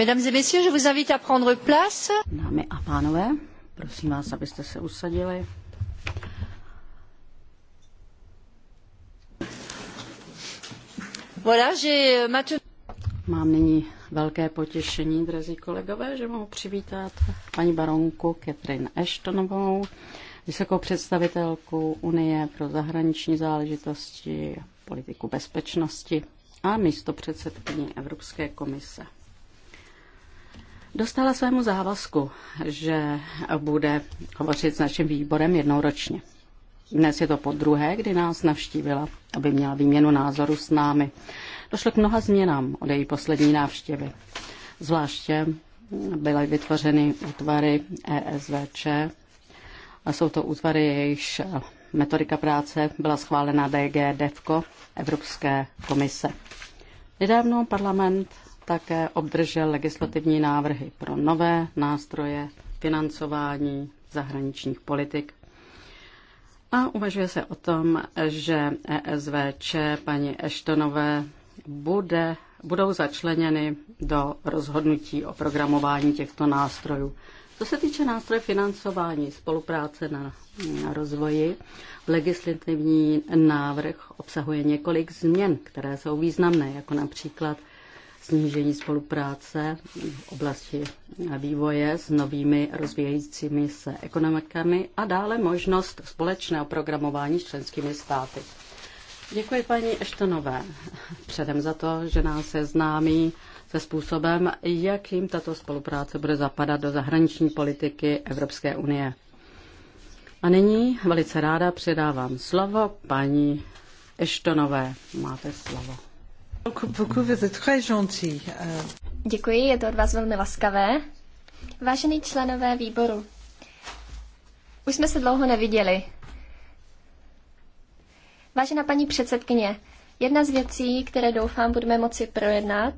Mesdames et messieurs, je vous invite à prendre place. Dámy a pánové, prosím vás, abyste se usadili. Voilà, euh, maintenant... Mám nyní velké potěšení, drazí kolegové, že mohu přivítat paní baronku Catherine Ashtonovou, vysokou představitelku Unie pro zahraniční záležitosti a politiku bezpečnosti a místo předsedkyní Evropské komise dostala svému závazku, že bude hovořit s naším výborem jednou ročně. Dnes je to po druhé, kdy nás navštívila, aby měla výměnu názoru s námi. Došlo k mnoha změnám od její poslední návštěvy. Zvláště byly vytvořeny útvary ESVČ a jsou to útvary, jejichž metodika práce byla schválena DG DEVCO Evropské komise. Nedávno parlament také obdržel legislativní návrhy pro nové nástroje financování zahraničních politik. A uvažuje se o tom, že ESVČ paní Eštonové bude, budou začleněny do rozhodnutí o programování těchto nástrojů. Co se týče nástroje financování spolupráce na, na rozvoji, legislativní návrh obsahuje několik změn, které jsou významné, jako například snížení spolupráce v oblasti vývoje s novými rozvíjejícími se ekonomikami a dále možnost společného programování s členskými státy. Děkuji paní Eštonové předem za to, že nás seznámí se způsobem, jakým tato spolupráce bude zapadat do zahraniční politiky Evropské unie. A nyní velice ráda předávám slovo paní Eštonové. Máte slovo. Děkuji, je to od vás velmi laskavé. Vážení členové výboru, už jsme se dlouho neviděli. Vážená paní předsedkyně, jedna z věcí, které doufám budeme moci projednat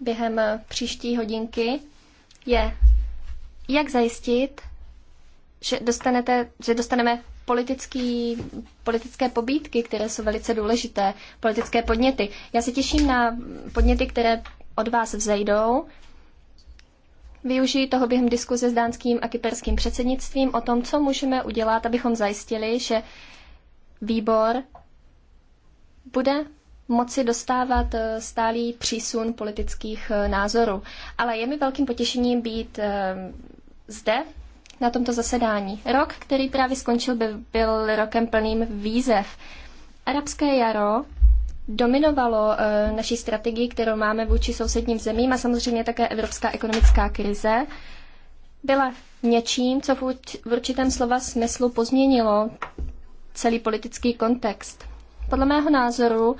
během příští hodinky, je, jak zajistit, že, dostanete, že dostaneme politický, politické pobídky, které jsou velice důležité, politické podněty. Já se těším na podněty, které od vás vzejdou. Využiji toho během diskuze s dánským a kyperským předsednictvím o tom, co můžeme udělat, abychom zajistili, že výbor bude moci dostávat eh, stálý přísun politických eh, názorů. Ale je mi velkým potěšením být eh, zde na tomto zasedání. Rok, který právě skončil, by byl rokem plným výzev. Arabské jaro dominovalo e, naší strategii, kterou máme vůči sousedním zemím a samozřejmě také evropská ekonomická krize, byla něčím, co v určitém slova smyslu pozměnilo celý politický kontext. Podle mého názoru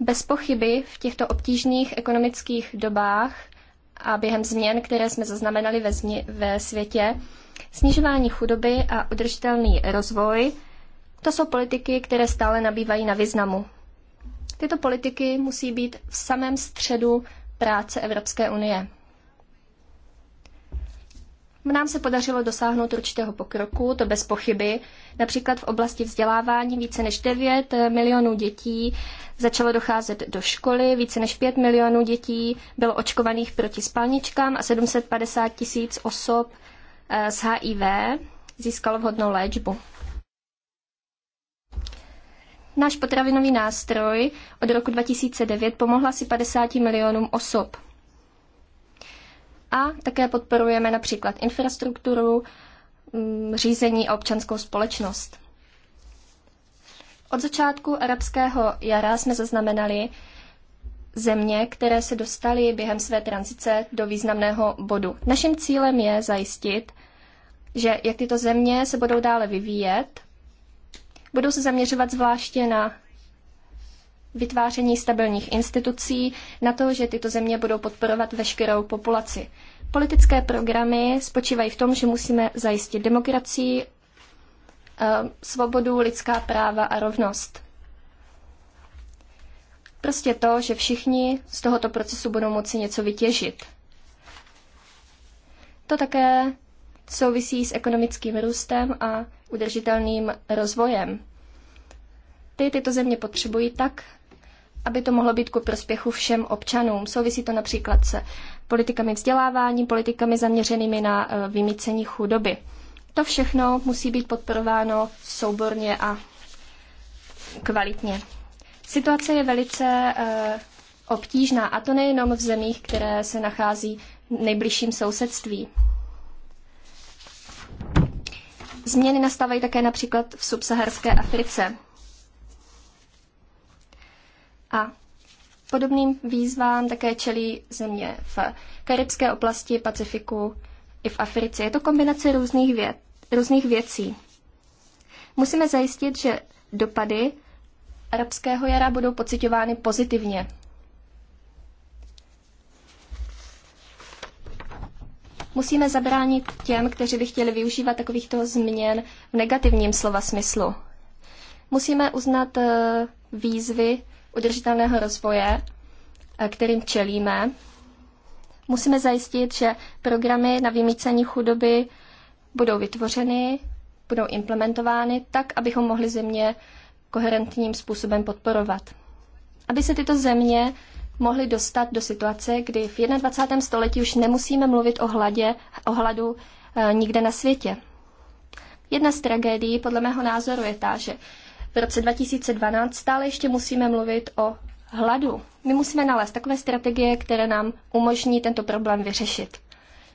bez pochyby v těchto obtížných ekonomických dobách a během změn, které jsme zaznamenali ve, ve světě, Snižování chudoby a udržitelný rozvoj to jsou politiky, které stále nabývají na významu. Tyto politiky musí být v samém středu práce Evropské unie. Nám se podařilo dosáhnout určitého pokroku, to bez pochyby. Například v oblasti vzdělávání více než 9 milionů dětí začalo docházet do školy, více než 5 milionů dětí bylo očkovaných proti spalničkám a 750 tisíc osob s eh, HIV získal vhodnou léčbu. Náš potravinový nástroj od roku 2009 pomohl asi 50 milionům osob. A také podporujeme například infrastrukturu, mm, řízení a občanskou společnost. Od začátku arabského jara jsme zaznamenali země, které se dostaly během své tranzice do významného bodu. Naším cílem je zajistit, že jak tyto země se budou dále vyvíjet, budou se zaměřovat zvláště na vytváření stabilních institucí, na to, že tyto země budou podporovat veškerou populaci. Politické programy spočívají v tom, že musíme zajistit demokracii, eh, svobodu, lidská práva a rovnost. Prostě to, že všichni z tohoto procesu budou moci něco vytěžit. To také souvisí s ekonomickým růstem a udržitelným rozvojem. Ty tyto země potřebují tak, aby to mohlo být ku prospěchu všem občanům. Souvisí to například se politikami vzdělávání, politikami zaměřenými na eh, vymícení chudoby. To všechno musí být podporováno souborně a kvalitně. Situace je velice eh, obtížná, a to nejenom v zemích, které se nachází v nejbližším sousedství. Změny nastávají také například v subsaharské Africe. A podobným výzvám také čelí země v karibské oblasti, Pacifiku i v Africe. Je to kombinace různých, věd, různých věcí. Musíme zajistit, že dopady arabského jara budou pocitovány pozitivně. Musíme zabránit těm, kteří by chtěli využívat takovýchto změn v negativním slova smyslu. Musíme uznat eh, výzvy udržitelného rozvoje, eh, kterým čelíme. Musíme zajistit, že programy na vymícení chudoby budou vytvořeny, budou implementovány tak, abychom mohli země koherentním způsobem podporovat. Aby se tyto země mohli dostat do situace, kdy v 21. století už nemusíme mluvit o, hladě, o hladu e, nikde na světě. Jedna z tragédií podle mého názoru je ta, že v roce 2012 stále ještě musíme mluvit o hladu. My musíme nalézt takové strategie, které nám umožní tento problém vyřešit.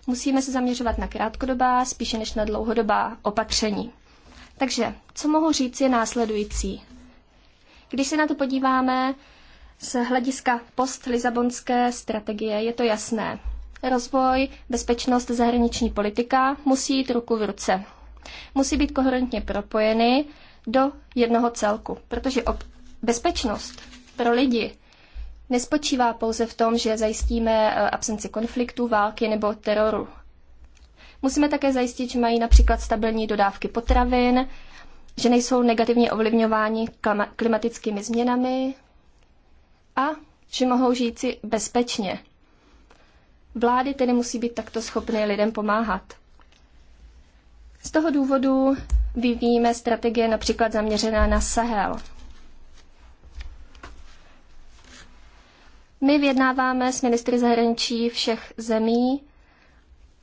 Musíme se zaměřovat na krátkodobá, spíše než na dlouhodobá opatření. Takže, co mohu říct je následující. Když se na to podíváme z hlediska post strategie je to jasné. Rozvoj, bezpečnost, zahraniční politika musí jít ruku v ruce. Musí být koherentně propojeny do jednoho celku, protože bezpečnost pro lidi nespočívá pouze v tom, že zajistíme eh, absenci konfliktu, války nebo teroru. Musíme také zajistit, že mají například stabilní dodávky potravin, že nejsou negativně ovlivňováni klimatickými změnami, a že mohou žít si bezpečně. Vlády tedy musí být takto schopné lidem pomáhat. Z toho důvodu vyvíjíme strategie například zaměřená na Sahel. My vyjednáváme s ministry zahraničí všech zemí,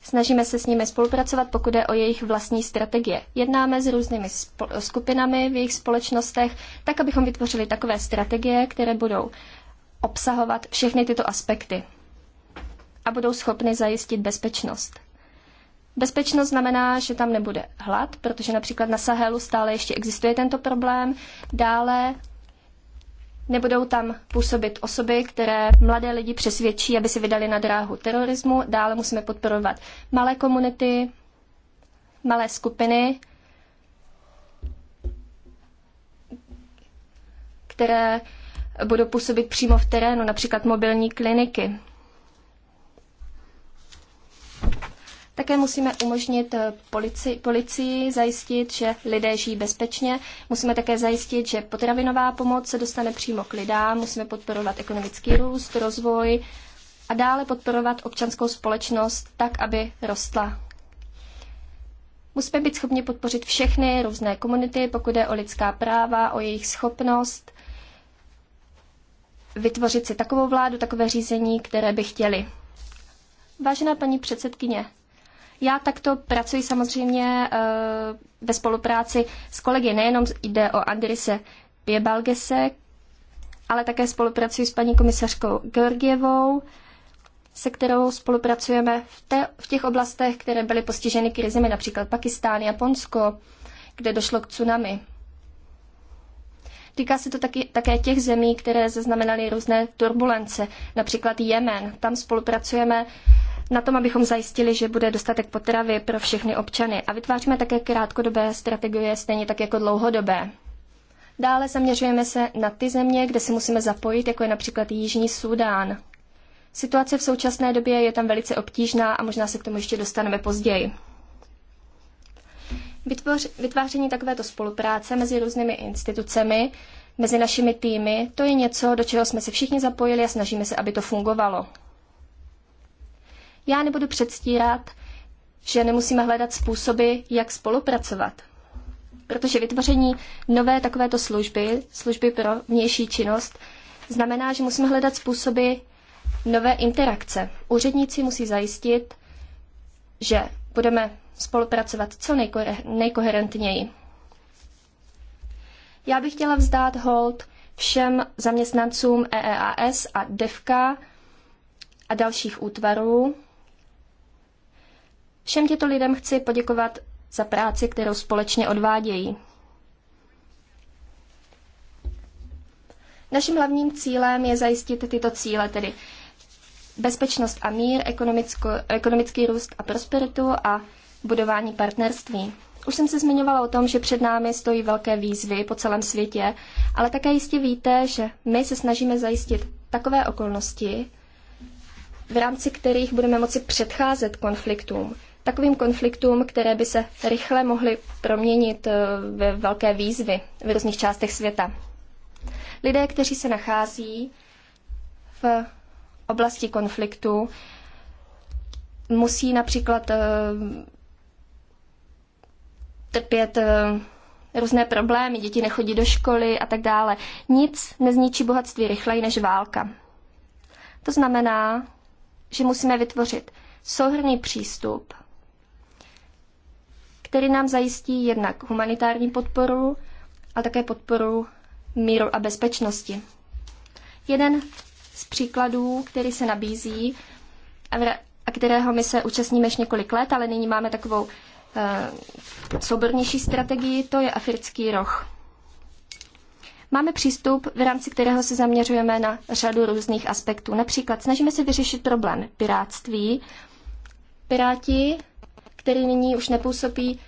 snažíme se s nimi spolupracovat, pokud je o jejich vlastní strategie. Jednáme s různými skupinami v jejich společnostech, tak abychom vytvořili takové strategie, které budou obsahovat všechny tyto aspekty a budou schopny zajistit bezpečnost. Bezpečnost znamená, že tam nebude hlad, protože například na Sahelu stále ještě existuje tento problém. Dále nebudou tam působit osoby, které mladé lidi přesvědčí, aby se vydali na dráhu terorismu. Dále musíme podporovat malé komunity, malé skupiny, které budou působit přímo v terénu, například mobilní kliniky. Také musíme umožnit eh, polici, policii zajistit, že lidé žijí bezpečně. Musíme také zajistit, že potravinová pomoc se dostane přímo k lidám. Musíme podporovat ekonomický růst, rozvoj a dále podporovat občanskou společnost tak, aby rostla. Musíme být schopni podpořit všechny různé komunity, pokud jde o lidská práva, o jejich schopnost vytvořit si takovou vládu, takové řízení, které by chtěli. Vážená paní předsedkyně, já takto pracuji samozřejmě eh, ve spolupráci s kolegy, nejenom jde o Andrise Piebalgese, ale také spolupracuji s paní komisařkou Georgievou, se kterou spolupracujeme v, te, v těch oblastech, které byly postiženy krizemi, například Pakistán, Japonsko, kde došlo k tsunami. Týká se to taky, také těch zemí, které zaznamenaly různé turbulence, například Jemen. Tam spolupracujeme na tom, abychom zajistili, že bude dostatek potravy pro všechny občany. A vytváříme také krátkodobé strategie, stejně tak jako dlouhodobé. Dále zaměřujeme se na ty země, kde se musíme zapojit, jako je například Jižní Súdán. Situace v současné době je tam velice obtížná a možná se k tomu ještě dostaneme později. Vytvoř, vytváření takovéto spolupráce mezi různými institucemi, mezi našimi týmy, to je něco, do čeho jsme se všichni zapojili a snažíme se, aby to fungovalo. Já nebudu předstírat, že nemusíme hledat způsoby, jak spolupracovat. Protože vytvoření nové takovéto služby, služby pro vnější činnost, znamená, že musíme hledat způsoby nové interakce. Úředníci musí zajistit, že budeme spolupracovat co nejkoherentněji. Já bych chtěla vzdát hold všem zaměstnancům EEAS a DEVKA e a dalších útvarů. Všem těmto lidem chci poděkovat za práci, kterou společně odvádějí. Naším hlavním cílem je zajistit tyto cíle, tedy bezpečnost a mír, ekonomický růst a prosperitu a budování partnerství. Už jsem se zmiňovala o tom, že před námi stojí velké výzvy po celém světě, ale také jistě víte, že my se snažíme zajistit takové okolnosti, v rámci kterých budeme moci předcházet konfliktům. Takovým konfliktům, které by se rychle mohly proměnit eh, ve velké výzvy v různých částech světa. Lidé, kteří se nachází v oblasti konfliktu, musí například eh, trpět eh, různé problémy, děti nechodí do školy a tak dále. Nic nezničí bohatství rychleji než válka. To znamená, že musíme vytvořit souhrný přístup, který nám zajistí jednak humanitární podporu, ale také podporu míru a bezpečnosti. Jeden z příkladů, který se nabízí a, kterého my se účastníme již několik let, ale nyní máme takovou Eh, soubornější strategii, to je africký roh. Máme přístup, v rámci kterého se zaměřujeme na řadu různých aspektů. Například snažíme se vyřešit problém pirátství. Piráti, který nyní už nepůsobí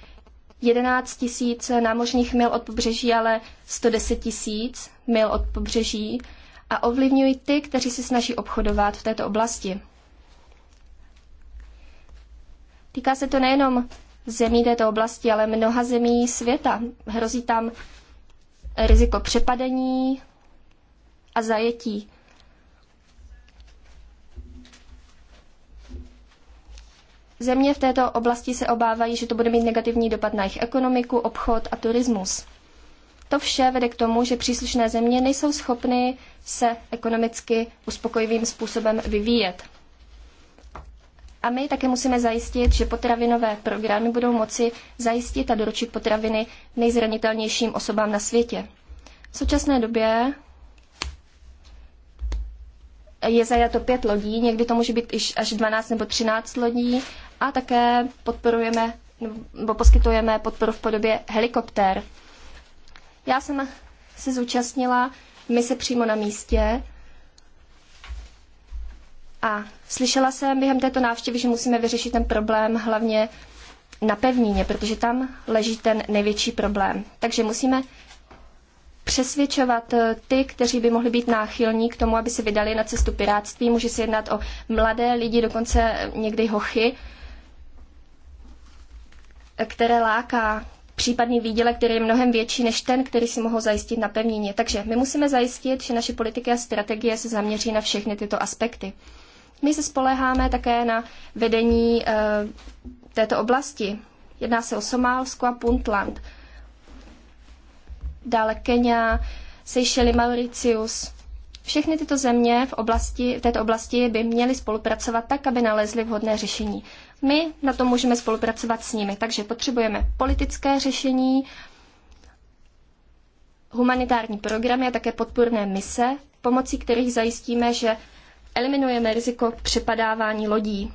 11 tisíc námořních mil od pobřeží, ale 110 tisíc mil od pobřeží a ovlivňují ty, kteří se snaží obchodovat v této oblasti. Týká se to nejenom zemí této oblasti, ale mnoha zemí světa. Hrozí tam riziko přepadení a zajetí. Země v této oblasti se obávají, že to bude mít negativní dopad na jejich ekonomiku, obchod a turismus. To vše vede k tomu, že příslušné země nejsou schopny se ekonomicky uspokojivým způsobem vyvíjet. A my také musíme zajistit, že potravinové programy budou moci zajistit a doručit potraviny nejzranitelnějším osobám na světě. V současné době je zajato pět lodí, někdy to může být až 12 nebo 13 lodí a také podporujeme nebo poskytujeme podporu v podobě helikoptér. Já jsem se zúčastnila mise přímo na místě a slyšela jsem během této návštěvy, že musíme vyřešit ten problém hlavně na pevnině, protože tam leží ten největší problém. Takže musíme přesvědčovat eh, ty, kteří by mohli být náchylní k tomu, aby se vydali na cestu pirátství. Může se jednat o mladé lidi, dokonce někdy hochy, které láká případný výdělek, který je mnohem větší než ten, který si mohou zajistit na pevnině. Takže my musíme zajistit, že naše politiky a strategie se zaměří na všechny tyto aspekty. My se spoléháme také na vedení e, této oblasti. Jedná se o Somálsko a Puntland. Dále Kenia, Seychely, Mauritius. Všechny tyto země v, oblasti, v této oblasti by měly spolupracovat tak, aby nalezly vhodné řešení. My na to můžeme spolupracovat s nimi, takže potřebujeme politické řešení, humanitární programy a také podpůrné mise, pomocí kterých zajistíme, že eliminujeme riziko přepadávání lodí.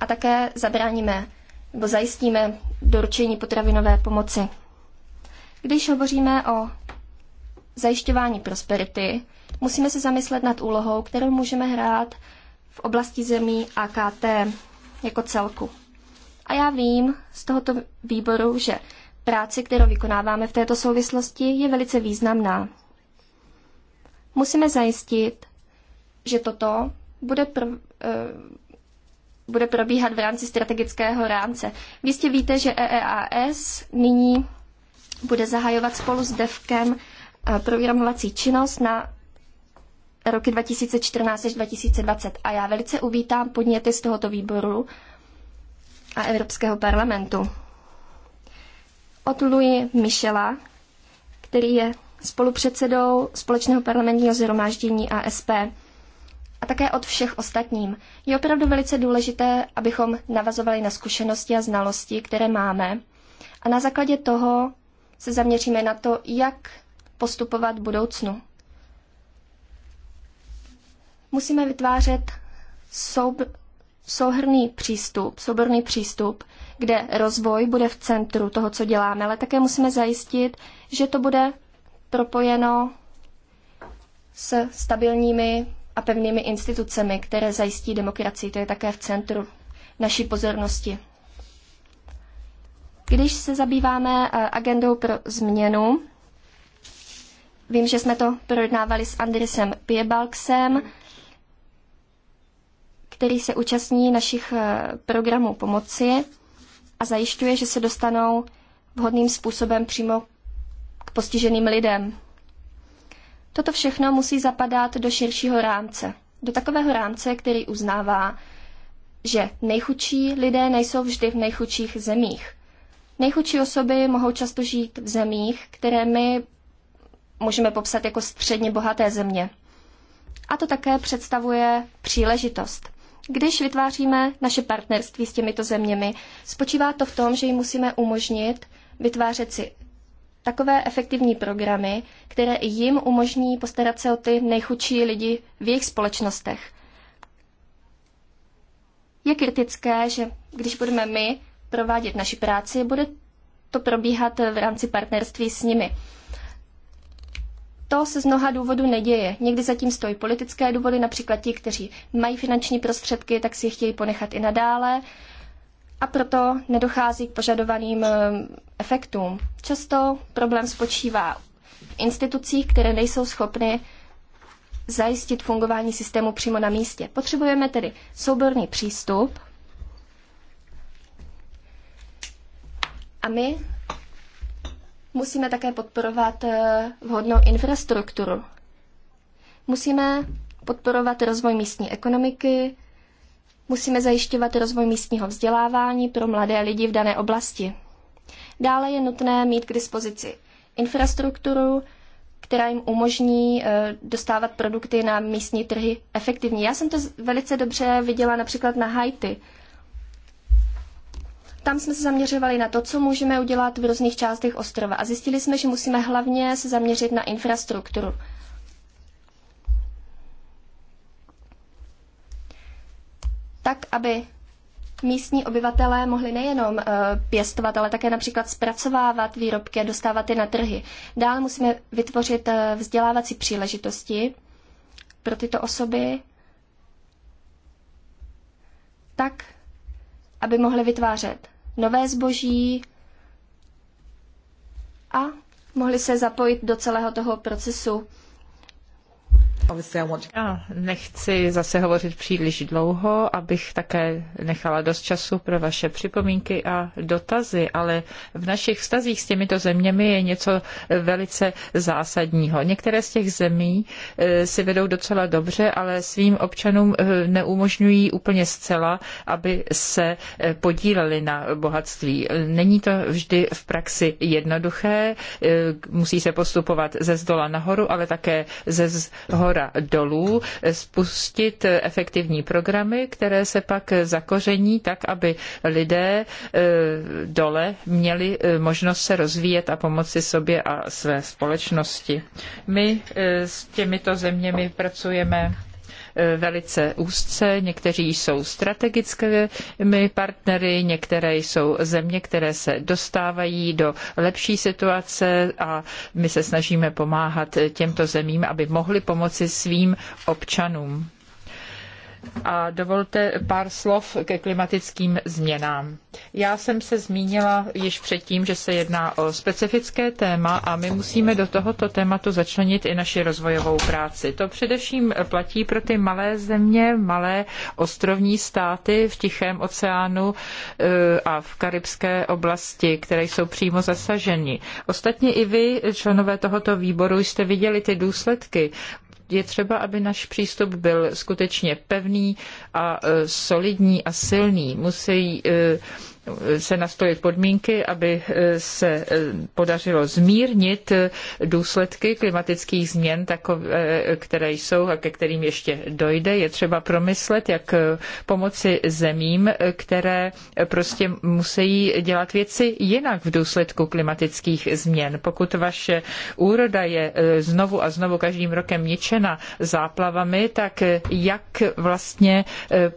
A také zabráníme nebo zajistíme doručení potravinové pomoci. Když hovoříme o zajišťování prosperity, musíme se zamyslet nad úlohou, kterou můžeme hrát v oblasti zemí AKT jako celku. A já vím z tohoto výboru, že práce, kterou vykonáváme v této souvislosti, je velice významná. Musíme zajistit, že toto bude, pro, uh, eh, bude probíhat v rámci strategického rámce. Vy jistě víte, že EEAS nyní bude zahajovat spolu s DEVkem eh, programovací činnost na roky 2014 až 2020. A já velice uvítám podněty z tohoto výboru a Evropského parlamentu. Od Louis Michela, který je spolupředsedou Společného parlamentního zhromáždění ASP a také od všech ostatním. Je opravdu velice důležité, abychom navazovali na zkušenosti a znalosti, které máme a na základě toho se zaměříme na to, jak postupovat v budoucnu. Musíme vytvářet soub, souhrný přístup, souborný přístup, kde rozvoj bude v centru toho, co děláme, ale také musíme zajistit, že to bude propojeno s stabilními a pevnými institucemi, které zajistí demokracii. To je také v centru naší pozornosti. Když se zabýváme eh, agendou pro změnu, vím, že jsme to projednávali s Andresem Piebalksem, který se účastní našich eh, programů pomoci a zajišťuje, že se dostanou vhodným způsobem přímo k postiženým lidem. Toto všechno musí zapadat do širšího rámce. Do takového rámce, který uznává, že nejchudší lidé nejsou vždy v nejchudších zemích. Nejchudší osoby mohou často žít v zemích, které my můžeme popsat jako středně bohaté země. A to také představuje příležitost. Když vytváříme naše partnerství s těmito zeměmi, spočívá to v tom, že jim musíme umožnit vytvářet si takové efektivní programy, které jim umožní postarat se o ty nejchudší lidi v jejich společnostech. Je kritické, že když budeme my provádět naši práci, bude to probíhat v rámci partnerství s nimi. To se z mnoha důvodů neděje. Někdy zatím stojí politické důvody, například ti, kteří mají finanční prostředky, tak si je chtějí ponechat i nadále a proto nedochází k požadovaným efektům. Často problém spočívá v institucích, které nejsou schopny zajistit fungování systému přímo na místě. Potřebujeme tedy souborný přístup a my musíme také podporovat eh, vhodnou infrastrukturu. Musíme podporovat rozvoj místní ekonomiky, musíme zajišťovat rozvoj místního vzdělávání pro mladé lidi v dané oblasti. Dále je nutné mít k dispozici infrastrukturu, která jim umožní eh, dostávat produkty na místní trhy efektivně. Já jsem to velice dobře viděla například na Haiti. Tam jsme se zaměřovali na to, co můžeme udělat v různých částech ostrova a zjistili jsme, že musíme hlavně se zaměřit na infrastrukturu. Tak, aby místní obyvatelé mohli nejenom eh, pěstovat, ale také například zpracovávat výrobky a dostávat je na trhy. Dál musíme vytvořit eh, vzdělávací příležitosti pro tyto osoby tak, aby mohly vytvářet nové zboží a mohli se zapojit do celého toho procesu já nechci zase hovořit příliš dlouho, abych také nechala dost času pro vaše připomínky a dotazy, ale v našich vztazích s těmito zeměmi je něco eh, velice zásadního. Některé z těch zemí eh, si vedou docela dobře, ale svým občanům eh, neumožňují úplně zcela, aby se podíleli na bohatství. Není to vždy v praxi jednoduché, musí se postupovat ze zdola nahoru, ale také ze zhora hora dolů, spustit efektivní programy, které se pak zakoření tak, aby lidé eh, dole měli eh, možnost se rozvíjet a pomoci sobě a své společnosti. My eh, s těmito zeměmi pracujeme velice úzce, někteří jsou strategickými partnery, některé jsou země, které se dostávají do lepší situace a my se snažíme pomáhat těmto zemím, aby mohli pomoci svým občanům a dovolte pár slov ke klimatickým změnám. Já jsem se zmínila již předtím, že se jedná o specifické téma a my musíme do tohoto tématu začlenit i naši rozvojovou práci. To především platí pro ty malé země, malé ostrovní státy v Tichém oceánu e, a v karibské oblasti, které jsou přímo zasaženi. Ostatně i vy, členové tohoto výboru, jste viděli ty důsledky je třeba, aby náš přístup byl skutečně pevný a e, solidní a silný. Musí e, se nastolit podmínky, aby se eh, podařilo zmírnit eh, důsledky klimatických změn, takové, eh, které jsou a ke kterým ještě dojde. Je třeba promyslet, jak pomoci zemím, které prostě musí dělat věci jinak v důsledku klimatických změn. Pokud vaše úroda je znovu a znovu každým rokem ničena záplavami, tak jak vlastně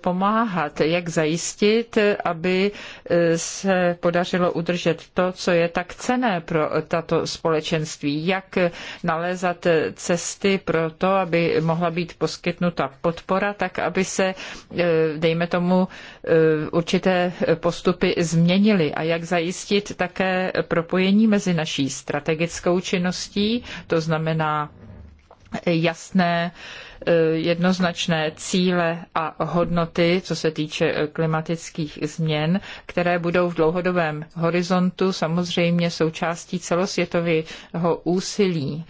pomáhat, jak zajistit, aby se podařilo udržet to, co je tak cené pro tato společenství, jak nalézat cesty pro to, aby mohla být poskytnuta podpora, tak aby se, eh, dejme tomu, eh, určité postupy změnily a jak zajistit také propojení mezi naší strategickou činností, to znamená jasné E, jednoznačné cíle a hodnoty, co se týče e, klimatických změn, které budou v dlouhodobém horizontu samozřejmě součástí celosvětového úsilí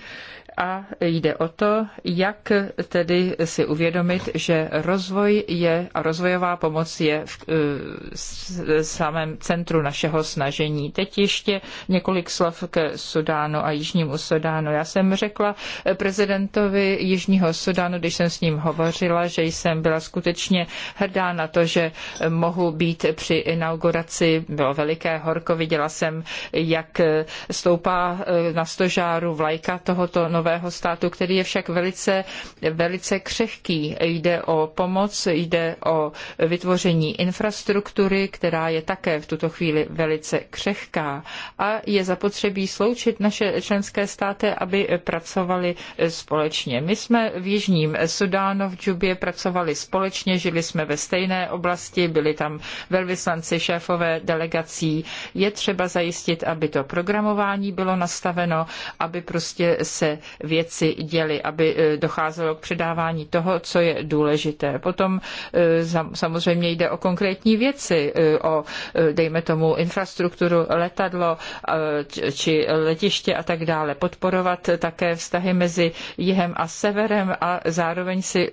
a jde o to, jak tedy si uvědomit, že rozvoj je a rozvojová pomoc je v, v eh, samém centru našeho snažení. Teď ještě několik slov k Sudánu a Jižnímu Sudánu. Já jsem řekla prezidentovi Jižního Sudánu, když jsem s ním hovořila, že jsem byla skutečně hrdá na to, že mohu být při inauguraci, bylo veliké horko, viděla jsem, jak stoupá eh, na stožáru vlajka tohoto nového nového státu, který je však velice, velice křehký. Jde o pomoc, jde o vytvoření infrastruktury, která je také v tuto chvíli velice křehká. A je zapotřebí sloučit naše členské státy, aby pracovali společně. My jsme v Jižním Sudánu v Džubě pracovali společně, žili jsme ve stejné oblasti, byli tam velvyslanci, šéfové delegací. Je třeba zajistit, aby to programování bylo nastaveno, aby prostě se věci děly, aby e, docházelo k předávání toho, co je důležité. Potom e, samozřejmě jde o konkrétní věci, e, o, dejme tomu, infrastrukturu, letadlo či letiště a tak dále. Podporovat také vztahy mezi jihem a severem a zároveň si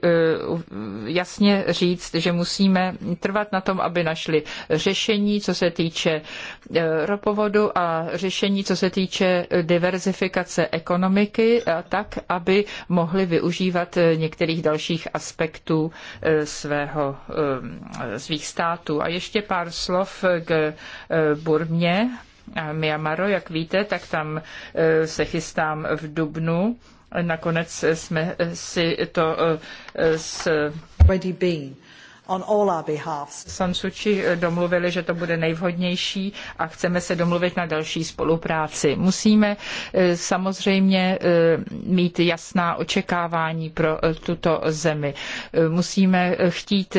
jasně říct, že musíme trvat na tom, aby našli řešení, co se týče ropovodu a řešení, co se týče diverzifikace ekonomiky tak, aby mohli využívat některých dalších aspektů eh, svého, eh, svých států. A ještě pár slov k eh, Burmě. Myanmaru, jak víte, tak tam se chystám v Dubnu. Nakonec jsme si to s... Ready been on all our San Suu Kyi domluvili, že to bude nejvhodnější a chceme se domluvit na další spolupráci. Musíme eh, samozřejmě eh, mít jasná očekávání pro eh, tuto zemi. Musíme chtít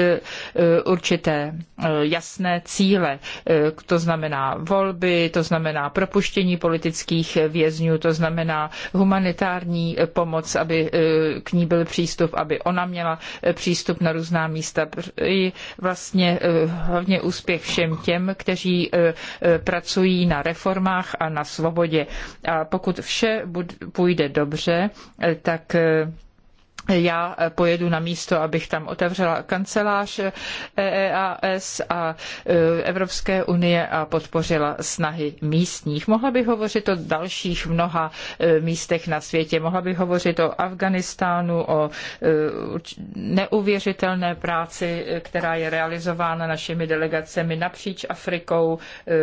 určité jasné cíle. To znamená volby, to znamená propuštění politických vězňů, to znamená humanitární pomoc, aby k ní byl přístup, aby ona měla přístup na různá místa přeji vlastně e, hlavně úspěch všem těm, kteří e, e, pracují na reformách a na svobodě. A pokud vše půjde dobře, tak já eh, pojedu na místo, abych tam otevřela kancelář EEAS eh, e a eh, Evropské unie a podpořila snahy místních. Mohla bych hovořit o dalších mnoha místech na světě. Mohla bych hovořit o Afghánistánu, o neuvěřitelné práci, která je realizována našimi delegacemi napříč Afrikou.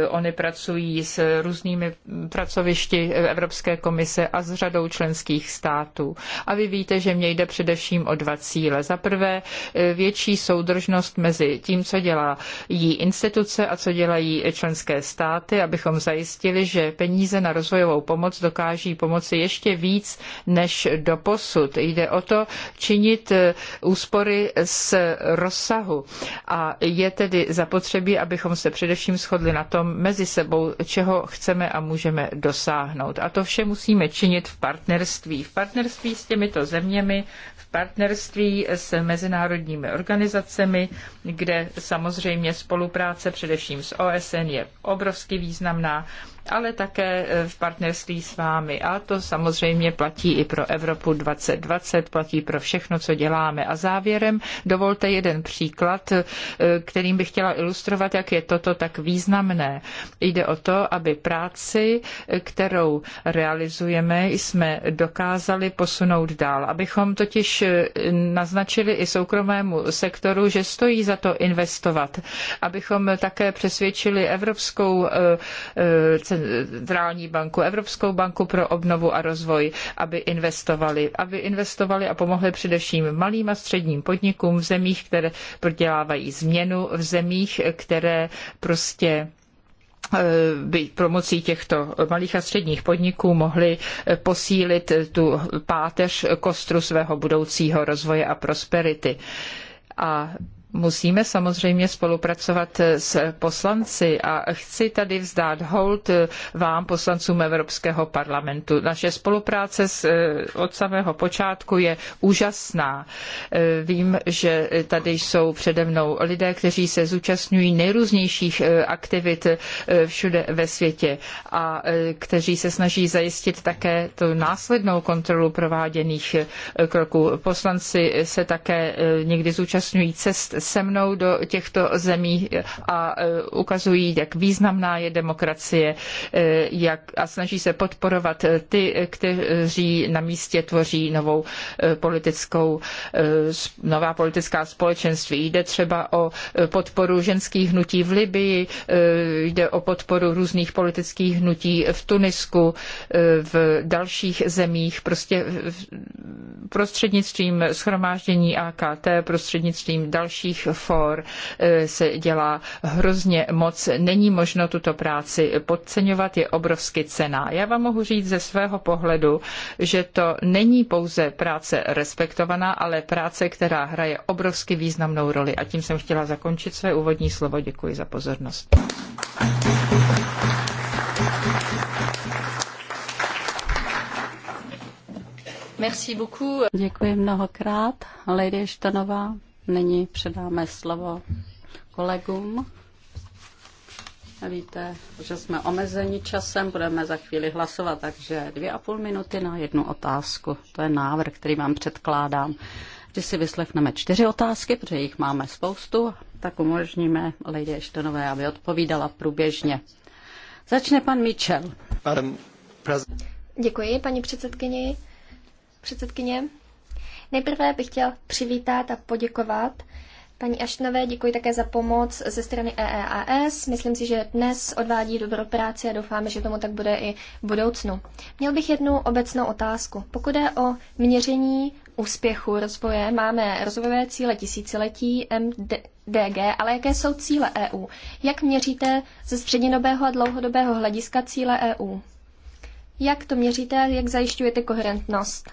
Oni pracují s různými pracovišti Evropské komise a s řadou členských států. A vy víte, že mě jde především o dva cíle. Za prvé e, větší soudržnost mezi tím, co dělá jí instituce a co dělají členské státy, abychom zajistili, že peníze na rozvojovou pomoc dokáží pomoci ještě víc než doposud. Jde o to činit e, úspory z rozsahu a je tedy zapotřebí, abychom se především shodli na tom mezi sebou, čeho chceme a můžeme dosáhnout. A to vše musíme činit v partnerství. V partnerství s těmito zeměmi, v partnerství s mezinárodními organizacemi, kde samozřejmě spolupráce především s OSN je obrovsky významná ale také e, v partnerství s vámi. A to samozřejmě platí i pro Evropu 2020, platí pro všechno, co děláme. A závěrem dovolte jeden příklad, e, kterým bych chtěla ilustrovat, jak je toto tak významné. Jde o to, aby práci, e, kterou realizujeme, jsme dokázali posunout dál. Abychom totiž naznačili i soukromému sektoru, že stojí za to investovat. Abychom také přesvědčili Evropskou centrální banku, Evropskou banku pro obnovu a rozvoj, aby investovali. Aby investovali a pomohli především malým a středním podnikům v zemích, které prodělávají změnu, v zemích, které prostě eh, by pomocí těchto malých a středních podniků mohli eh, posílit eh, tu páteř kostru svého budoucího rozvoje a prosperity. A Musíme samozřejmě spolupracovat s poslanci a chci tady vzdát hold vám, poslancům Evropského parlamentu. Naše spolupráce s, eh, od samého počátku je úžasná. Eh, vím, že tady jsou přede mnou lidé, kteří se zúčastňují nejrůznějších eh, aktivit všude ve světě a kteří se snaží zajistit také tu následnou kontrolu prováděných kroků. Poslanci se také někdy zúčastňují cest se mnou do těchto zemí a e, ukazují, jak významná je demokracie e, jak, a snaží se podporovat e, ty, kteří na místě tvoří novou politickou, nová politická společenství. Jde třeba o podporu ženských hnutí v Libyi, jde o podporu různých politických hnutí v Tunisku, v dalších zemích, prostě prostřednictvím schromáždění AKT, prostřednictvím dalších různých for eh, se dělá hrozně moc. Není možno tuto práci podceňovat, je obrovsky cená. Já vám mohu říct ze svého pohledu, že to není pouze práce respektovaná, ale práce, která hraje obrovsky významnou roli. A tím jsem chtěla zakončit své úvodní slovo. Děkuji za pozornost. Děkuji mnohokrát, Lady Štanová. Nyní předáme slovo kolegům. Víte, že jsme omezeni časem, budeme za chvíli hlasovat, takže dvě a půl minuty na jednu otázku. To je návrh, který vám předkládám. Když si vyslechneme čtyři otázky, protože jich máme spoustu, tak umožníme Lady Eštonové, aby odpovídala průběžně. Začne pan Mitchell. Děkuji, paní předsedkyni. Předsedkyně, Nejprve bych chtěl přivítat a poděkovat paní Ašnové. Děkuji také za pomoc ze strany EEAS. Myslím si, že dnes odvádí dobrou práci a doufáme, že tomu tak bude i v budoucnu. Měl bych jednu obecnou otázku. Pokud je o měření úspěchu rozvoje, máme rozvojové cíle tisíciletí, MDG, ale jaké jsou cíle EU? Jak měříte ze střednědobého a dlouhodobého hlediska cíle EU? Jak to měříte, jak zajišťujete koherentnost?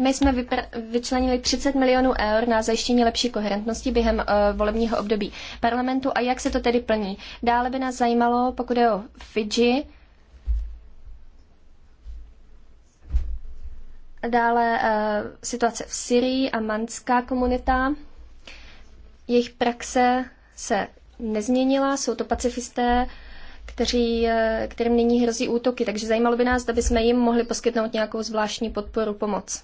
My jsme vyčlenili 30 milionů eur na zajištění lepší koherentnosti během uh, volebního období parlamentu a jak se to tedy plní. Dále by nás zajímalo, pokud je o Fidži, dále uh, situace v Syrii a manská komunita. Jejich praxe se nezměnila, jsou to pacifisté, kteří, eh, kterým nyní hrozí útoky, takže zajímalo by nás, aby jsme jim mohli poskytnout nějakou zvláštní podporu, pomoc.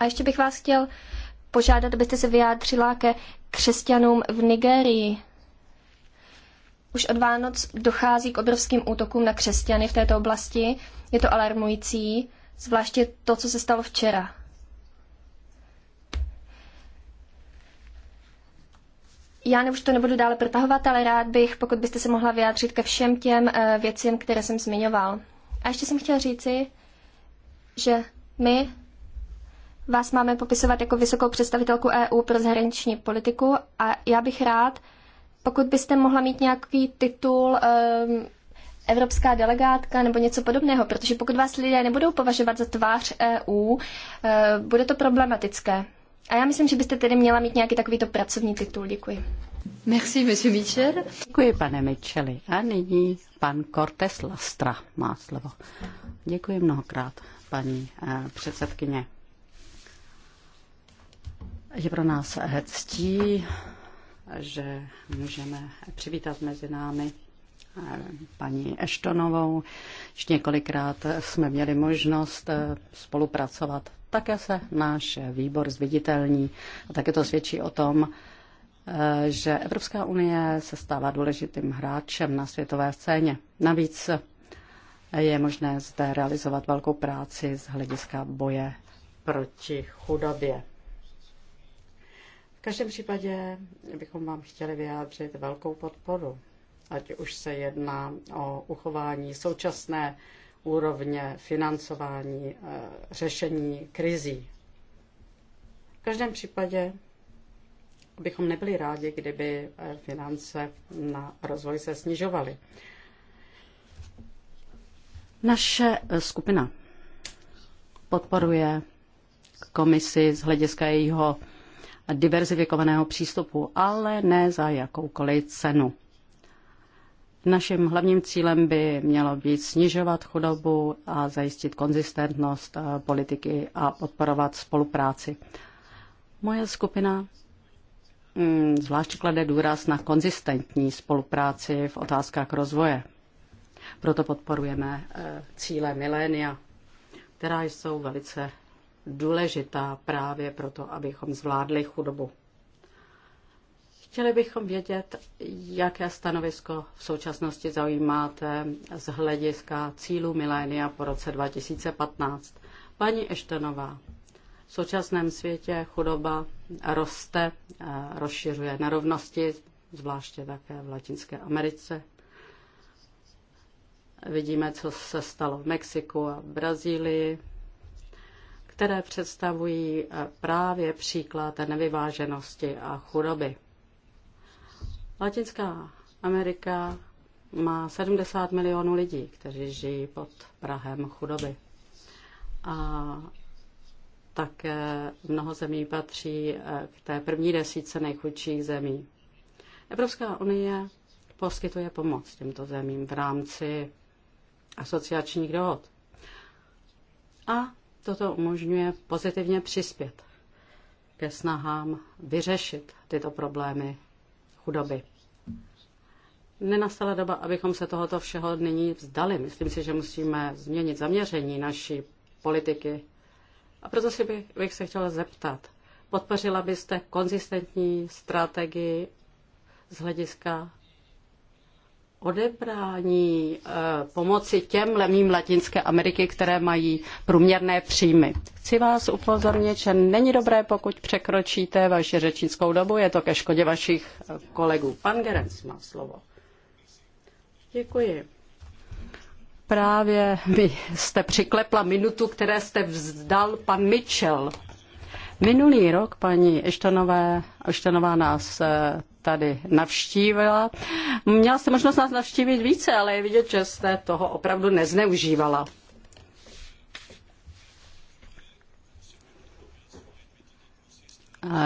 A ještě bych vás chtěl požádat, abyste se vyjádřila ke křesťanům v Nigérii. Už od Vánoc dochází k obrovským útokům na křesťany v této oblasti. Je to alarmující, zvláště to, co se stalo včera. Já ne, už to nebudu dále protahovat, ale rád bych, pokud byste se mohla vyjádřit ke všem těm eh, věcem, které jsem zmiňoval. A ještě jsem chtěla říci, že my vás máme popisovat jako vysokou představitelku EU pro zahraniční politiku a já bych rád, pokud byste mohla mít nějaký titul um, evropská delegátka nebo něco podobného, protože pokud vás lidé nebudou považovat za tvář EU, uh, eh, bude to problematické. A já myslím, že byste tedy měla mít nějaký takovýto pracovní titul. Děkuji. Merci, monsieur Mitchell. Děkuji, pane Mitchelli. A nyní pan Cortes Lastra má slovo. Děkuji mnohokrát, paní uh, předsedkyně. Je pro nás ctí, že můžeme přivítat mezi námi eh, paní Eštonovou. Již několikrát jsme měli možnost eh, spolupracovat. Také se náš výbor zviditelní a také to svědčí o tom, eh, že Evropská unie se stává důležitým hráčem na světové scéně. Navíc je možné zde realizovat velkou práci z hlediska boje proti chudobě. V každém případě bychom vám chtěli vyjádřit velkou podporu, ať už se jedná o uchování současné úrovně financování, eh, řešení krizí. V každém případě bychom nebyli rádi, kdyby eh, finance na rozvoj se snižovaly. Naše eh, skupina podporuje komisi z hlediska jejího diverzifikovaného přístupu, ale ne za jakoukoliv cenu. Naším hlavním cílem by mělo být snižovat chudobu a zajistit konzistentnost eh, politiky a podporovat spolupráci. Moje skupina mm, zvlášť klade důraz na konzistentní spolupráci v otázkách rozvoje. Proto podporujeme eh, cíle milénia, která jsou velice důležitá právě proto, abychom zvládli chudobu. Chtěli bychom vědět, jaké stanovisko v současnosti zaujímáte z hlediska cílů milénia po roce 2015. Paní Eštenová, v současném světě chudoba roste, eh, rozšiřuje nerovnosti, zvláště také v Latinské Americe. Vidíme, co se stalo v Mexiku a v Brazílii které představují eh, právě příklad nevyváženosti a chudoby. Latinská Amerika má 70 milionů lidí, kteří žijí pod Prahem chudoby. A také mnoho zemí patří eh, k té první desíce nejchudších zemí. Evropská unie poskytuje pomoc těmto zemím v rámci asociačních dohod. A toto umožňuje pozitivně přispět ke snahám vyřešit tyto problémy chudoby. Nenastala doba, abychom se tohoto všeho nyní vzdali. Myslím si, že musíme změnit zaměření naší politiky. A proto si by, bych se chtěla zeptat, podpořila byste konzistentní strategii z hlediska odebrání eh, pomoci těm lemím Latinské Ameriky, které mají průměrné příjmy. Chci vás upozornit, že není dobré, pokud překročíte vaši řečnickou dobu, je to ke škodě vašich eh, kolegů. Pan Gerenc má slovo. Děkuji. Právě mi jste přiklepla minutu, které jste vzdal pan Mitchell. Minulý rok paní Ashtonová nás eh, tady navštívila. Měla jste možnost nás navštívit více, ale je vidět, že jste toho opravdu nezneužívala.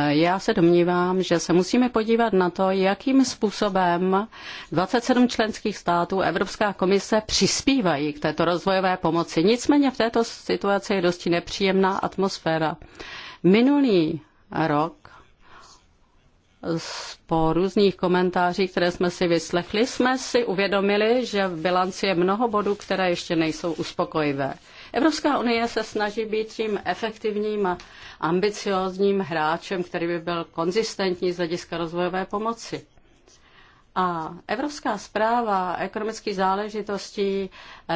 Já se domnívám, že se musíme podívat na to, jakým způsobem 27 členských států Evropská komise přispívají k této rozvojové pomoci. Nicméně v této situaci je dosti nepříjemná atmosféra. Minulý rok po různých komentářích, které jsme si vyslechli, jsme si uvědomili, že v bilanci je mnoho bodů, které ještě nejsou uspokojivé. Evropská unie se snaží být tím efektivním a ambiciózním hráčem, který by byl konzistentní z hlediska rozvojové pomoci. A Evropská zpráva ekonomických záležitostí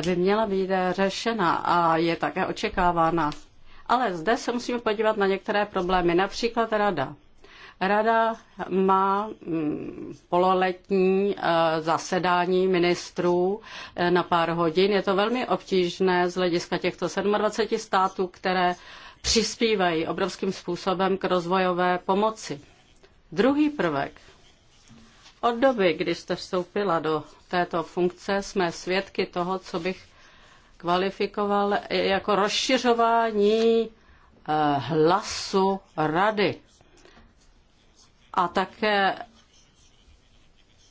by měla být řešena a je také očekávána. Ale zde se musíme podívat na některé problémy, například rada. Rada má mm, pololetní eh, zasedání ministrů eh, na pár hodin. Je to velmi obtížné z hlediska těchto 27 států, které přispívají obrovským způsobem k rozvojové pomoci. Druhý prvek. Od doby, kdy jste vstoupila do této funkce, jsme svědky toho, co bych kvalifikoval jako rozšiřování eh, hlasu rady a také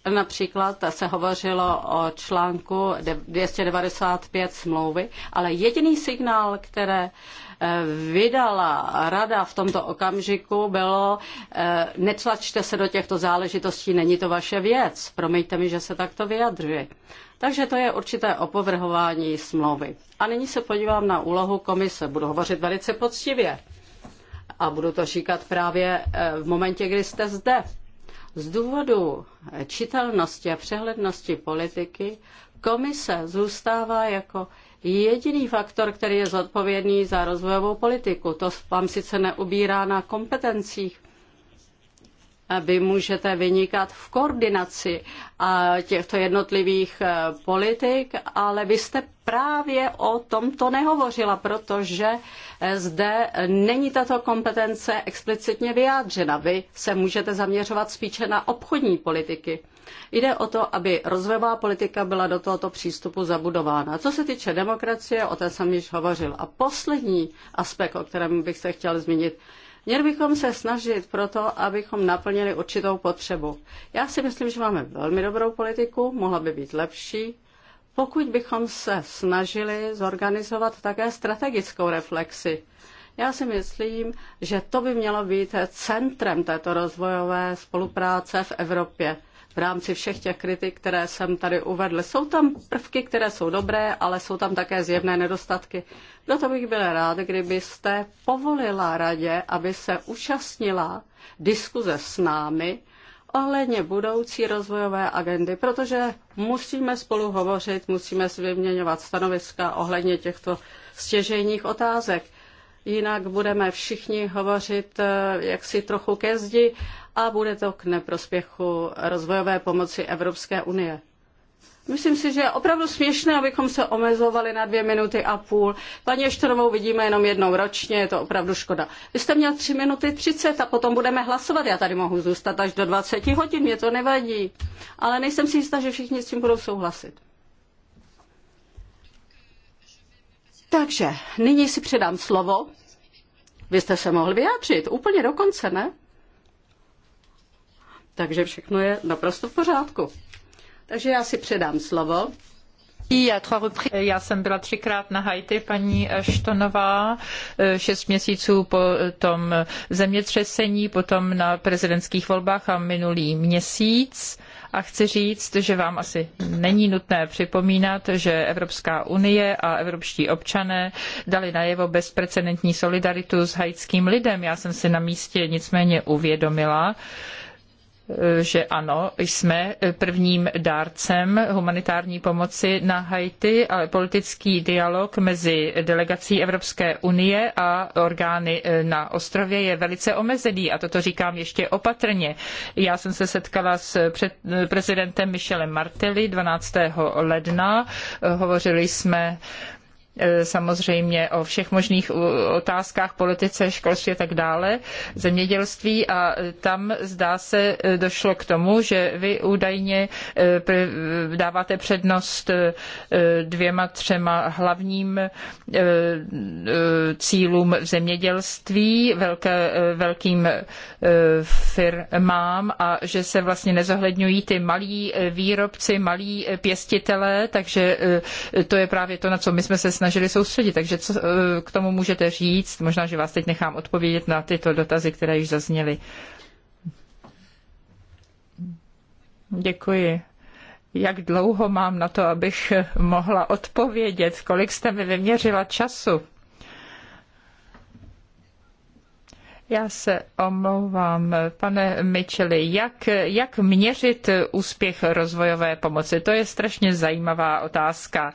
Například se hovořilo o článku 295 smlouvy, ale jediný signál, které eh, vydala rada v tomto okamžiku, bylo eh, netlačte se do těchto záležitostí, není to vaše věc. Promiňte mi, že se takto vyjadřuje. Takže to je určité opovrhování smlouvy. A nyní se podívám na úlohu komise. Budu hovořit velice poctivě a budu to říkat právě eh, v momentě, kdy jste zde. Z důvodu čitelnosti a přehlednosti politiky komise zůstává jako jediný faktor, který je zodpovědný za rozvojovou politiku. To vám sice neubírá na kompetencích, vy můžete vynikat v koordinaci těchto jednotlivých e, politik, ale vy jste právě o tomto nehovořila, protože e, zde není tato kompetence explicitně vyjádřena. Vy se můžete zaměřovat spíše na obchodní politiky. Jde o to, aby rozvojová politika byla do tohoto přístupu zabudována. Co se týče demokracie, o té jsem již hovořil. A poslední aspekt, o kterém bych se chtěl zmínit, Měli bychom se snažit proto, abychom naplnili určitou potřebu. Já si myslím, že máme velmi dobrou politiku, mohla by být lepší, pokud bychom se snažili zorganizovat také strategickou reflexi. Já si myslím, že to by mělo být centrem této rozvojové spolupráce v Evropě v rámci všech těch kritik, které jsem tady uvedl. Jsou tam prvky, které jsou dobré, ale jsou tam také zjevné nedostatky. Proto no bych byl rád, kdybyste povolila radě, aby se účastnila diskuze s námi ohledně budoucí rozvojové agendy, protože musíme spolu hovořit, musíme si vyměňovat stanoviska ohledně těchto stěžejních otázek jinak budeme všichni hovořit eh, jaksi trochu ke zdi a bude to k neprospěchu rozvojové pomoci Evropské unie. Myslím si, že je opravdu směšné, abychom se omezovali na dvě minuty a půl. Paní Eštonovou vidíme jenom jednou ročně, je to opravdu škoda. Vy jste měl tři minuty třicet a potom budeme hlasovat. Já tady mohu zůstat až do 20 hodin, mě to nevadí. Ale nejsem si jistá, že všichni s tím budou souhlasit. Takže nyní si předám slovo. Vy jste se mohl vyjádřit úplně do konce, ne? Takže všechno je naprosto v pořádku. Takže já si předám slovo. Já jsem byla třikrát na Haiti, paní Štonová, šest měsíců po tom zemětřesení, potom na prezidentských volbách a minulý měsíc a chci říct, že vám asi není nutné připomínat, že Evropská unie a evropští občané dali najevo bezprecedentní solidaritu s haitským lidem. Já jsem si na místě nicméně uvědomila, že ano, jsme prvním dárcem humanitární pomoci na Haiti, ale politický dialog mezi delegací Evropské unie a orgány e, na ostrově je velice omezený a toto říkám ještě opatrně. Já jsem se setkala s e, prezidentem Michelem Martelly 12. ledna, e, hovořili jsme Eh, samozřejmě o všech možných otázkách, politice, školství a tak dále, zemědělství a eh, tam zdá se eh, došlo k tomu, že vy údajně dáváte přednost dvěma, třema hlavním cílům v zemědělství, velké, velkým firmám a že se vlastně nezohledňují ty malí výrobci, malí pěstitelé, takže to je právě to, na co my jsme se snažili snažili soustředit. Takže co eh, k tomu můžete říct? Možná, že vás teď nechám odpovědět na tyto dotazy, které již zazněly. Děkuji. Jak dlouho mám na to, abych mohla odpovědět? Kolik jste mi vyměřila času? Já se omlouvám, pane Mitchelli, jak, jak měřit úspěch rozvojové pomoci? To je strašně zajímavá otázka.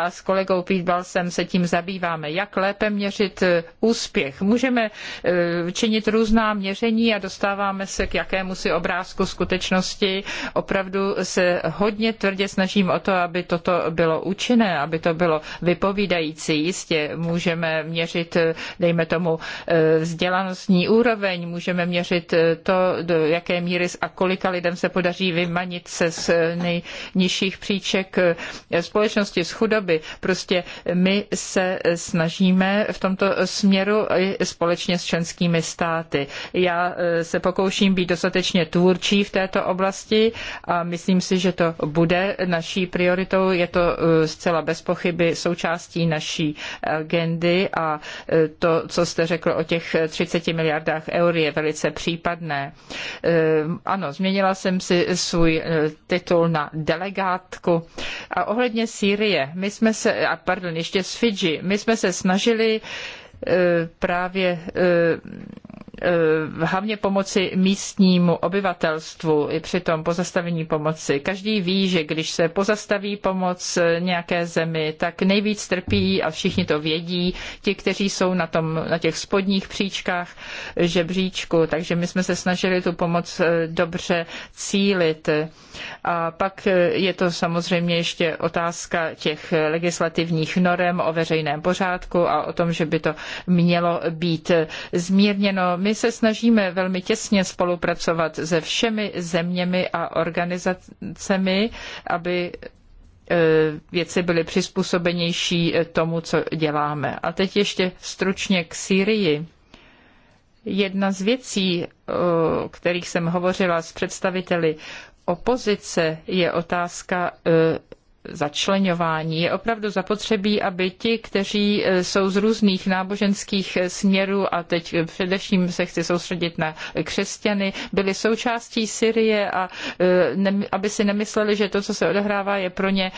A s kolegou Pítbalsem se tím zabýváme. Jak lépe měřit úspěch? Můžeme eh, činit různá měření a dostáváme se k jakému obrázku skutečnosti. Opravdu se hodně tvrdě snažím o to, aby toto bylo účinné, aby to bylo vypovídající. Jistě můžeme měřit, eh, dejme tomu, eh, vzdělanostní životní úroveň, můžeme měřit eh, to, do jaké míry a kolika lidem se podaří vymanit se z eh, nejnižších příček eh, společnosti, z chudoby. Prostě my se snažíme v tomto směru i společně s členskými státy. Já se pokouším být dostatečně tvůrčí v této oblasti a myslím si, že to bude naší prioritou. Je to zcela bez pochyby součástí naší agendy a to, co jste řekl o těch 30 milionů miliardách eur je velice případné. Eh, ano, změnila jsem si svůj eh, titul na delegátku. A ohledně Sýrie, my jsme se, a pardon, ještě z Fidži, my jsme se snažili eh, právě Eh, hlavně pomoci místnímu obyvatelstvu i při tom pozastavení pomoci. Každý ví, že když se pozastaví pomoc nějaké zemi, tak nejvíc trpí a všichni to vědí, ti, kteří jsou na, tom, na těch spodních příčkách žebříčku. Takže my jsme se snažili tu pomoc eh, dobře cílit. A pak eh, je to samozřejmě ještě otázka těch legislativních norem o veřejném pořádku a o tom, že by to mělo být zmírněno my se snažíme velmi těsně spolupracovat se všemi zeměmi a organizacemi, aby e, věci byly přizpůsobenější e, tomu, co děláme. A teď ještě stručně k Sýrii. Jedna z věcí, o kterých jsem hovořila s představiteli opozice, je otázka e, začlenování. Je opravdu zapotřebí, aby ti, kteří e, jsou z různých náboženských e, směrů, a teď e, především se chci soustředit na křesťany, byli součástí Syrie a aby si nemysleli, že to, co se odehrává, je pro ně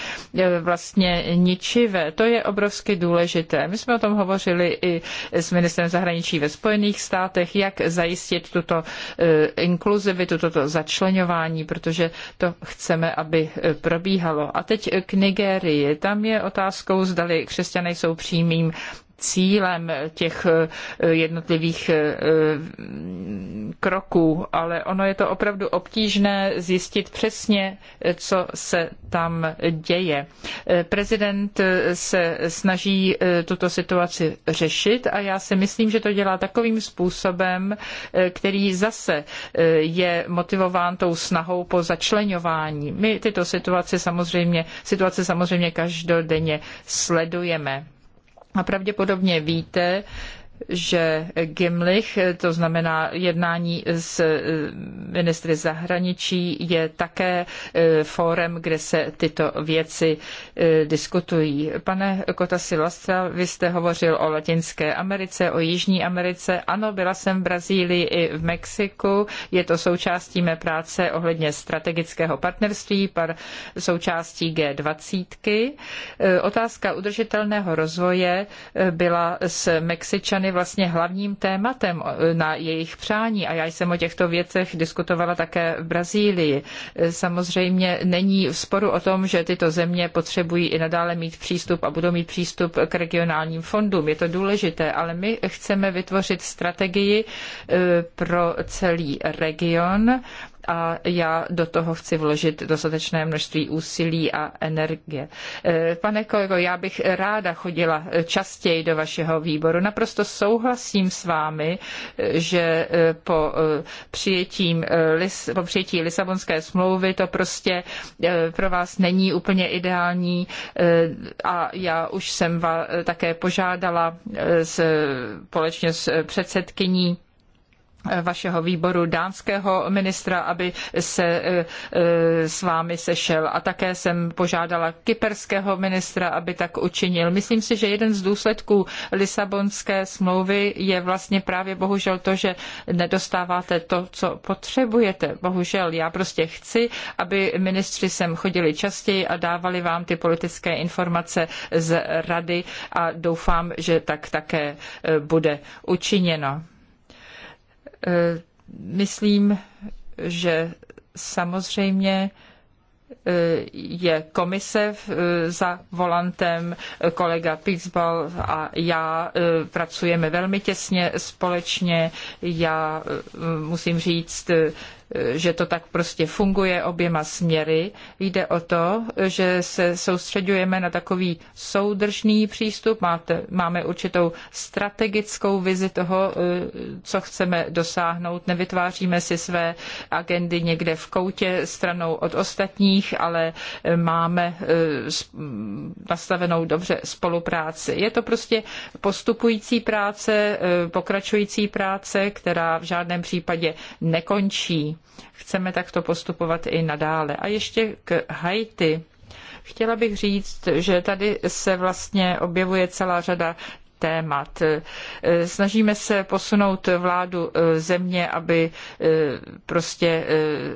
vlastně ničivé. To je obrovsky důležité. My jsme o tom hovořili i s ministrem zahraničí ve Spojených státech, jak zajistit tuto inkluzivitu, toto začlenování, protože to chceme, aby probíhalo. A teď k Nigerii. Tam je otázkou, zdali křesťané jsou přímým cílem těch eh, jednotlivých eh, eh, kroků, ale ono je to opravdu obtížné zjistit přesně, co se tam děje. Prezident se snaží tuto situaci řešit a já si myslím, že to dělá takovým způsobem, který zase je motivován tou snahou po začlenování. My tyto situace samozřejmě, situace samozřejmě každodenně sledujeme a pravděpodobně víte, že Gimlich, to znamená jednání s eh, ministry zahraničí, je také eh, fórem, kde se tyto věci eh, diskutují. Pane Kotasi Lastra, vy jste hovořil o Latinské Americe, o Jižní Americe. Ano, byla jsem v Brazílii i v Mexiku. Je to součástí mé práce ohledně strategického partnerství, par součástí G20. Otázka udržitelného rozvoje byla s Mexičany ženy vlastně hlavním tématem e, na jejich přání a já jsem o těchto věcech diskutovala také v Brazílii. E, samozřejmě není v sporu o tom, že tyto země potřebují i nadále mít přístup a budou mít přístup k regionálním fondům. Je to důležité, ale my chceme vytvořit strategii e, pro celý region a já do toho chci vložit dostatečné množství úsilí a energie. Eh, pane kolego, já bych ráda chodila častěji do vašeho výboru. Naprosto souhlasím s vámi, eh, že eh, po, přijetím, po přijetí Lisabonské smlouvy to prostě pro vás není úplně ideální a já už jsem vás také požádala společně s předsedkyní vašeho výboru dánského ministra, aby se e, e, s vámi sešel. A také jsem požádala kyperského ministra, aby tak učinil. Myslím si, že jeden z důsledků Lisabonské smlouvy je vlastně právě bohužel to, že nedostáváte to, co potřebujete. Bohužel já prostě chci, aby ministři sem chodili častěji a dávali vám ty politické informace z rady a doufám, že tak také e, bude učiněno. Eh, myslím, že samozřejmě eh, je komise eh, za volantem, kolega Pixbal a já pracujeme velmi těsně společně. Já musím říct, že to tak prostě funguje oběma směry. Jde o to, že se soustředujeme na takový soudržný přístup, Máte, máme určitou strategickou vizi toho, eh, co chceme dosáhnout. Nevytváříme si své agendy někde v koutě stranou od ostatních, ale eh, máme eh, mm, nastavenou dobře spolupráci. Je to prostě postupující práce, pokračující práce, která v žádném případě nekončí. Chceme takto postupovat i nadále. A ještě k Haiti. Chtěla bych říct, že tady se vlastně objevuje celá řada témat. E, snažíme se posunout vládu e, země, aby e, prostě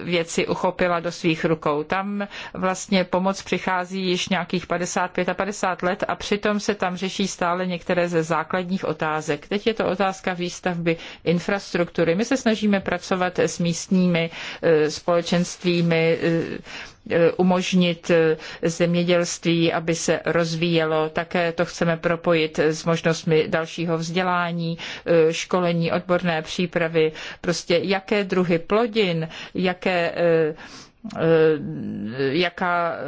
věci uchopila do svých rukou. Tam vlastně pomoc přichází již nějakých 55 a 50 let a přitom se tam řeší stále některé ze základních otázek. Teď je to otázka výstavby infrastruktury. My se snažíme pracovat s místními společenstvími, Eh, umožnit eh, zemědělství, aby se rozvíjelo. Také to chceme propojit s možnostmi dalšího vzdělání, eh, školení, odborné přípravy, prostě jaké druhy plodin, jaké Eh, jaká eh,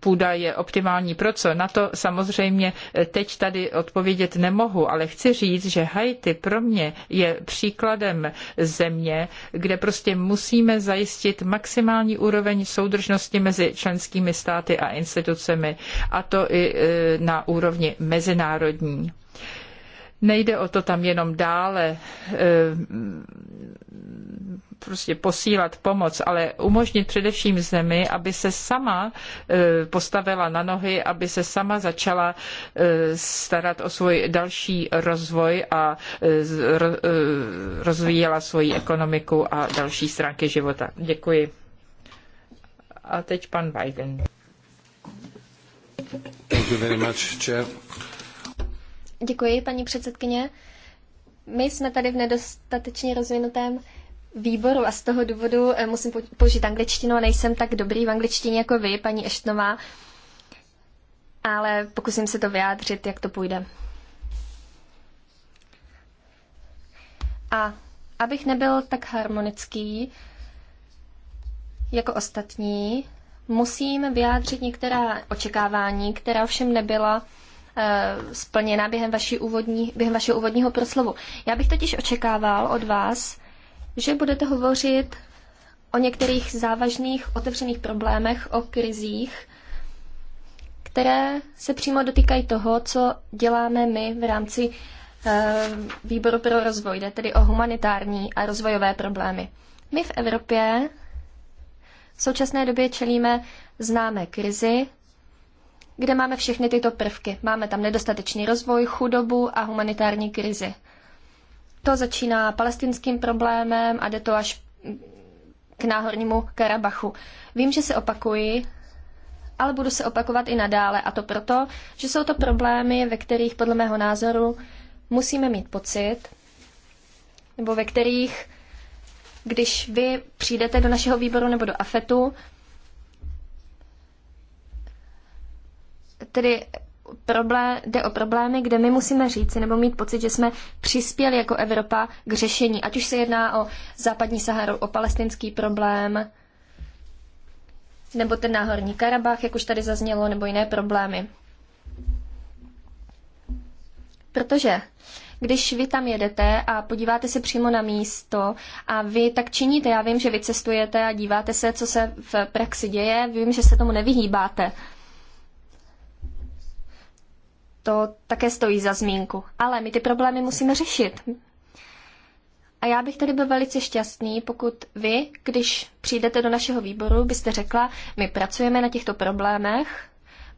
půda je optimální pro co. Na to samozřejmě teď tady odpovědět nemohu, ale chci říct, že Haiti pro mě je příkladem země, kde prostě musíme zajistit maximální úroveň soudržnosti mezi členskými státy a institucemi, a to i eh, na úrovni mezinárodní. Nejde o to tam jenom dále eh, prostě posílat pomoc, ale umožnit především zemi, aby se sama eh, postavila na nohy, aby se sama začala eh, starat o svůj další rozvoj a rozvíjela svoji ekonomiku a další stránky života. Děkuji. A teď pan Biden. Thank you very much, Chair. Děkuji, paní předsedkyně. My jsme tady v nedostatečně rozvinutém výboru a z toho důvodu eh, musím použít angličtinu a nejsem tak dobrý v angličtině jako vy, paní Eštnová, ale pokusím se to vyjádřit, jak to půjde. A abych nebyl tak harmonický jako ostatní, musím vyjádřit některá očekávání, která ovšem nebyla Eh, splněna během, vaší úvodní, během vašeho úvodního proslovu. Já bych totiž očekával od vás, že budete hovořit o některých závažných otevřených problémech, o krizích, které se přímo dotýkají toho, co děláme my v rámci eh, výboru pro rozvoj. Jde tedy o humanitární a rozvojové problémy. My v Evropě v současné době čelíme známé krizi, kde máme všechny tyto prvky. Máme tam nedostatečný rozvoj, chudobu a humanitární krizi. To začíná palestinským problémem a jde to až k náhornímu Karabachu. Vím, že se opakuji, ale budu se opakovat i nadále a to proto, že jsou to problémy, ve kterých podle mého názoru musíme mít pocit, nebo ve kterých, když vy přijdete do našeho výboru nebo do AFETu, tedy problém, jde o problémy, kde my musíme říci nebo mít pocit, že jsme přispěli jako Evropa k řešení. Ať už se jedná o západní Saharu, o palestinský problém, nebo ten náhorní Karabach, jak už tady zaznělo, nebo jiné problémy. Protože když vy tam jedete a podíváte se přímo na místo a vy tak činíte, já vím, že vy cestujete a díváte se, co se v praxi děje, vím, že se tomu nevyhýbáte to také stojí za zmínku. Ale my ty problémy musíme řešit. A já bych tedy byl velice šťastný, pokud vy, když přijdete do našeho výboru, byste řekla, my pracujeme na těchto problémech,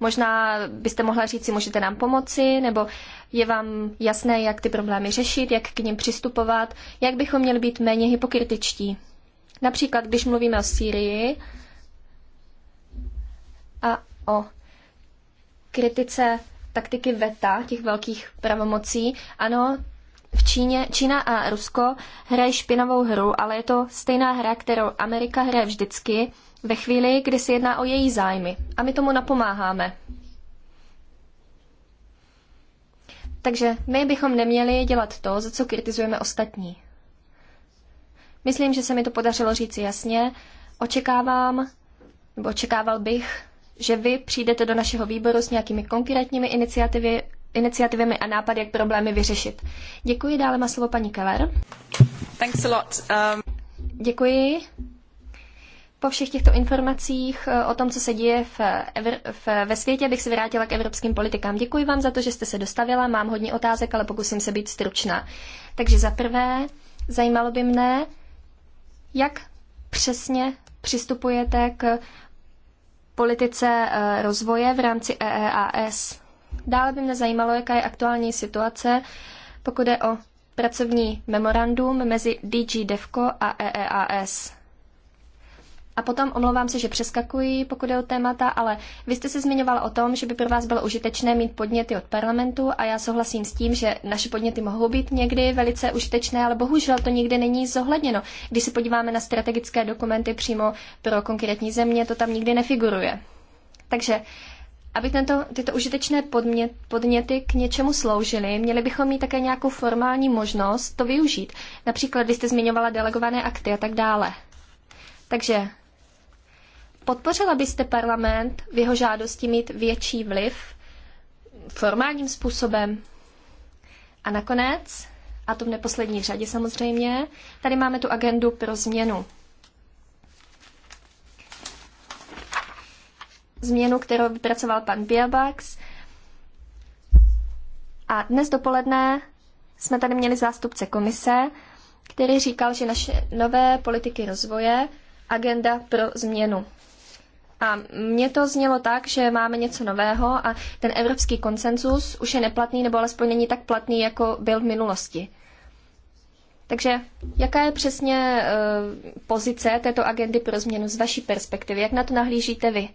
možná byste mohla říct si, můžete nám pomoci, nebo je vám jasné, jak ty problémy řešit, jak k ním přistupovat, jak bychom měli být méně hypokritičtí. Například, když mluvíme o Sýrii a o kritice taktiky VETA, těch velkých pravomocí. Ano, v Číně, Čína a Rusko hrají špinavou hru, ale je to stejná hra, kterou Amerika hraje vždycky ve chvíli, kdy se jedná o její zájmy. A my tomu napomáháme. Takže my bychom neměli dělat to, za co kritizujeme ostatní. Myslím, že se mi to podařilo říct jasně. Očekávám, nebo očekával bych, že vy přijdete do našeho výboru s nějakými konkrétními iniciativy, iniciativami a nápady, jak problémy vyřešit. Děkuji, dále má slovo paní Keller. Thanks a lot. Um... Děkuji. Po všech těchto informacích eh, o tom, co se děje v v, ve světě, bych se vrátila k evropským politikám. Děkuji vám za to, že jste se dostavila. Mám hodně otázek, ale pokusím se být stručná. Takže za prvé, zajímalo by mne, jak přesně přistupujete k politice eh, rozvoje v rámci EEAS. Dále by mě zajímalo, jaká je aktuální situace, pokud je o pracovní memorandum mezi DG DEVCO a EEAS. A potom omlouvám se, že přeskakuji, pokud je o témata, ale vy jste se zmiňoval o tom, že by pro vás bylo užitečné mít podněty od parlamentu a já souhlasím s tím, že naše podněty mohou být někdy velice užitečné, ale bohužel to nikdy není zohledněno. Když se podíváme na strategické dokumenty přímo pro konkrétní země, to tam nikdy nefiguruje. Takže aby tento, tyto užitečné podmě, podněty k něčemu sloužily, měli bychom mít také nějakou formální možnost to využít. Například vy jste zmiňovala delegované akty a tak dále. Takže Podpořila byste parlament v jeho žádosti mít větší vliv formálním způsobem? A nakonec, a to v neposlední řadě samozřejmě, tady máme tu agendu pro změnu. Změnu, kterou vypracoval pan Biabax. A dnes dopoledne jsme tady měli zástupce komise, který říkal, že naše nové politiky rozvoje agenda pro změnu. A mně to znělo tak, že máme něco nového a ten evropský konsenzus už je neplatný, nebo alespoň není tak platný, jako byl v minulosti. Takže jaká je přesně e, pozice této agendy pro změnu z vaší perspektivy? Jak na to nahlížíte vy?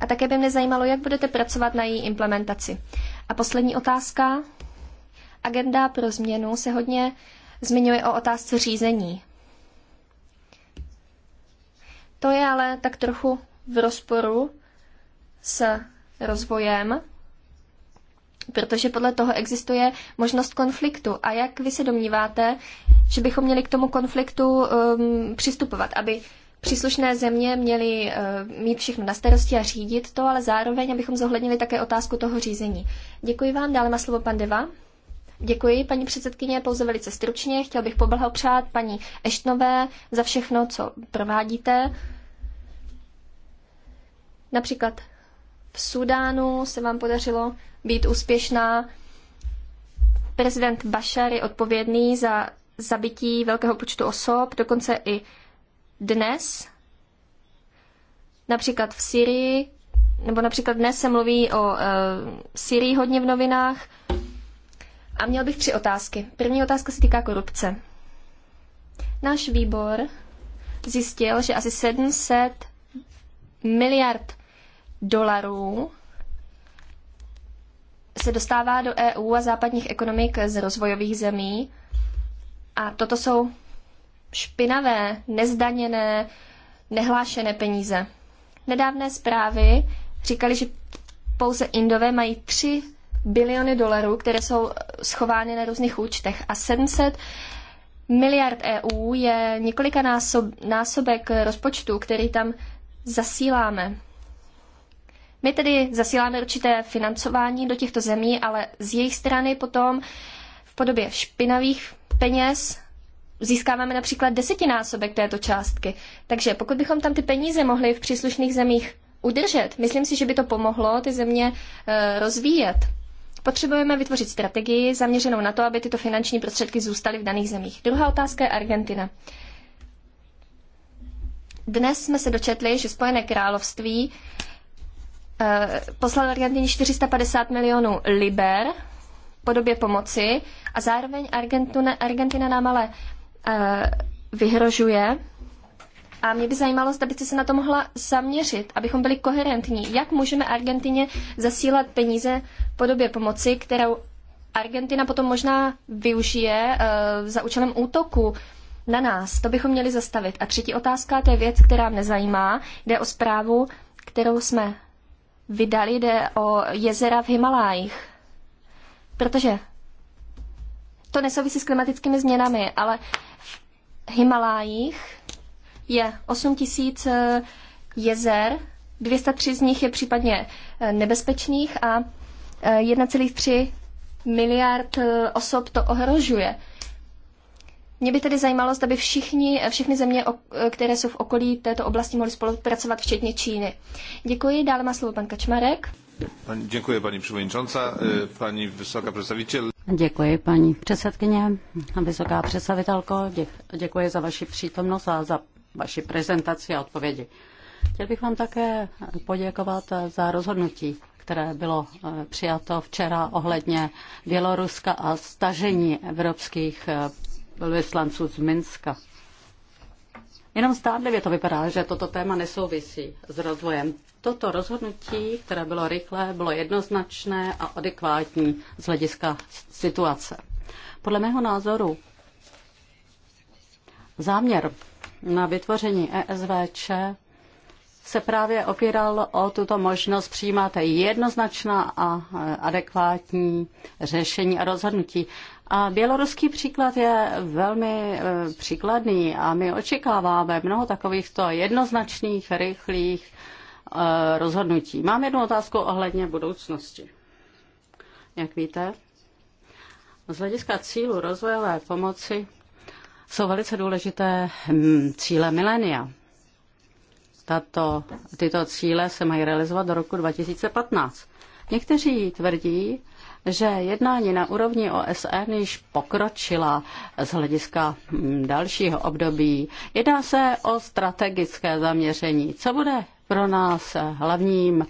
A také by mě zajímalo, jak budete pracovat na její implementaci. A poslední otázka. Agenda pro změnu se hodně zmiňuje o otázce řízení. To je ale tak trochu v rozporu s rozvojem, protože podle toho existuje možnost konfliktu. A jak vy se domníváte, že bychom měli k tomu konfliktu um, přistupovat, aby příslušné země měly uh, mít všechno na starosti a řídit to, ale zároveň, abychom zohlednili také otázku toho řízení. Děkuji vám, dále má slovo pan Deva. Děkuji, paní předsedkyně, pouze velice stručně. Chtěl bych poblahopřát paní Eštnové za všechno, co provádíte. Například v Sudánu se vám podařilo být úspěšná. Prezident Bashar je odpovědný za zabití velkého počtu osob, dokonce i dnes. Například v Syrii, nebo například dnes se mluví o e, Syrii hodně v novinách. A měl bych tři otázky. První otázka se týká korupce. Náš výbor zjistil, že asi 700 miliard dolarů se dostává do EU a západních ekonomik z rozvojových zemí. A toto jsou špinavé, nezdaněné, nehlášené peníze. Nedávné zprávy říkali, že pouze Indové mají 3 biliony dolarů, které jsou schovány na různých účtech a 700 miliard EU je několika násob, násobek rozpočtu, který tam zasíláme. My tedy zasíláme určité financování do těchto zemí, ale z jejich strany potom v podobě špinavých peněz získáváme například desetinásobek této částky. Takže pokud bychom tam ty peníze mohli v příslušných zemích udržet, myslím si, že by to pomohlo ty země e, rozvíjet. Potřebujeme vytvořit strategii zaměřenou na to, aby tyto finanční prostředky zůstaly v daných zemích. Druhá otázka je Argentina. Dnes jsme se dočetli, že Spojené království Eh, poslal Argentině 450 milionů liber podobě pomoci a zároveň Argentina, Argentina nám ale eh, vyhrožuje. A mě by zajímalo, zda byste se na to mohla zaměřit, abychom byli koherentní. Jak můžeme Argentině zasílat peníze v podobě pomoci, kterou Argentina potom možná využije uh, za účelem útoku na nás. To bychom měli zastavit. A třetí otázka, to je věc, která mě zajímá. Jde o zprávu, kterou jsme vydali, jde o jezera v Himalájích. Protože to nesouvisí s klimatickými změnami, ale v Himalájích je 8 eh, jezer, 203 z nich je případně eh, nebezpečných a 1,3 eh, miliard osob to ohrožuje. Mě by tedy zajímalo, zda by všichni, všechny země, které jsou v okolí této oblasti, mohly spolupracovat, včetně Číny. Děkuji, dále má slovo pan Kačmarek. Pani, děkuji, paní předsedající, e, paní vysoká představitel. Děkuji, paní předsedkyně, vysoká představitelko. Děkuji za vaši přítomnost a za vaši prezentaci a odpovědi. Chtěl bych vám také poděkovat za rozhodnutí, které bylo e, přijato včera ohledně Běloruska a stažení evropských e, velvyslanců z Minska. Jenom stádlivě to vypadá, že toto téma nesouvisí s rozvojem. Toto rozhodnutí, které bylo rychlé, bylo jednoznačné a adekvátní z hlediska situace. Podle mého názoru záměr na vytvoření ESVČ se právě opíral o tuto možnost přijímat jednoznačná a adekvátní řešení a rozhodnutí. A běloruský příklad je velmi e, příkladný a my očekáváme mnoho takovýchto jednoznačných, rychlých e, rozhodnutí. Mám jednu otázku ohledně budoucnosti. Jak víte, z hlediska cílu rozvojové pomoci jsou velice důležité hm, cíle milénia. Tato, tyto cíle se mají realizovat do roku 2015. Někteří tvrdí, že jednání na úrovni OSN již pokročila z hlediska hm, dalšího období. Jedná se o strategické zaměření. Co bude pro nás hlavním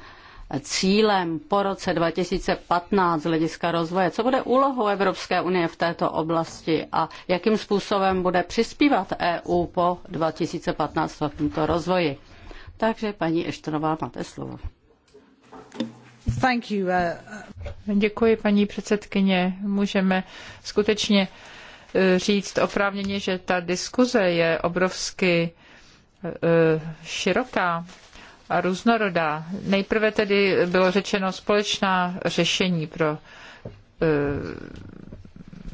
cílem po roce 2015 z hlediska rozvoje? Co bude úlohou Evropské unie v této oblasti a jakým způsobem bude přispívat EU po 2015 v tomto rozvoji? Takže paní Eštonová, máte slovo. Uh, uh. Děkuji, paní předsedkyně. Můžeme skutečně eh, říct oprávněně, že ta diskuze je obrovsky eh, široká a různorodá. Nejprve tedy bylo řečeno společná řešení pro eh,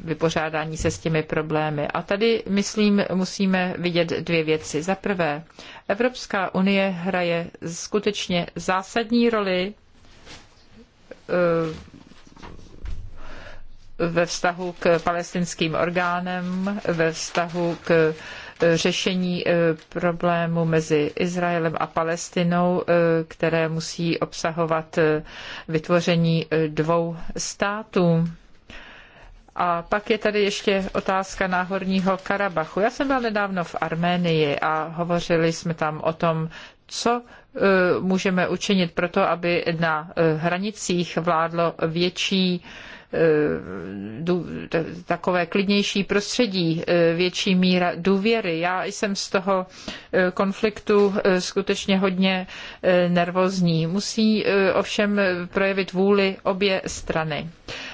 vypořádání se s těmi problémy. A tady, myslím, musíme vidět dvě věci. Za prvé, Evropská unie hraje skutečně zásadní roli Eh, ve vztahu k palestinským orgánům, ve vztahu k eh, řešení eh, problému mezi Izraelem a Palestinou, které musí obsahovat vytvoření dvou států. A pak je tady ještě otázka Náhorního Karabachu. Já jsem byla nedávno v Arménii a hovořili jsme tam o tom, co Eh, můžeme učinit proto, aby na eh, hranicích vládlo větší eh, takové klidnější prostředí, větší míra důvěry. Já jsem z toho konfliktu skutečně hodně nervózní. Musí ovšem projevit vůli obě strany.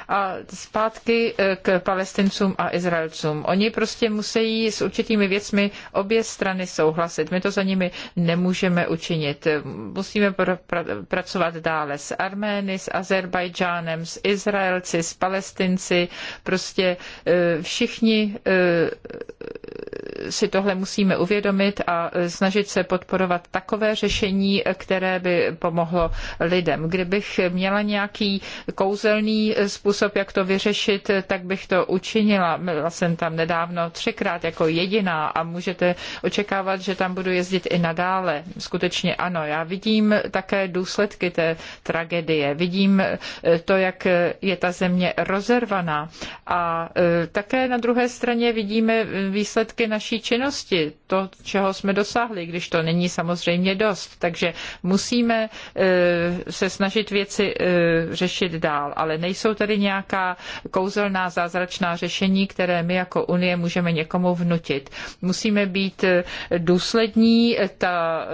A zpátky e, k palestincům a Izraelcům. Oni prostě musí s určitými věcmi obě strany souhlasit. My to za nimi nemůžeme učinit. Musíme pr- pr- pracovat dále s Armény, s Azerbajdžánem, s Izraelci, s Palestinci. Prostě e, všichni e, si tohle musíme uvědomit a snažit se podporovat takové řešení, které by pomohlo lidem. Kdybych měla nějaký kouzelný způsob, jak to vyřešit, tak bych to učinila. Byla jsem tam nedávno třikrát jako jediná a můžete očekávat, že tam budu jezdit i nadále. Skutečně ano, já vidím také důsledky té tragédie. Vidím eh, to, jak je ta země rozervaná. A eh, také na druhé straně vidíme eh, výsledky naší naší činnosti, to, čeho jsme dosáhli, když to není samozřejmě dost. Takže musíme e, se snažit věci e, řešit dál, ale nejsou tady nějaká kouzelná zázračná řešení, které my jako Unie můžeme někomu vnutit. Musíme být e, důslední, ta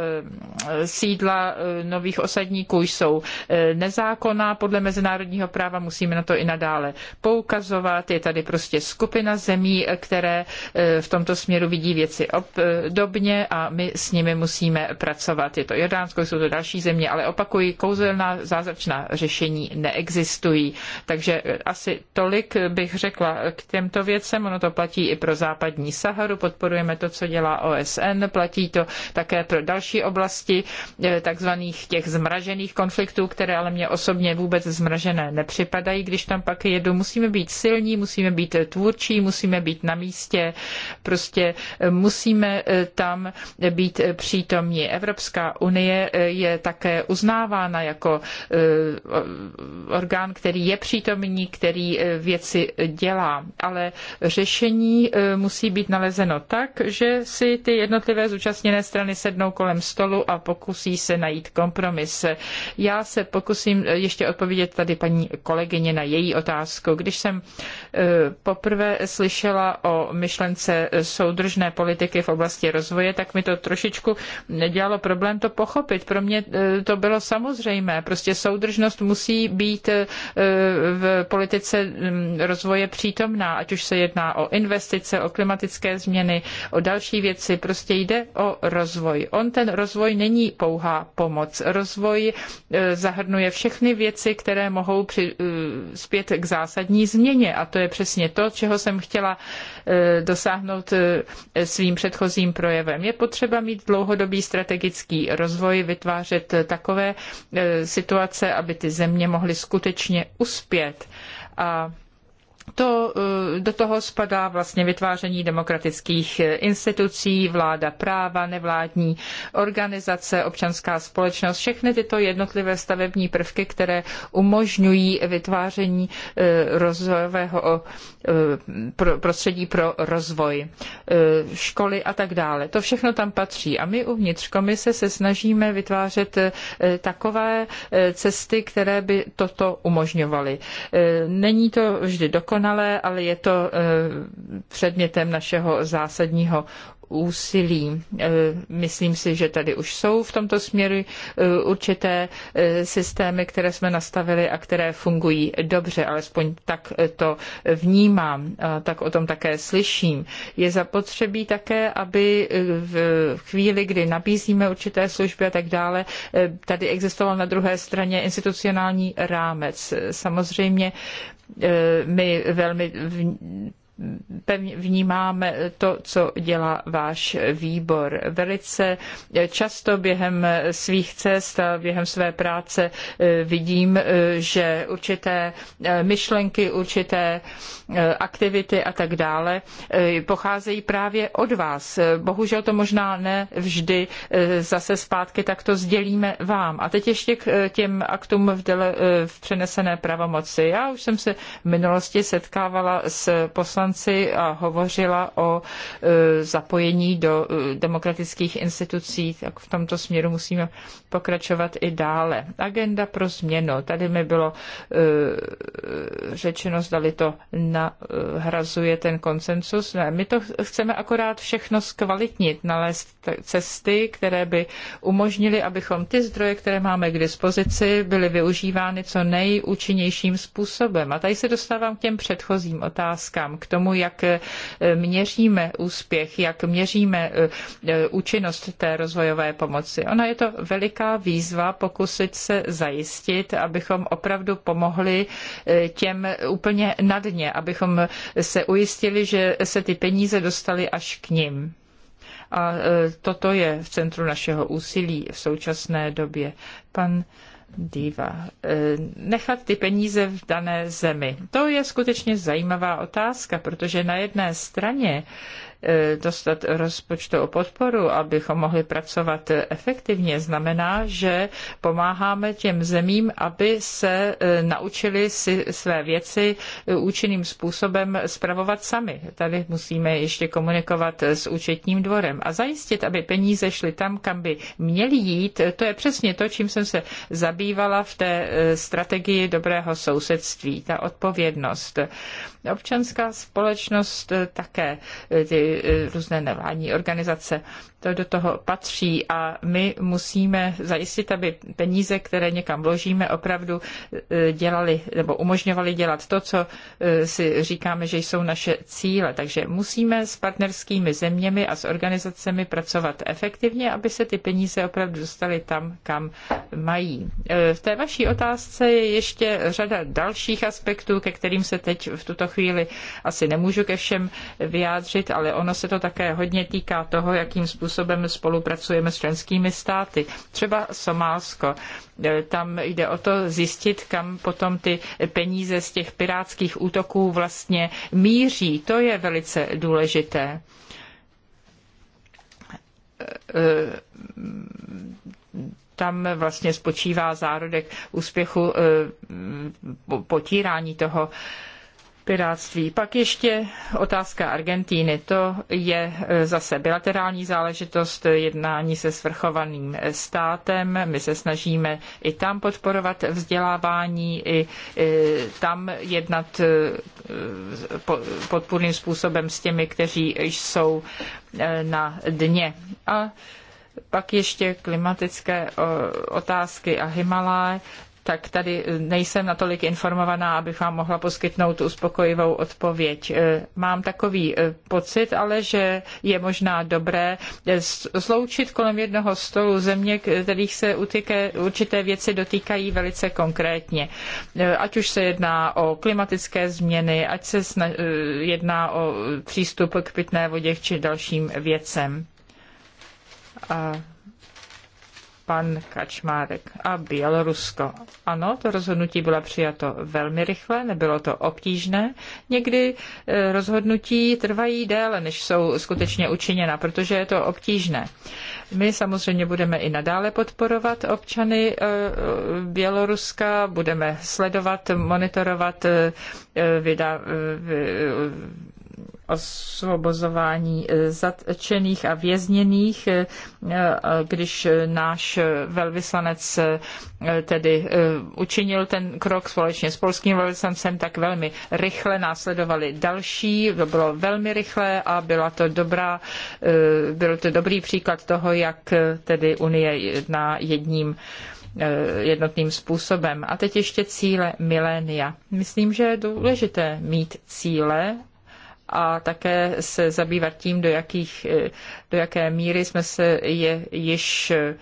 sídla nových osadníků jsou nezákonná podle mezinárodního práva, musíme na to i nadále poukazovat. Je tady prostě skupina zemí, které v tomto směru směru vidí věci obdobně a my s nimi musíme pracovat. Je to Jordánsko, jsou to další země, ale opakují, kouzelná zázračná řešení neexistují. Takže asi tolik bych řekla k těmto věcem. Ono to platí i pro západní Saharu, podporujeme to, co dělá OSN, platí to také pro další oblasti eh, takzvaných těch zmražených konfliktů, které ale mě osobně vůbec zmražené nepřipadají, když tam pak jedu. Musíme být silní, musíme být tvůrčí, musíme být na místě. Prostě musíme eh, tam být přítomní. Evropská unie eh, je také uznávána jako eh, orgán, který je přítomný, který věci dělá, ale řešení musí být nalezeno tak, že si ty jednotlivé zúčastněné strany sednou kolem stolu a pokusí se najít kompromis. Já se pokusím ještě odpovědět tady paní kolegyně na její otázku. Když jsem poprvé slyšela o myšlence soudru, soudržné politiky v oblasti rozvoje, tak mi to trošičku dělalo problém to pochopit. Pro mě e, to bylo samozřejmé. Prostě soudržnost musí být e, v politice rozvoje přítomná, ať už se jedná o investice, o klimatické změny, o další věci. Prostě jde o rozvoj. On ten rozvoj není pouhá pomoc. Rozvoj e, zahrnuje všechny věci, které mohou zpět k zásadní změně. A to je přesně to, čeho jsem chtěla dosáhnout svým předchozím projevem. Je potřeba mít dlouhodobý strategický rozvoj, vytvářet takové eh, situace, aby ty země mohly skutečně uspět. A to eh, do toho spadá vlastně vytváření demokratických eh, institucí, vláda práva, nevládní organizace, občanská společnost, všechny tyto jednotlivé stavební prvky, které umožňují vytváření eh, rozvojového prostředí pro rozvoj, školy a tak dále. To všechno tam patří a my uvnitř komise se snažíme vytvářet takové cesty, které by toto umožňovaly. Není to vždy dokonalé, dokonalé, ale je to eh, předmětem našeho zásadního úsilí. Eh, myslím si, že tady už jsou v tomto směru eh, určité systémy, které jsme nastavili a které fungují dobře, alespoň tak to vnímám, tak o tom také slyším. Je zapotřebí také, aby v chvíli, kdy nabízíme určité služby a tak dále, tady existoval na druhé straně institucionální rámec. Samozřejmě Eh, my velmi pevně vnímáme to, co dělá váš výbor. Velice často během svých cest a během své práce eh, vidím, eh, že určité myšlenky, určité Eh, aktivity a tak dále, eh, pocházejí právě od vás. Bohužel to možná ne vždy eh, zase zpátky takto sdělíme vám. A teď ještě k těm aktům v, dele, v přenesené pravomoci. Já už jsem se v minulosti setkávala s poslanci a hovořila o zapojení do demokratických institucí, tak v tomto směru musíme pokračovat i dále. Agenda pro změnu. Tady mi bylo řečeno, zdali to na nahrazuje ten konsensus. Ne, my to chceme akorát všechno zkvalitnit, nalézt cesty, které by umožnily, abychom ty zdroje, které máme k dispozici, byly využívány co nejúčinnějším způsobem. A tady se dostávám k těm předchozím otázkám, k tomu, jak eh, měříme úspěch, jak měříme eh, eh, účinnost té rozvojové pomoci. Ona je to veliká výzva pokusit se zajistit, abychom opravdu pomohli těm úplně na dně, abychom se ujistili, že se ty peníze dostaly až k ním. A e, toto je v centru našeho úsilí v současné době. Pan Diva. E, nechat ty peníze v dané zemi. To je skutečně zajímavá otázka, protože na jedné straně dostat rozpočtovou podporu, abychom mohli pracovat efektivně, znamená, že pomáháme těm zemím, aby se e, naučili si své věci e, účinným způsobem spravovat sami. Tady musíme ještě komunikovat s účetním dvorem a zajistit, aby peníze šly tam, kam by měly jít. To je přesně to, čím jsem se zabývala v té e, strategii dobrého sousedství, ta odpovědnost. Občanská společnost také ty Eh, různé nevládní organizace. To do toho patří a my musíme zajistit, aby peníze, které někam vložíme, opravdu eh, dělali nebo umožňovali dělat to, co eh, si říkáme, že jsou naše cíle. Takže musíme s partnerskými zeměmi a s organizacemi pracovat efektivně, aby se ty peníze opravdu dostaly tam, kam mají. V té vaší otázce je ještě řada dalších aspektů, ke kterým se teď v tuto chvíli asi nemůžu ke všem vyjádřit, ale ono se to také hodně týká toho, jakým způsobem spolupracujeme s členskými státy. Třeba Somálsko. E, tam jde o to zjistit, kam potom ty peníze z těch pirátských útoků vlastně míří. To je velice důležité e, e, tam vlastně spočívá zárodek úspěchu potírání toho piráctví. Pak ještě otázka Argentíny. To je eh, zase bilaterální záležitost jednání se svrchovaným eh, státem. My se snažíme i tam podporovat vzdělávání, i eh, tam jednat podpůrným způsobem s těmi, kteří jsou na dně. A pak ještě klimatické otázky a Himaláje tak tady eh, nejsem natolik informovaná, abych vám mohla poskytnout uspokojivou odpověď. Eh, mám takový eh, pocit, ale že je možná dobré sloučit kolem jednoho stolu země, kterých se utyke, určité věci dotýkají velice konkrétně. Ať už se jedná o klimatické změny, ať se jedná o přístup k pitné vodě či dalším věcem. A pan Kačmárek a Bělorusko. Ano, to rozhodnutí bylo přijato velmi rychle, nebylo to obtížné. Někdy e, rozhodnutí trvají déle, než jsou skutečně učiněna, protože je to obtížné. My samozřejmě budeme i nadále podporovat občany e, e, Běloruska, budeme sledovat, monitorovat, osvobozování eh, zatčených a vězněných, eh, eh, když náš velvyslanec tedy učinil ten krok společně s polským velvyslancem, tak velmi rychle následovali další, to bylo velmi rychle a byla to dobrá, byl to dobrý příklad toho, jak tedy Unie jedná jedním jednotným způsobem. A teď ještě cíle milénia. Myslím, že je důležité mít cíle a také se zabývat tím, do, jakých, eh, do jaké míry jsme se je již eh,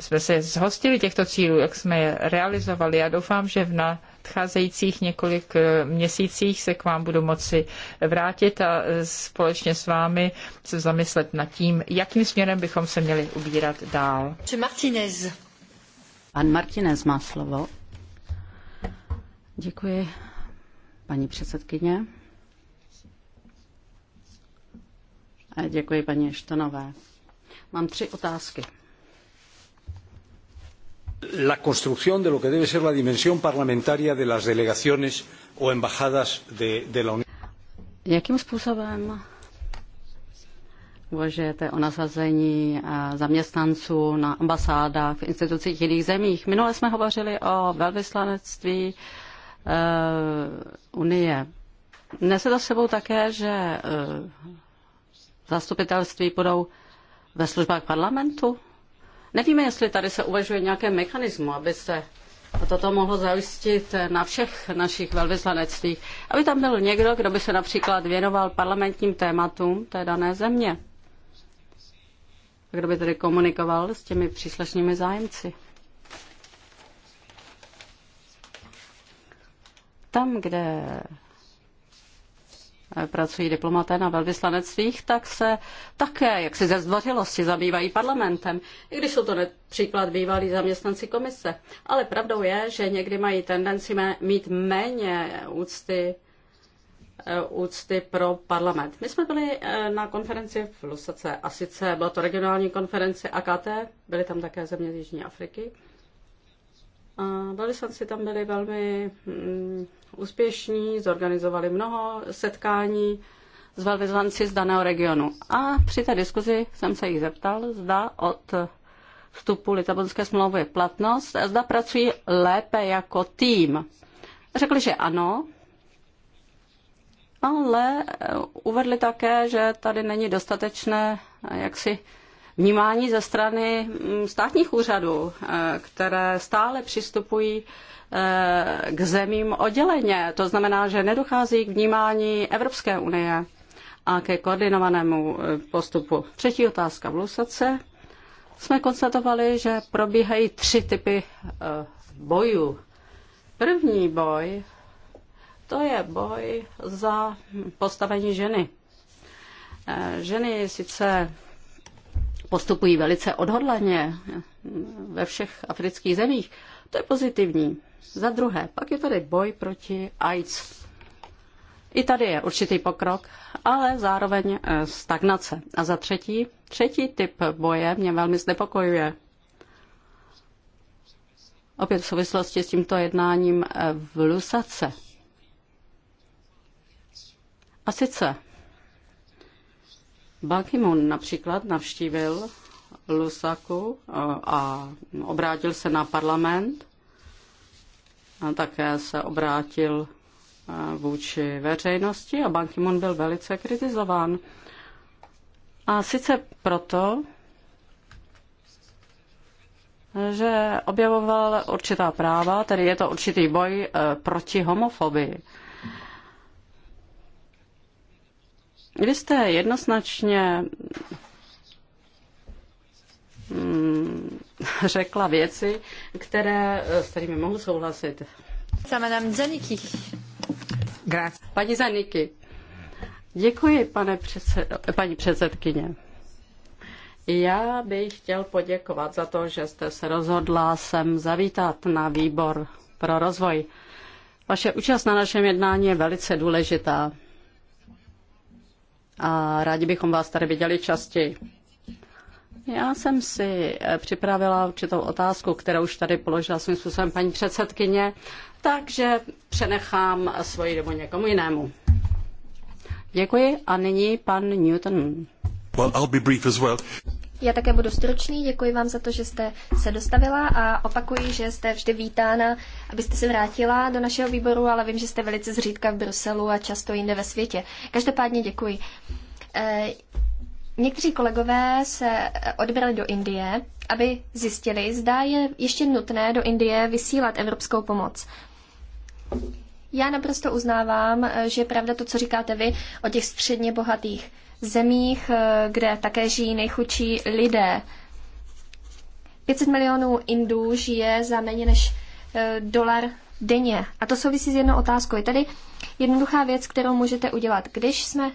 jsme se zhostili těchto cílů, jak jsme je realizovali. Já doufám, že v nadcházejících několik eh, měsících se k vám budu moci vrátit a společně s vámi se zamyslet nad tím, jakým směrem bychom se měli ubírat dál. Martinez. Pan Martinez má slovo. Děkuji, paní předsedkyně. Děkuji paní Štanové. Mám tři otázky. La construcción de lo que debe ser la dimensión parlamentaria de las delegaciones o embajadas de, de la Unión. Jakým způsobem uvažujete o nasazení eh, zaměstnanců na ambasádách v institucích jiných zemích? Minule jsme hovořili o velvyslanectví uh, Unie. Nese za sebou také, že uh, zastupitelství budou ve službách parlamentu? Nevíme, jestli tady se uvažuje nějaké mechanismu, aby se toto mohlo zajistit na všech našich velvyslanectvích, aby tam byl někdo, kdo by se například věnoval parlamentním tématům té dané země. A kdo by tedy komunikoval s těmi příslušnými zájemci. Tam, kde pracují diplomaté na velvyslanectvích, tak se také, jak si ze zdvořilosti, zabývají parlamentem, i když jsou to například bývalí zaměstnanci komise. Ale pravdou je, že někdy mají tendenci mít méně úcty eh, úcty pro parlament. My jsme byli eh, na konferenci v Lusace a sice byla to regionální konference AKT, byly tam také země z Jižní Afriky. A velvyslanci tam byli velmi hm, úspěšní, zorganizovali mnoho setkání s velvyslanci z daného regionu. A při té diskuzi jsem se jich zeptal, zda od vstupu Lisabonské smlouvy platnost, zda pracují lépe jako tým. Řekli, že ano, ale uvedli také, že tady není dostatečné jaksi vnímání ze strany mm, státních úřadů, eh, které stále přistupují eh, k zemím odděleně. To znamená, že nedochází k vnímání Evropské unie a ke koordinovanému eh, postupu. Třetí otázka v Lusace. Jsme konstatovali, že probíhají tři typy bojů. První boj, to je boj za postavení ženy. Ženy sice postupují velice odhodlaně ve všech afrických zemích. To je pozitivní. Za druhé, pak je tady boj proti AIDS. I tady je určitý pokrok, ale zároveň eh, stagnace. A za třetí, třetí typ boje mě velmi znepokojuje. Opět v souvislosti s tímto jednáním eh, v Lusace. A sice Ban například navštívil Lusaku a obrátil se na parlament. A také se obrátil e, vůči veřejnosti a Ban Ki-moon byl velice kritizován. A sice proto, že objevoval určitá práva, tedy je to určitý boj e, proti homofobii. Vy jste jednoznačně mm, řekla věci, které, s kterými mohu souhlasit. Madame Zaniky. Paní Zaniky. Děkuji, pane předsed, paní předsedkyně. Já bych chtěl poděkovat za to, že jste se rozhodla sem zavítat na výbor pro rozvoj. Vaše účast na našem jednání je velice důležitá a rádi bychom vás tady viděli častěji. Já jsem si eh, připravila určitou otázku, kterou už tady položila svým způsobem paní předsedkyně, takže přenechám svoji dobu někomu jinému. Děkuji a nyní pan Newton. Well, I'll be brief as well. Já také budu stručný, děkuji vám za to, že jste se dostavila a opakuji, že jste vždy vítána, abyste se vrátila do našeho výboru, ale vím, že jste velice zřídka v Bruselu a často jinde ve světě. Každopádně děkuji. E, někteří kolegové se odbrali do Indie, aby zjistili, zda je ještě nutné do Indie vysílat evropskou pomoc. Já naprosto uznávám, eh, že je pravda to, co říkáte vy o těch středně bohatých zemích, eh, kde také žijí nejchudší lidé. 500 milionů Indů žije za méně než eh, dolar denně. A to souvisí s jednou otázkou. Je tady jednoduchá věc, kterou můžete udělat. Když jsme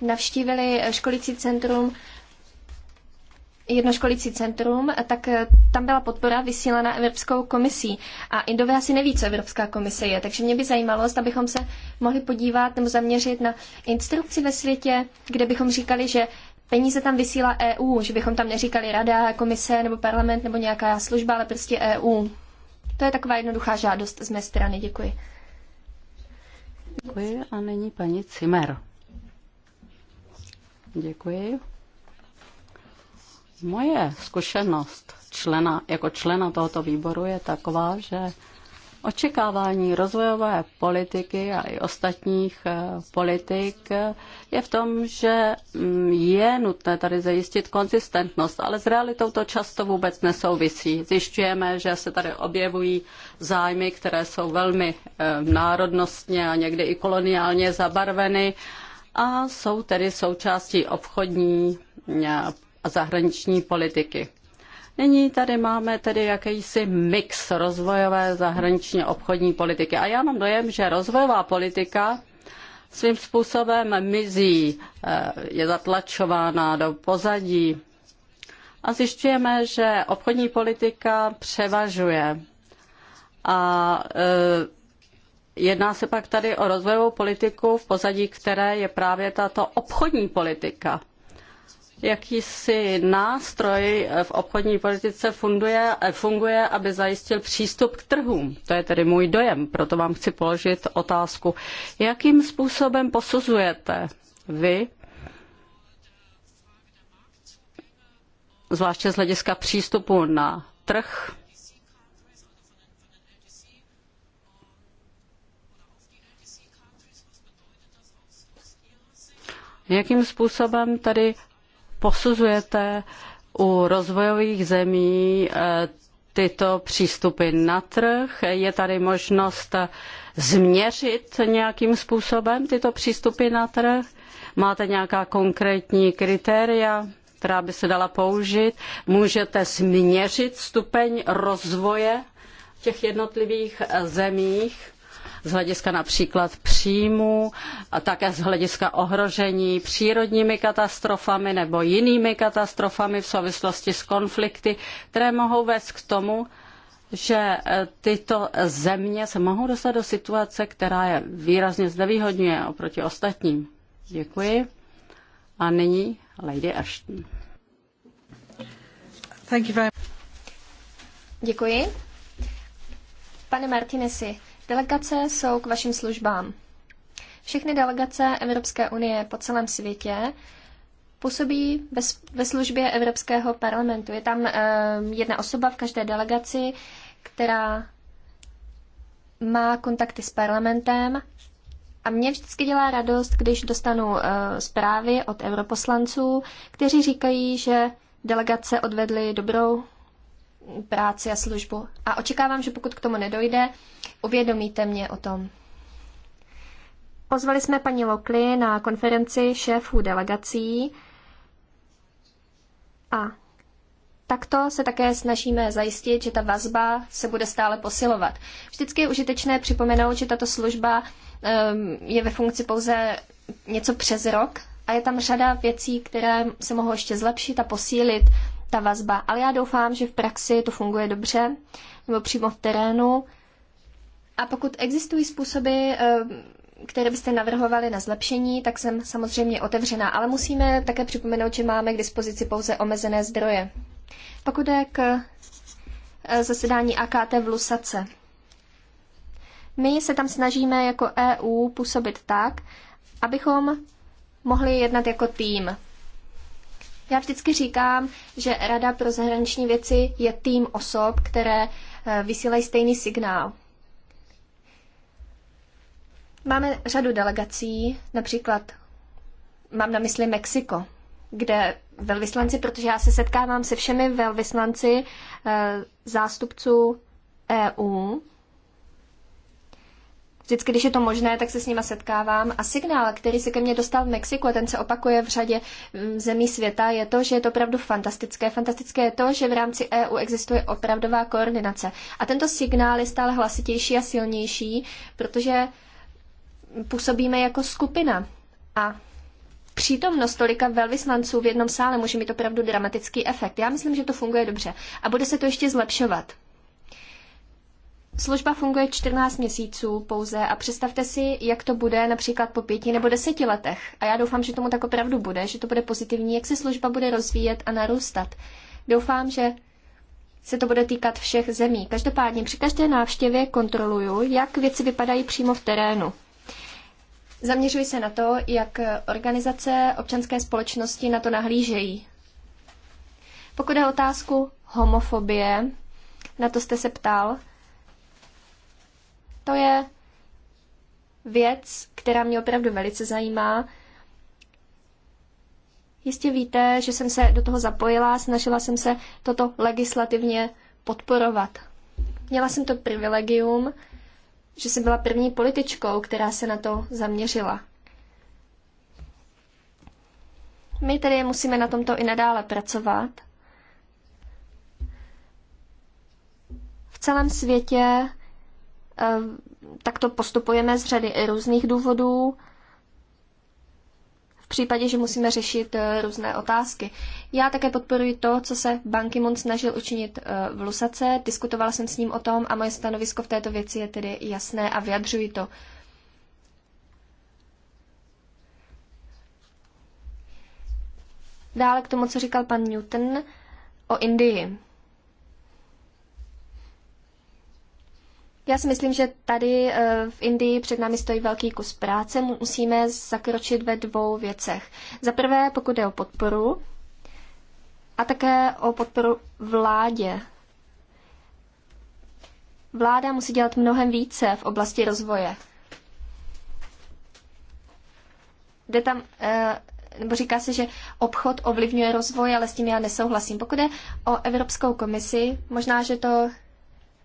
navštívili školící centrum jednoškolící centrum, tak eh, tam byla podpora vysílaná Evropskou komisí. A Indové asi neví, co Evropská komise je, takže mě by zajímalo, zda bychom se mohli podívat nebo zaměřit na instrukci ve světě, kde bychom říkali, že peníze tam vysílá EU, že bychom tam neříkali rada, komise nebo parlament nebo nějaká služba, ale prostě EU. To je taková jednoduchá žádost z mé strany. Děkuji. Děkuji a nyní paní Cimer. Děkuji. Moje zkušenost člena, jako člena tohoto výboru je taková, že očekávání rozvojové politiky a i ostatních eh, politik eh, je v tom, že mm, je nutné tady zajistit konzistentnost, ale s realitou to často vůbec nesouvisí. Zjišťujeme, že se tady objevují zájmy, které jsou velmi eh, národnostně a někdy i koloniálně zabarveny a jsou tedy součástí obchodní a zahraniční politiky. Nyní tady máme tedy jakýsi mix rozvojové zahraničně obchodní politiky. A já mám dojem, že rozvojová politika svým způsobem mizí, eh, je zatlačována do pozadí. A zjišťujeme, že obchodní politika převažuje. A eh, jedná se pak tady o rozvojovou politiku v pozadí, které je právě tato obchodní politika jakýsi nástroj v obchodní politice funduje, funguje, aby zajistil přístup k trhům. To je tedy můj dojem, proto vám chci položit otázku. Jakým způsobem posuzujete vy, zvláště z hlediska přístupu na trh, Jakým způsobem tady posuzujete u rozvojových zemí eh, tyto přístupy na trh? Je tady možnost změřit nějakým způsobem tyto přístupy na trh? Máte nějaká konkrétní kritéria, která by se dala použít? Můžete změřit stupeň rozvoje v těch jednotlivých eh, zemích? z hlediska například příjmu a také z hlediska ohrožení přírodními katastrofami nebo jinými katastrofami v souvislosti s konflikty, které mohou vést k tomu, že eh, tyto země se mohou dostat do situace, která je výrazně znevýhodňuje oproti ostatním. Děkuji. A nyní Lady Ashton. Thank you very much. Děkuji. Pane Martinesi, Delegace jsou k vašim službám. Všechny delegace Evropské unie po celém světě působí ve, službě Evropského parlamentu. Je tam ehm, jedna osoba v každé delegaci, která má kontakty s parlamentem a mě vždycky dělá radost, když dostanu uh, zprávy od europoslanců, kteří říkají, že delegace odvedly dobrou práci a službu. A očekávám, že pokud k tomu nedojde, uvědomíte mě o tom. Pozvali jsme paní Lokli na konferenci šéfů delegací a takto se také snažíme zajistit, že ta vazba se bude stále posilovat. Vždycky je užitečné připomenout, že tato služba ehm, je ve funkci pouze něco přes rok a je tam řada věcí, které se mohou ještě zlepšit a posílit ta vazba. Ale já doufám, že v praxi to funguje dobře, nebo přímo v terénu a pokud existují způsoby, ehm, které byste navrhovali na zlepšení, tak jsem samozřejmě otevřená, ale musíme také připomenout, že máme k dispozici pouze omezené zdroje. Pokud je k eh, zasedání AKT v Lusace. My se tam snažíme jako EU působit tak, abychom mohli jednat jako tým. Já vždycky říkám, že Rada pro zahraniční věci je tým osob, které eh, vysílají stejný signál. Máme řadu delegací, například mám na mysli Mexiko, kde velvyslanci, protože já se setkávám se všemi velvyslanci eh, zástupců EU. Vždycky, když je to možné, tak se s nima setkávám. A signál, který se ke mně dostal v Mexiku, a ten se opakuje v řadě mm, zemí světa, je to, že je to opravdu fantastické. Fantastické je to, že v rámci EU existuje opravdová koordinace. A tento signál je stále hlasitější a silnější, protože působíme jako skupina. A přítomnost tolika velvyslanců v jednom sále může mít opravdu dramatický efekt. Já myslím, že to funguje dobře a bude se to ještě zlepšovat. Služba funguje 14 měsíců pouze a představte si, jak to bude například po pěti nebo deseti letech. A já doufám, že tomu tak opravdu bude, že to bude pozitivní, jak se služba bude rozvíjet a narůstat. Doufám, že se to bude týkat všech zemí. Každopádně při každé návštěvě kontroluju, jak věci vypadají přímo v terénu. Zaměřuji se na to, jak organizace občanské společnosti na to nahlížejí. Pokud je otázku homofobie, na to jste se ptal, to je věc, která mě opravdu velice zajímá. Jistě víte, že jsem se do toho zapojila, snažila jsem se toto legislativně podporovat. Měla jsem to privilegium, že jsem byla první političkou, která se na to zaměřila. My tedy musíme na tomto i nadále pracovat. V celém světě eh, takto postupujeme z řady různých důvodů v případě, že musíme řešit eh, různé otázky. Já také podporuji to, co se Ban Ki-moon snažil učinit eh, v Lusace, diskutovala jsem s ním o tom a moje stanovisko v této věci je tedy jasné a vyjadřuji to. Dále k tomu, co říkal pan Newton o Indii. Já si myslím, že tady eh, v Indii před námi stojí velký kus práce. Musíme zakročit ve dvou věcech. Za prvé, pokud je o podporu a také o podporu vládě. Vláda musí dělat mnohem více v oblasti rozvoje. Jde tam, eh, nebo říká se, že obchod ovlivňuje rozvoj, ale s tím já nesouhlasím. Pokud je o Evropskou komisi, možná, že to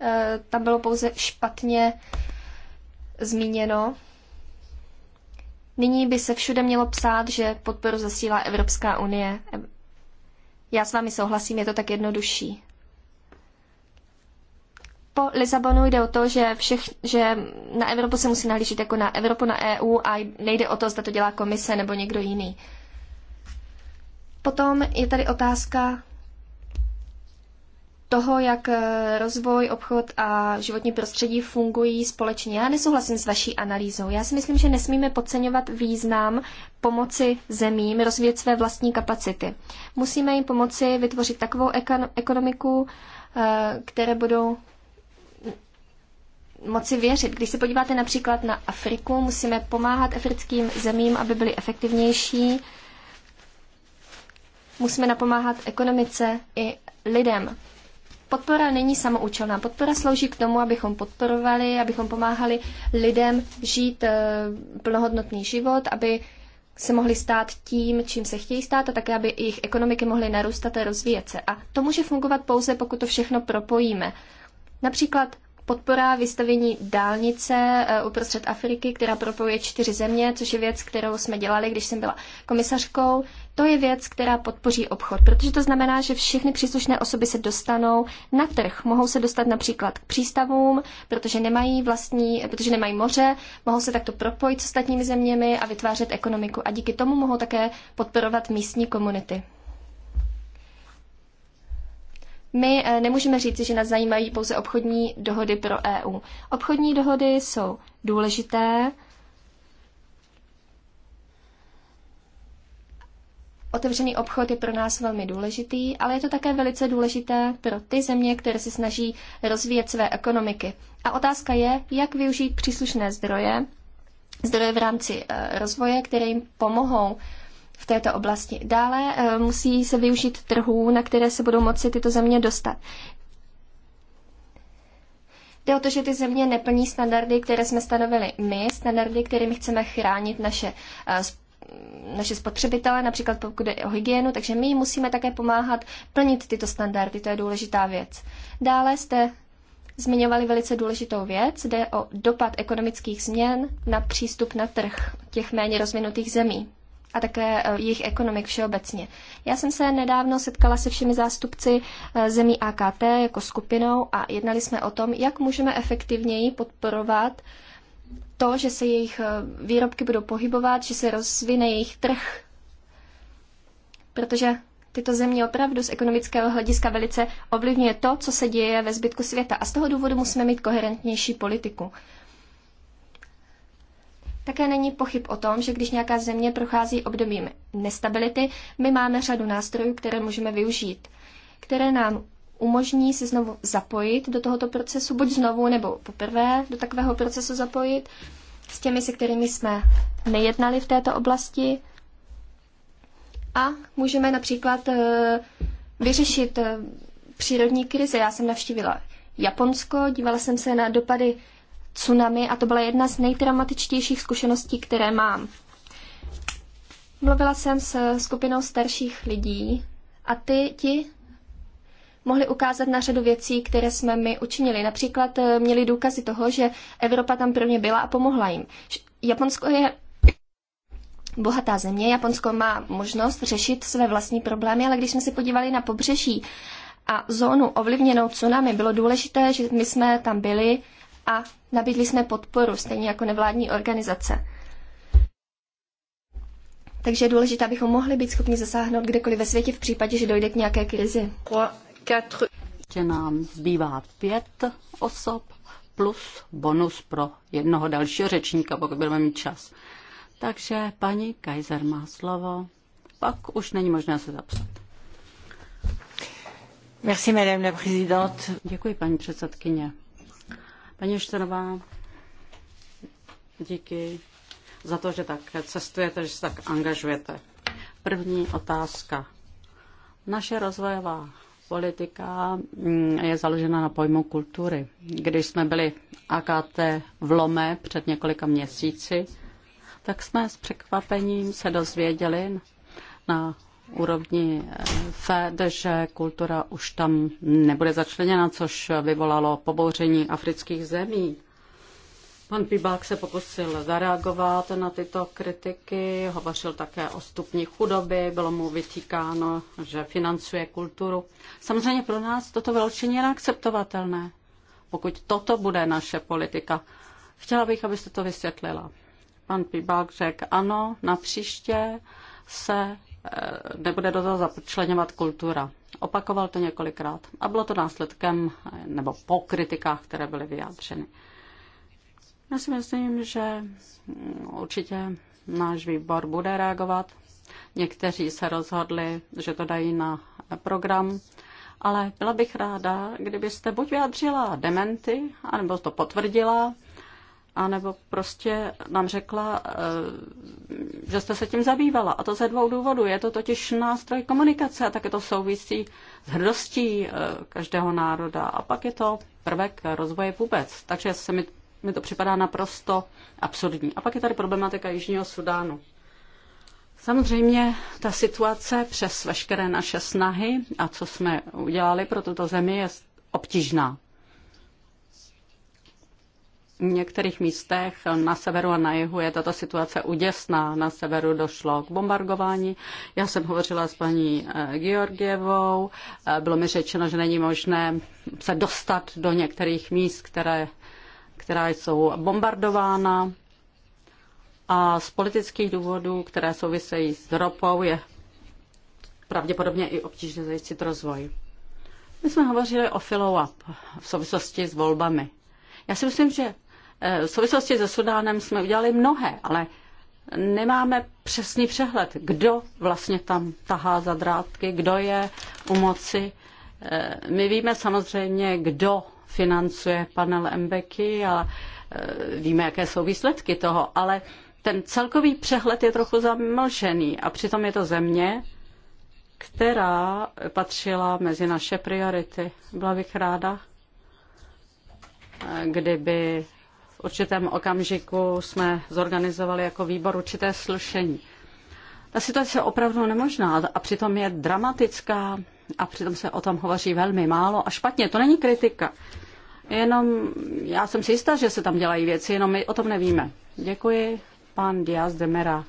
Eh, tam bylo pouze špatně zmíněno. Nyní by se všude mělo psát, že podporu zasílá Evropská unie. Já s vámi souhlasím, je to tak jednodušší. Po Lisabonu jde o to, že, všech, že na Evropu se musí nahlížet jako na Evropu, na EU a nejde o to, zda to dělá komise nebo někdo jiný. Potom je tady otázka toho, jak eh, rozvoj, obchod a životní prostředí fungují společně. Já nesouhlasím s vaší analýzou. Já si myslím, že nesmíme podceňovat význam pomoci zemím rozvíjet své vlastní kapacity. Musíme jim pomoci vytvořit takovou ekonomiku, eh, které budou moci věřit. Když se podíváte například na Afriku, musíme pomáhat africkým zemím, aby byly efektivnější. Musíme napomáhat ekonomice i lidem. Podpora není samoučelná. Podpora slouží k tomu, abychom podporovali, abychom pomáhali lidem žít eh, plnohodnotný život, aby se mohli stát tím, čím se chtějí stát a také, aby jejich ekonomiky mohly narůstat a rozvíjet se. A to může fungovat pouze, pokud to všechno propojíme. Například podpora vystavení dálnice eh, uprostřed Afriky, která propojuje čtyři země, což je věc, kterou jsme dělali, když jsem byla komisařkou. To je věc, která podpoří obchod, protože to znamená, že všechny příslušné osoby se dostanou na trh. Mohou se dostat například k přístavům, protože nemají vlastní, protože nemají moře, mohou se takto propojit s ostatními zeměmi a vytvářet ekonomiku. A díky tomu mohou také podporovat místní komunity. My eh, nemůžeme říci, že nás zajímají pouze obchodní dohody pro EU. Obchodní dohody jsou důležité, Otevřený obchod je pro nás velmi důležitý, ale je to také velice důležité pro ty země, které se snaží rozvíjet své ekonomiky. A otázka je, jak využít příslušné zdroje, zdroje v rámci eh, rozvoje, které jim pomohou v této oblasti. Dále eh, musí se využít trhů, na které se budou moci tyto země dostat. Jde o to, že ty země neplní standardy, které jsme stanovili my, standardy, kterými chceme chránit naše eh, naše spotřebitele, například pokud jde o hygienu, takže my musíme také pomáhat plnit tyto standardy, to je důležitá věc. Dále jste zmiňovali velice důležitou věc, jde o dopad ekonomických změn na přístup na trh těch méně rozvinutých zemí a také eh, jejich ekonomik všeobecně. Já jsem se nedávno setkala se všemi zástupci eh, zemí AKT jako skupinou a jednali jsme o tom, jak můžeme efektivněji podporovat uh, to, že se jejich eh, výrobky budou pohybovat, že se rozvine jejich trh. Protože tyto země opravdu z ekonomického hlediska velice ovlivňuje to, co se děje ve zbytku světa. A z toho důvodu musíme mít koherentnější politiku. Také není pochyb o tom, že když nějaká země prochází obdobím nestability, my máme řadu nástrojů, které můžeme využít, které nám umožní se znovu zapojit do tohoto procesu, buď znovu nebo poprvé do takového procesu zapojit s těmi, se kterými jsme nejednali v této oblasti. A můžeme například eh, vyřešit eh, přírodní krize. Já jsem navštívila Japonsko, dívala jsem se na dopady tsunami a to byla jedna z nejtraumatičtějších zkušeností, které mám. Mluvila jsem s skupinou starších lidí a ty, ti mohli ukázat na řadu věcí, které jsme my učinili. Například eh, měli důkazy toho, že Evropa tam pro ně byla a pomohla jim. Japonsko je bohatá země, Japonsko má možnost řešit své vlastní problémy, ale když jsme se podívali na pobřeží a zónu ovlivněnou tsunami, bylo důležité, že my jsme tam byli a nabídli jsme podporu, stejně jako nevládní organizace. Takže je důležité, abychom mohli být schopni zasáhnout kdekoliv ve světě v případě, že dojde k nějaké krizi. Ještě nám zbývá pět osob plus bonus pro jednoho dalšího řečníka, pokud budeme mít čas. Takže paní Kaiser má slovo. Pak už není možné se zapsat. Merci, madame la présidente. Děkuji, paní předsedkyně. Paní Štrová, díky za to, že tak cestujete, že se tak angažujete. První otázka. Naše rozvojová politika mm, je založena na pojmu kultury. Když jsme byli AKT v Lome před několika měsíci, tak jsme s překvapením se dozvěděli na úrovni eh, FED, že kultura už tam nebude začleněna, což vyvolalo pobouření afrických zemí. Pan Pibák se pokusil zareagovat na tyto kritiky, hovořil také o stupni chudoby, bylo mu vytýkáno, že financuje kulturu. Samozřejmě pro nás toto vyloučení je neakceptovatelné, pokud toto bude naše politika. Chtěla bych, abyste to vysvětlila. Pan Pibák řekl, ano, na příště se eh, nebude do toho začlenovat kultura. Opakoval to několikrát a bylo to následkem eh, nebo po kritikách, které byly vyjádřeny. Já si myslím, že mm, určitě náš výbor bude reagovat. Někteří se rozhodli, že to dají na program, ale byla bych ráda, kdybyste buď vyjádřila dementy, anebo to potvrdila, anebo prostě nám řekla, eh, že jste se tím zabývala. A to ze dvou důvodů. Je to totiž nástroj komunikace a také to souvisí s hrdostí eh, každého národa. A pak je to prvek rozvoje vůbec. Takže se mi mi to připadá naprosto absurdní. A pak je tady problematika Jižního Sudánu. Samozřejmě ta situace přes veškeré naše snahy a co jsme udělali pro tuto zemi je obtížná. V některých místech na severu a na jihu je tato situace uděsná. Na severu došlo k bombardování. Já jsem hovořila s paní eh, Georgievou. Eh, bylo mi řečeno, že není možné se dostat do některých míst, které která jsou bombardována a z politických důvodů, které souvisejí s ropou, je pravděpodobně i obtížné zajistit rozvoj. My jsme hovořili o follow-up v souvislosti s volbami. Já si myslím, že eh, v souvislosti se Sudánem jsme udělali mnohé, ale nemáme přesný přehled, kdo vlastně tam tahá za drátky, kdo je u moci. Eh, my víme samozřejmě, kdo financuje panel Mbeki a e, víme, jaké jsou výsledky toho, ale ten celkový přehled je trochu zamlžený a přitom je to země, která patřila mezi naše priority. Byla bych ráda, e, kdyby v určitém okamžiku jsme zorganizovali jako výbor určité slušení. Ta situace je opravdu nemožná a přitom je dramatická a přitom se o tom hovoří velmi málo a špatně. To není kritika. Jenom já jsem si jistá, že se tam dělají věci, jenom my o tom nevíme. Děkuji, pan Diaz de Mera.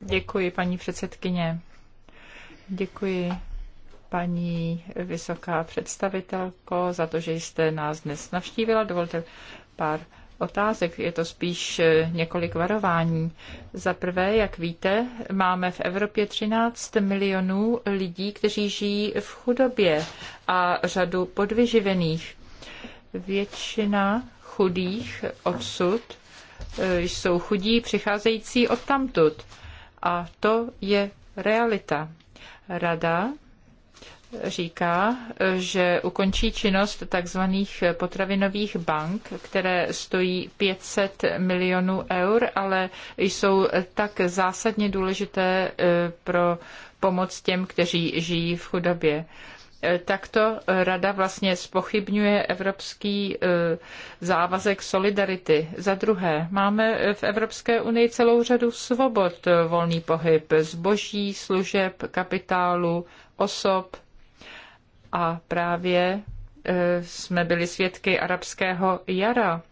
Děkuji, paní předsedkyně. Děkuji, paní vysoká představitelko, za to, že jste nás dnes navštívila. Dovolte pár otázek, je to spíš eh, několik varování. Za prvé, jak víte, máme v Evropě 13 milionů lidí, kteří žijí v chudobě a řadu podvyživených. Většina chudých odsud eh, jsou chudí přicházející odtamtud. A to je realita. Rada říká, že ukončí činnost tzv. potravinových bank, které stojí 500 milionů eur, ale jsou tak zásadně důležité e, pro pomoc těm, kteří žijí v chudobě. E, takto rada vlastně spochybňuje evropský e, závazek solidarity. Za druhé, máme v Evropské unii celou řadu svobod, volný pohyb zboží, služeb, kapitálu, osob, a právě e, jsme byli svědky arabského jara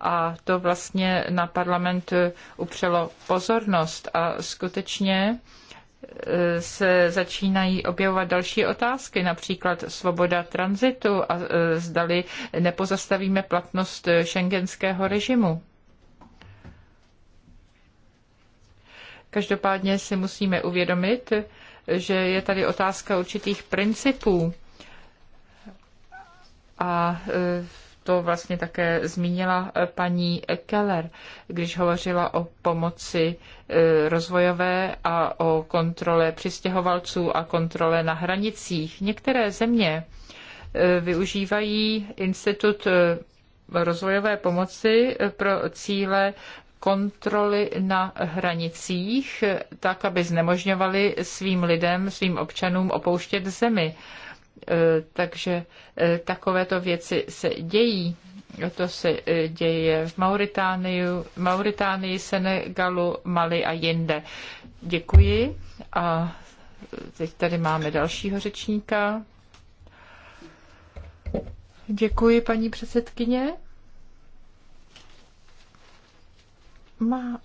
a to vlastně na parlament e, upřelo pozornost a skutečně e, se začínají objevovat další otázky, například svoboda tranzitu a zdali nepozastavíme platnost šengenského režimu. Každopádně si musíme uvědomit, že je tady otázka určitých principů a e, to vlastně také zmínila e, paní Keller, když hovořila o pomoci e, rozvojové a o kontrole přistěhovalců a kontrole na hranicích. Některé země využívají institut rozvojové pomoci pro cíle kontroly na hranicích, tak, aby znemožňovali svým lidem, svým občanům opouštět zemi. Eh, takže eh, takovéto věci se dějí. To se eh, děje v Mauritánii, Mauritánii, Senegalu, Mali a jinde. Děkuji. A teď tady máme dalšího řečníka. Děkuji, paní předsedkyně. Má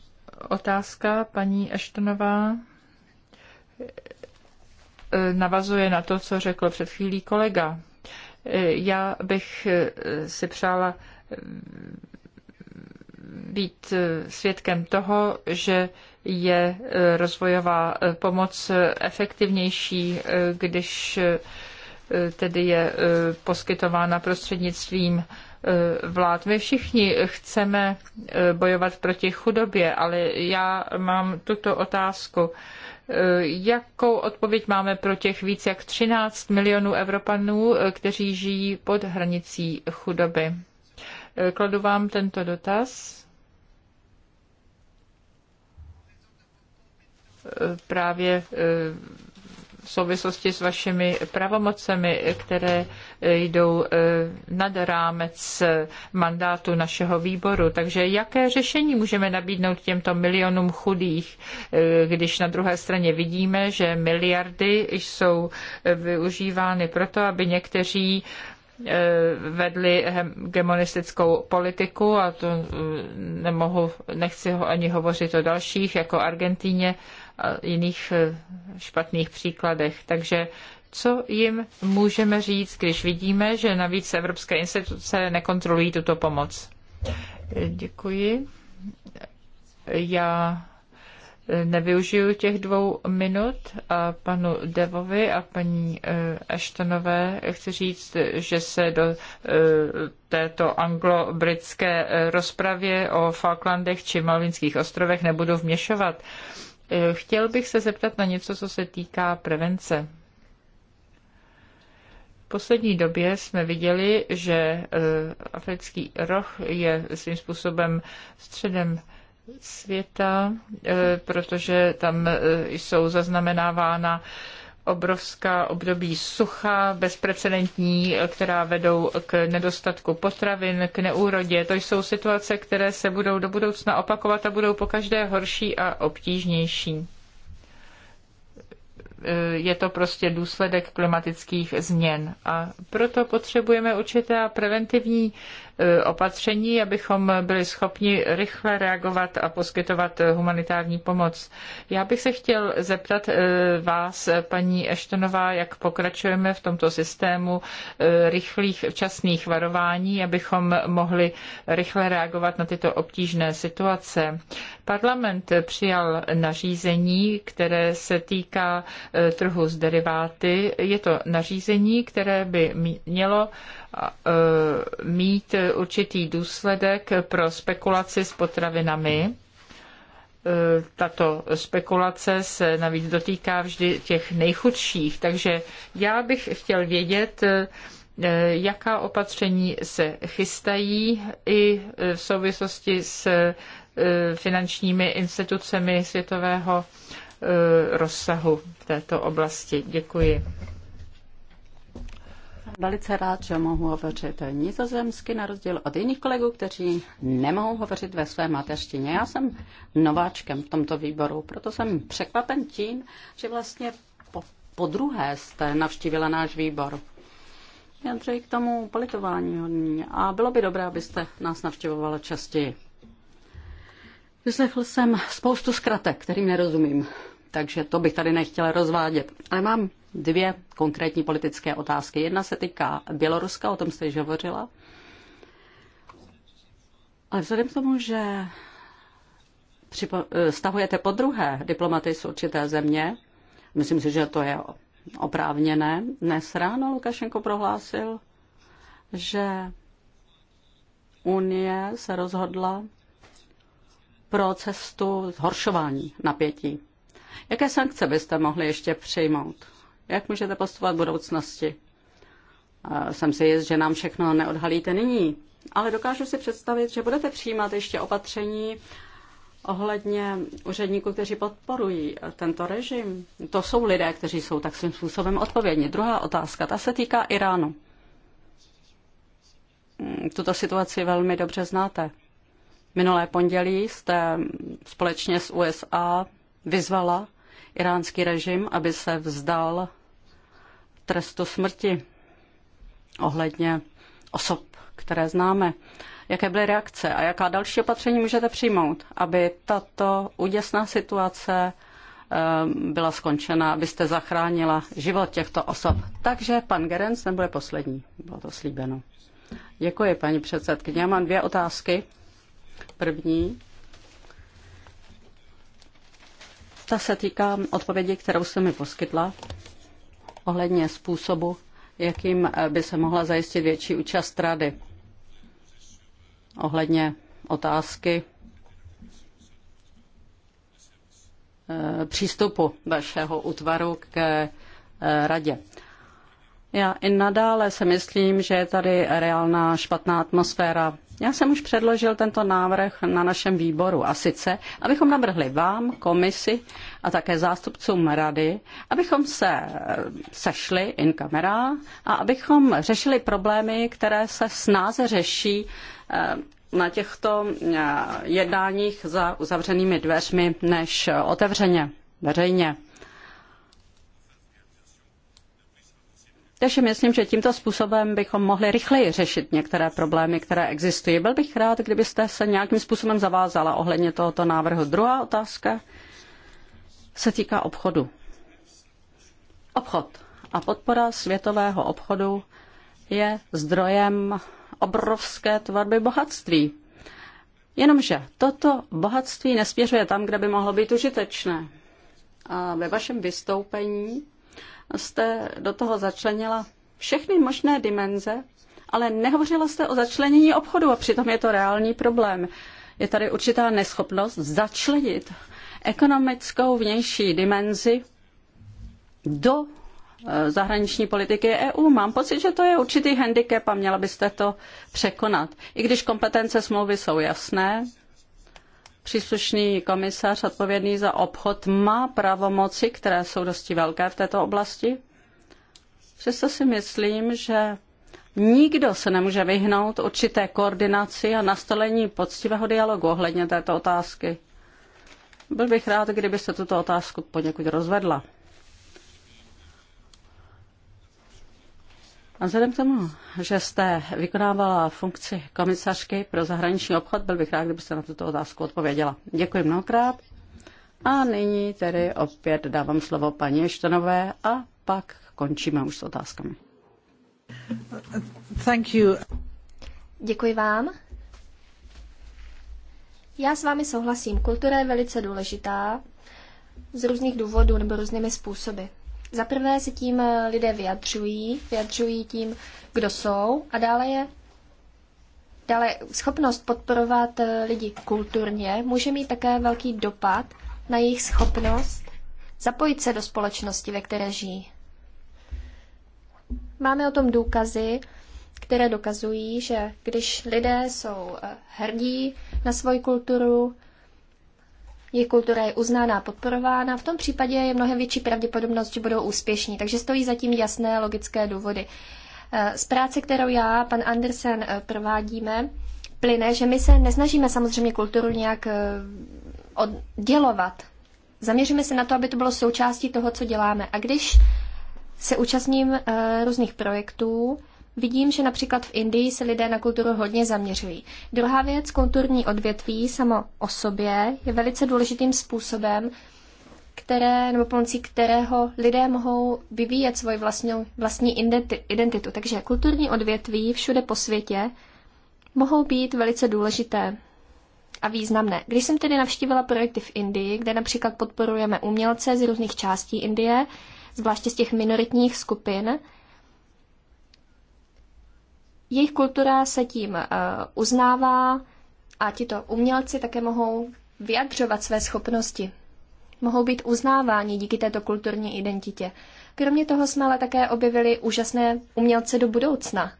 otázka, paní Eštonová Eh, navazuje na to, co řekl před chvílí kolega. Eh, já bych eh, si přála být svědkem toho, že je rozvojová pomoc efektivnější, když tedy je poskytována prostřednictvím vlád. My všichni chceme bojovat proti chudobě, ale já mám tuto otázku. Eh, jakou odpověď máme pro těch víc jak 13 milionů Evropanů, eh, kteří žijí pod hranicí chudoby. Eh, kladu vám tento dotaz. Právě v souvislosti s vašimi pravomocemi, které eh, jdou eh, nad rámec eh, mandátu našeho výboru. Takže jaké řešení můžeme nabídnout těmto milionům chudých, když na druhé straně vidíme, že miliardy jsou využívány proto, aby někteří vedli hegemonistickou politiku a to nemohu, nechci ho ani hovořit o dalších, jako Argentíně, jiných e, špatných příkladech. Takže co jim můžeme říct, když vidíme, že navíc evropské instituce nekontrolují tuto pomoc? Děkuji. Já e, nevyužiju těch dvou minut a panu Devovi a paní e, Ashtonové chci říct, že se do této anglo-britské rozpravě o Falklandech či Malvinských ostrovech nebudu vměšovat Eh, chtěl bych se zeptat na něco, co se týká prevence. V poslední době jsme viděli, že eh, africký roh je svým způsobem středem světa, eh, protože tam jsou zaznamenávána obrovská období sucha, bezprecedentní, která vedou k nedostatku potravin, k neúrodě. To jsou situace, které se budou do budoucna opakovat a budou pokaždé horší a obtížnější. Eh, je to prostě důsledek klimatických změn a proto potřebujeme určitá preventivní E, opatření, abychom byli schopni rychle reagovat a poskytovat humanitární pomoc. Já bych se chtěl zeptat e, vás, paní Eštonová, jak pokračujeme v tomto systému e, rychlých včasných varování, abychom mohli rychle reagovat na tyto obtížné situace. Parlament přijal nařízení, které se týká trhu s deriváty. Je to nařízení, které by mělo mít určitý důsledek pro spekulaci s potravinami. Tato spekulace se navíc dotýká vždy těch nejchudších, takže já bych chtěl vědět, jaká opatření se chystají i v souvislosti s eh, finančními institucemi světového eh, rozsahu v této oblasti. Děkuji. Velice rád, že mohu hovořit nizozemsky, na rozdíl od jiných kolegů, kteří nemohou hovořit ve své mateřštině. Já jsem nováčkem v tomto výboru, proto jsem překvapen tím, že vlastně po, po druhé jste navštívila náš výbor. Jandřej k tomu politování hodně a bylo by dobré, abyste nás navštěvovala častěji. Vyslechl jsem spoustu zkratek, kterým nerozumím, takže to bych tady nechtěla rozvádět. Ale mám dvě konkrétní politické otázky. Jedna se týká Běloruska, o tom jste již hovořila. Ale vzhledem k tomu, že eh, stahujete po druhé diplomaty z určité země, myslím si, že to je oprávněné. Dnes ráno Lukašenko prohlásil, že Unie se rozhodla pro cestu zhoršování napětí. Jaké sankce byste mohli ještě přijmout? Jak můžete postupovat v budoucnosti? Jsem si jist, že nám všechno neodhalíte nyní, ale dokážu si představit, že budete přijímat ještě opatření ohledně úředníků, kteří podporují tento režim. To jsou lidé, kteří jsou tak svým způsobem odpovědní. Druhá otázka, ta se týká Iránu. Tuto situaci velmi dobře znáte. Minulé pondělí jste společně s USA vyzvala iránský režim, aby se vzdal trestu smrti ohledně osob, které známe. Jaké byly reakce a jaká další opatření můžete přijmout, aby tato úděsná situace eh, byla skončena, abyste zachránila život těchto osob. Takže pan Gerenc nebude poslední, bylo to slíbeno. Děkuji, paní předsedkyně. Já mám dvě otázky. První Ta se týká odpovědi, kterou jste mi poskytla ohledně způsobu, jakým by se mohla zajistit větší účast rady. Ohledně otázky eh, přístupu vašeho útvaru k eh, radě. Já i nadále se myslím, že je tady reálná špatná atmosféra já jsem už předložil tento návrh na našem výboru a sice, abychom navrhli vám, komisi a také zástupcům rady, abychom se eh, sešli in camera a abychom řešili problémy, které se snáze řeší eh, na těchto eh, jednáních za uzavřenými dveřmi než otevřeně, veřejně. Takže myslím, že tímto způsobem bychom mohli rychleji řešit některé problémy, které existují. Byl bych rád, kdybyste se nějakým způsobem zavázala ohledně tohoto návrhu. Druhá otázka se týká obchodu. Obchod a podpora světového obchodu je zdrojem obrovské tvorby bohatství. Jenomže toto bohatství nespěřuje tam, kde by mohlo být užitečné. A ve vašem vystoupení jste do toho začlenila všechny možné dimenze, ale nehovořila jste o začlenění obchodu a přitom je to reálný problém. Je tady určitá neschopnost začlenit ekonomickou vnější dimenzi do e, zahraniční politiky EU. Mám pocit, že to je určitý handicap a měla byste to překonat. I když kompetence smlouvy jsou jasné, Příslušný komisař odpovědný za obchod má pravomoci, které jsou dosti velké v této oblasti. Přesto si myslím, že nikdo se nemůže vyhnout určité koordinaci a nastolení poctivého dialogu ohledně této otázky. Byl bych rád, kdybyste tuto otázku poněkud rozvedla. A vzhledem k tomu, že jste vykonávala funkci komisařky pro zahraniční obchod, byl bych rád, kdybyste na tuto otázku odpověděla. Děkuji mnohokrát. A nyní tedy opět dávám slovo paní Štonové a pak končíme už s otázkami. Thank you. Děkuji vám. Já s vámi souhlasím. Kultura je velice důležitá z různých důvodů nebo různými způsoby. Za prvé se tím eh, lidé vyjadřují, vyjadřují tím, kdo jsou a dále je Dále schopnost podporovat eh, lidi kulturně může mít také velký dopad na jejich schopnost zapojit se do společnosti, ve které žijí. Máme o tom důkazy, které dokazují, že když lidé jsou eh, hrdí na svoji kulturu, jejich kultura je uznána a podporována, v tom případě je mnohem větší pravděpodobnost, že budou úspěšní. Takže stojí zatím jasné logické důvody. Eh, z práce, kterou já, pan Andersen, eh, provádíme, plyne, že my se nesnažíme samozřejmě kulturu nějak eh, oddělovat. Zaměříme se na to, aby to bylo součástí toho, co děláme. A když se účastním různých projektů, Vidím, že například v Indii se lidé na kulturu hodně zaměřují. Druhá věc, kulturní odvětví samo o sobě je velice důležitým způsobem, které, nebo pomocí kterého lidé mohou vyvíjet svoji vlastní, vlastní identitu. Takže kulturní odvětví všude po světě mohou být velice důležité a významné. Když jsem tedy navštívila projekty v Indii, kde například podporujeme umělce z různých částí Indie, zvláště z těch minoritních skupin, jejich kultura se tím eh, uznává a tito umělci také mohou vyjadřovat své schopnosti. Mohou být uznáváni díky této kulturní identitě. Kromě toho jsme ale také objevili úžasné umělce do budoucna.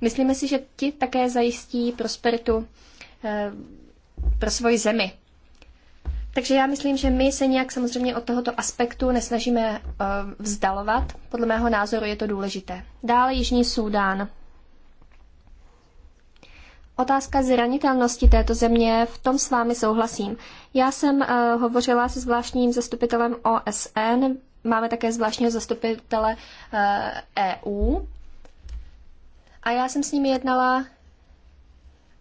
Myslíme si, že ti také zajistí prosperitu eh, pro svoji zemi. Takže já myslím, že my se nějak samozřejmě od tohoto aspektu nesnažíme eh, vzdalovat. Podle mého názoru je to důležité. Dále Jižní Súdán. Otázka zranitelnosti této země, v tom s vámi souhlasím. Já jsem uh, hovořila se zvláštním zastupitelem OSN, máme také zvláštního zastupitele uh, eh, EU a já jsem s nimi jednala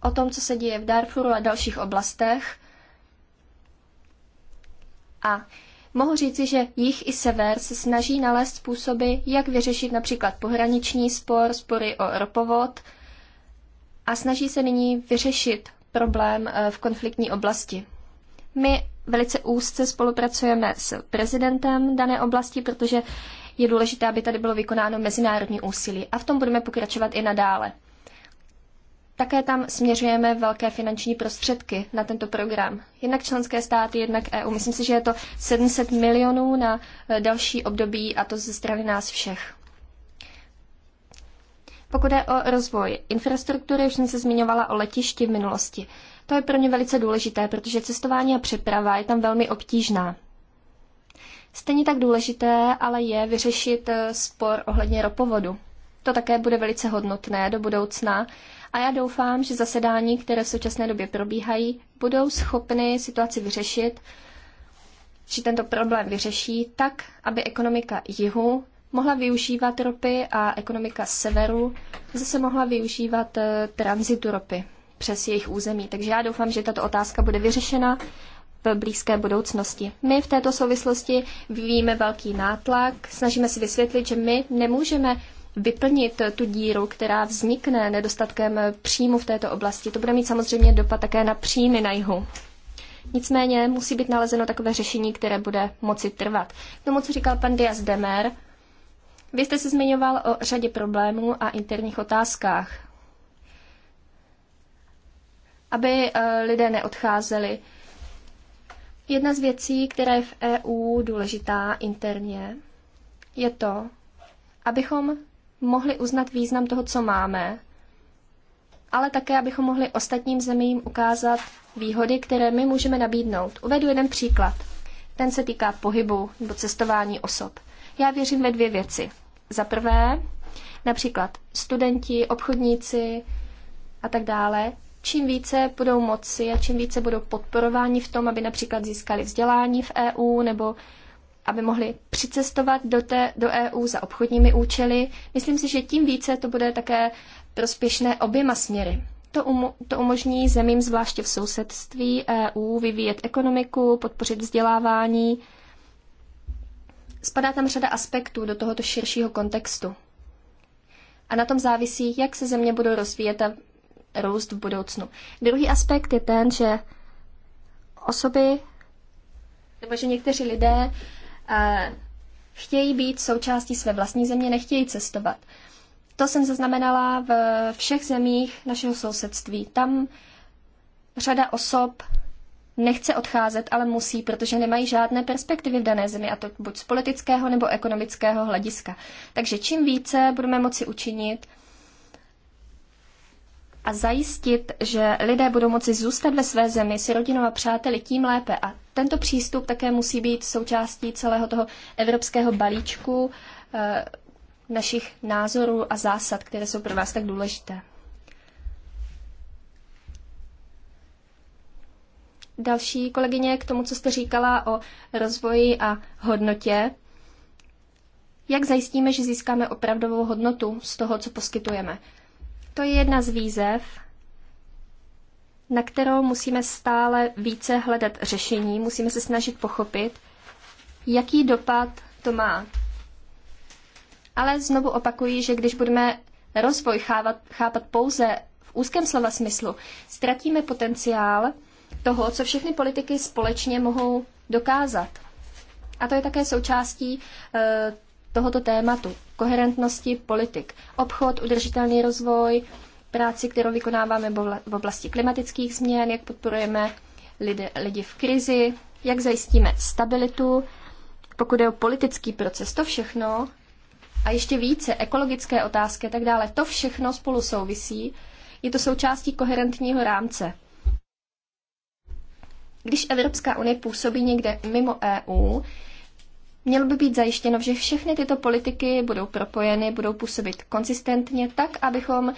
o tom, co se děje v Darfuru a dalších oblastech. A mohu říci, že jich i sever se snaží nalézt způsoby, jak vyřešit například pohraniční spor, spory o ropovod, uh, a snaží se nyní vyřešit problém eh, v konfliktní oblasti. My velice úzce spolupracujeme s prezidentem dané oblasti, protože je důležité, aby tady bylo vykonáno mezinárodní úsilí a v tom budeme pokračovat i nadále. Také tam směřujeme velké finanční prostředky na tento program. Jednak členské státy, jednak EU. Myslím si, že je to 700 milionů na eh, další období a to ze strany nás všech. Pokud je o rozvoj infrastruktury, už jsem se zmiňovala o letišti v minulosti. To je pro mě velice důležité, protože cestování a přeprava je tam velmi obtížná. Stejně tak důležité ale je vyřešit eh, spor ohledně ropovodu. To také bude velice hodnotné do budoucna a já doufám, že zasedání, které v současné době probíhají, budou schopny situaci vyřešit, že tento problém vyřeší tak, aby ekonomika jihu mohla využívat ropy a ekonomika severu zase mohla využívat eh, tranzitu ropy přes jejich území. Takže já doufám, že tato otázka bude vyřešena v blízké budoucnosti. My v této souvislosti vyvíjíme velký nátlak, snažíme si vysvětlit, že my nemůžeme vyplnit tu díru, která vznikne nedostatkem příjmu v této oblasti. To bude mít samozřejmě dopad také na příjmy na jihu. Nicméně musí být nalezeno takové řešení, které bude moci trvat. K tomu, co říkal pan Diaz Demer, vy jste se zmiňoval o řadě problémů a interních otázkách. Aby e, lidé neodcházeli. Jedna z věcí, která je v EU důležitá interně, je to, abychom mohli uznat význam toho, co máme, ale také, abychom mohli ostatním zemím ukázat výhody, které my můžeme nabídnout. Uvedu jeden příklad. Ten se týká pohybu nebo cestování osob. Já věřím ve dvě věci. Za prvé, například studenti, obchodníci a tak dále, čím více budou moci a čím více budou podporováni v tom, aby například získali vzdělání v EU nebo aby mohli přicestovat do, té, do EU za obchodními účely. Myslím si, že tím více to bude také prospěšné oběma směry. To, um, to umožní zemím, zvláště v sousedství EU, vyvíjet ekonomiku, podpořit vzdělávání Spadá tam řada aspektů do tohoto širšího kontextu. A na tom závisí, jak se země budou rozvíjet a růst v budoucnu. Druhý aspekt je ten, že osoby nebo že někteří lidé uh, chtějí být součástí své vlastní země, nechtějí cestovat. To jsem zaznamenala v všech zemích našeho sousedství. Tam řada osob nechce odcházet, ale musí, protože nemají žádné perspektivy v dané zemi, a to buď z politického nebo ekonomického hlediska. Takže čím více budeme moci učinit a zajistit, že lidé budou moci zůstat ve své zemi s rodinou a přáteli, tím lépe. A tento přístup také musí být součástí celého toho evropského balíčku e, našich názorů a zásad, které jsou pro vás tak důležité. další kolegyně k tomu, co jste říkala o rozvoji a hodnotě. Jak zajistíme, že získáme opravdovou hodnotu z toho, co poskytujeme? To je jedna z výzev, na kterou musíme stále více hledat řešení, musíme se snažit pochopit, jaký dopad to má. Ale znovu opakuji, že když budeme rozvoj chápat, chápat pouze v úzkém slova smyslu, ztratíme potenciál, toho, co všechny politiky společně mohou dokázat. A to je také součástí e, tohoto tématu. Koherentnosti politik. Obchod, udržitelný rozvoj, práci, kterou vykonáváme v oblasti klimatických změn, jak podporujeme lidi, lidi v krizi, jak zajistíme stabilitu, pokud je o politický proces, to všechno a ještě více ekologické otázky a tak dále, to všechno spolu souvisí. Je to součástí koherentního rámce když Evropská unie působí někde mimo EU, mělo by být zajištěno, že všechny tyto politiky budou propojeny, budou působit konsistentně tak, abychom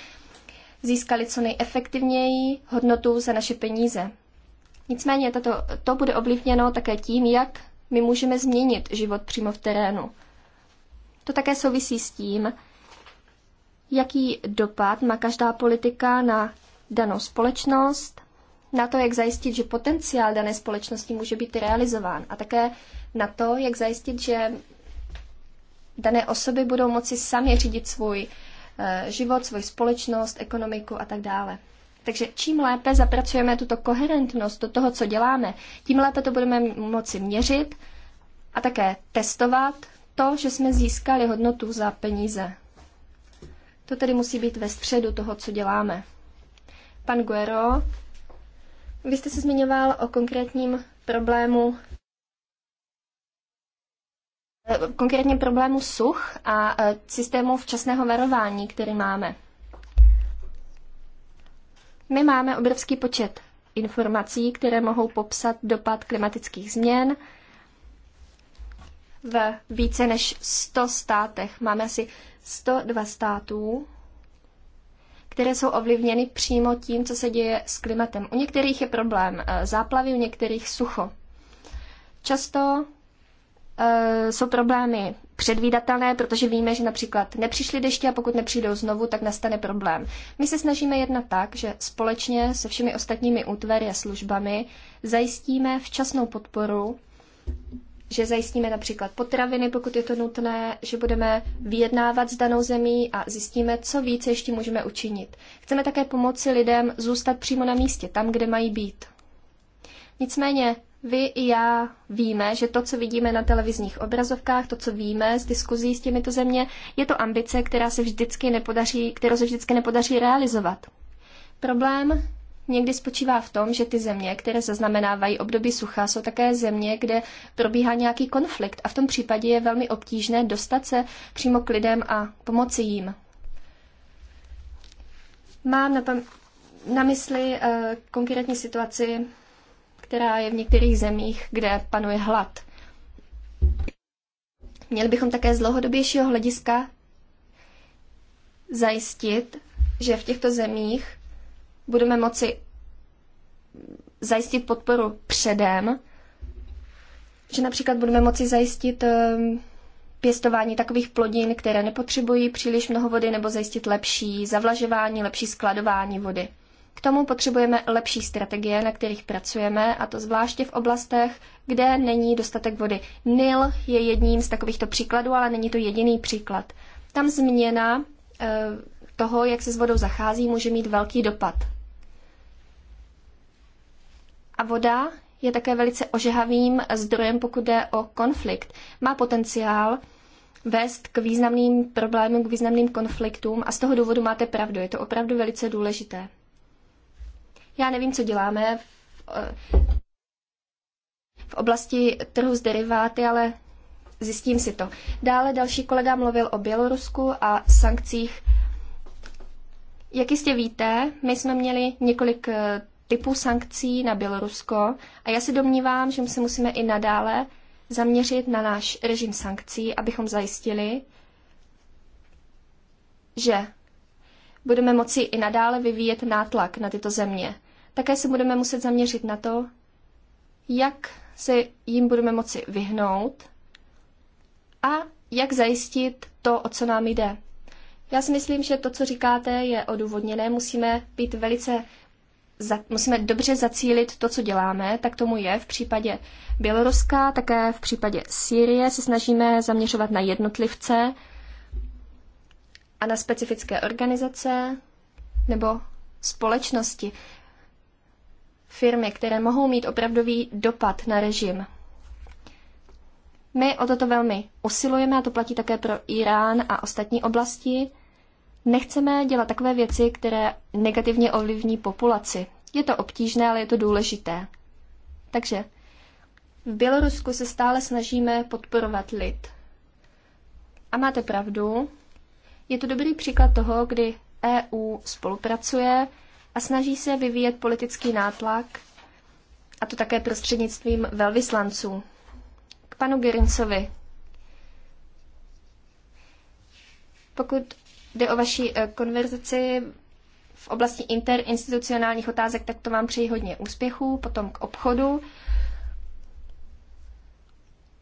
získali co nejefektivněji hodnotu za naše peníze. Nicméně tato, to bude ovlivněno také tím, jak my můžeme změnit život přímo v terénu. To také souvisí s tím, jaký dopad má každá politika na danou společnost na to, jak zajistit, že potenciál dané společnosti může být realizován a také na to, jak zajistit, že dané osoby budou moci sami řídit svůj eh, život, svou společnost, ekonomiku a tak dále. Takže čím lépe zapracujeme tuto koherentnost do toho, co děláme, tím lépe to budeme moci měřit a také testovat to, že jsme získali hodnotu za peníze. To tedy musí být ve středu toho, co děláme. Pan Guerrero vy jste se zmiňoval o konkrétním problému eh, konkrétně problému such a eh, systému včasného varování, který máme. My máme obrovský počet informací, které mohou popsat dopad klimatických změn. V více než 100 státech máme asi 102 států, které jsou ovlivněny přímo tím, co se děje s klimatem. U některých je problém eh, záplavy, u některých sucho. Často eh, jsou problémy předvídatelné, protože víme, že například nepřišly deště a pokud nepřijdou znovu, tak nastane problém. My se snažíme jednat tak, že společně se všemi ostatními útvary a službami zajistíme včasnou podporu že zajistíme například potraviny, pokud je to nutné, že budeme vyjednávat s danou zemí a zjistíme, co více ještě můžeme učinit. Chceme také pomoci lidem zůstat přímo na místě, tam, kde mají být. Nicméně vy i já víme, že to, co vidíme na televizních obrazovkách, to, co víme z diskuzí s těmito země, je to ambice, která se vždycky nepodaří, kterou se vždycky nepodaří realizovat. Problém někdy spočívá v tom, že ty země, které zaznamenávají období sucha, jsou také země, kde probíhá nějaký konflikt a v tom případě je velmi obtížné dostat se přímo k lidem a pomoci jim. Mám na, pam- na mysli uh, konkrétní situaci, která je v některých zemích, kde panuje hlad. Měli bychom také z dlouhodobějšího hlediska zajistit, že v těchto zemích budeme moci zajistit podporu předem, že například budeme moci zajistit ehm, pěstování takových plodin, které nepotřebují příliš mnoho vody, nebo zajistit lepší zavlažování, lepší skladování vody. K tomu potřebujeme lepší strategie, na kterých pracujeme, a to zvláště v oblastech, kde není dostatek vody. Nil je jedním z takovýchto příkladů, ale není to jediný příklad. Tam změna ehm, toho, jak se s vodou zachází, může mít velký dopad a voda je také velice ožehavým zdrojem, pokud jde o konflikt. Má potenciál vést k významným problémům, k významným konfliktům a z toho důvodu máte pravdu. Je to opravdu velice důležité. Já nevím, co děláme v, eh, v oblasti trhu s deriváty, ale zjistím si to. Dále další kolega mluvil o Bělorusku a sankcích. Jak jistě víte, my jsme měli několik eh, typu sankcí na Bělorusko a já se domnívám, že my se musíme i nadále zaměřit na náš režim sankcí, abychom zajistili, že budeme moci i nadále vyvíjet nátlak na tyto země. Také se budeme muset zaměřit na to, jak se jim budeme moci vyhnout a jak zajistit to, o co nám jde. Já si myslím, že to, co říkáte, je odůvodněné. Musíme být velice za, musíme dobře zacílit to, co děláme, tak tomu je v případě Běloruska, také v případě Sýrie se snažíme zaměřovat na jednotlivce a na specifické organizace nebo společnosti, firmy, které mohou mít opravdový dopad na režim. My o toto velmi usilujeme a to platí také pro Irán a ostatní oblasti. Nechceme dělat takové věci, které negativně ovlivní populaci. Je to obtížné, ale je to důležité. Takže v Bělorusku se stále snažíme podporovat lid. A máte pravdu, je to dobrý příklad toho, kdy EU spolupracuje a snaží se vyvíjet politický nátlak, a to také prostřednictvím velvyslanců. K panu Gerincovi. Pokud jde o vaší eh, konverzaci v oblasti interinstitucionálních otázek, tak to vám přeji hodně úspěchů, potom k obchodu.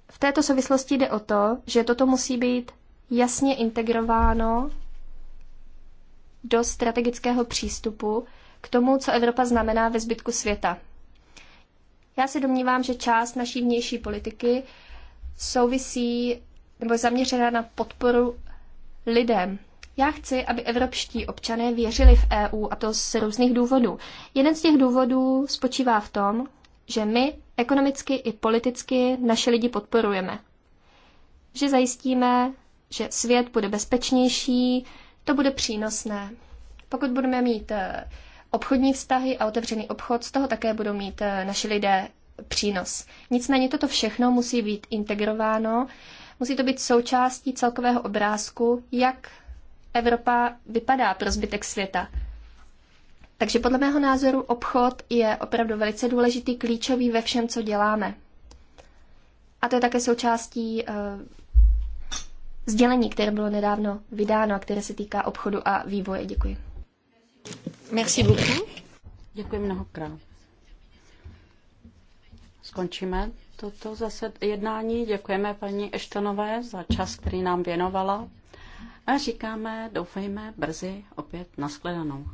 V této souvislosti jde o to, že toto musí být jasně integrováno do strategického přístupu k tomu, co Evropa znamená ve zbytku světa. Já se domnívám, že část naší vnější politiky souvisí nebo zaměřená na podporu lidem, já chci, aby evropští občané věřili v EU, a to z různých důvodů. Jeden z těch důvodů spočívá v tom, že my ekonomicky i politicky naše lidi podporujeme. Že zajistíme, že svět bude bezpečnější, to bude přínosné. Pokud budeme mít e, obchodní vztahy a otevřený obchod, z toho také budou mít e, naši lidé přínos. Nicméně toto všechno musí být integrováno, musí to být součástí celkového obrázku, jak Evropa vypadá pro zbytek světa. Takže podle mého názoru obchod je opravdu velice důležitý, klíčový ve všem, co děláme. A to je také součástí uh, sdělení, které bylo nedávno vydáno a které se týká obchodu a vývoje. Děkuji. Merci beaucoup. Děkuji mnohokrát. Skončíme toto zase jednání. Děkujeme paní Eštonové za čas, který nám věnovala a říkáme, doufejme, brzy opět nashledanou.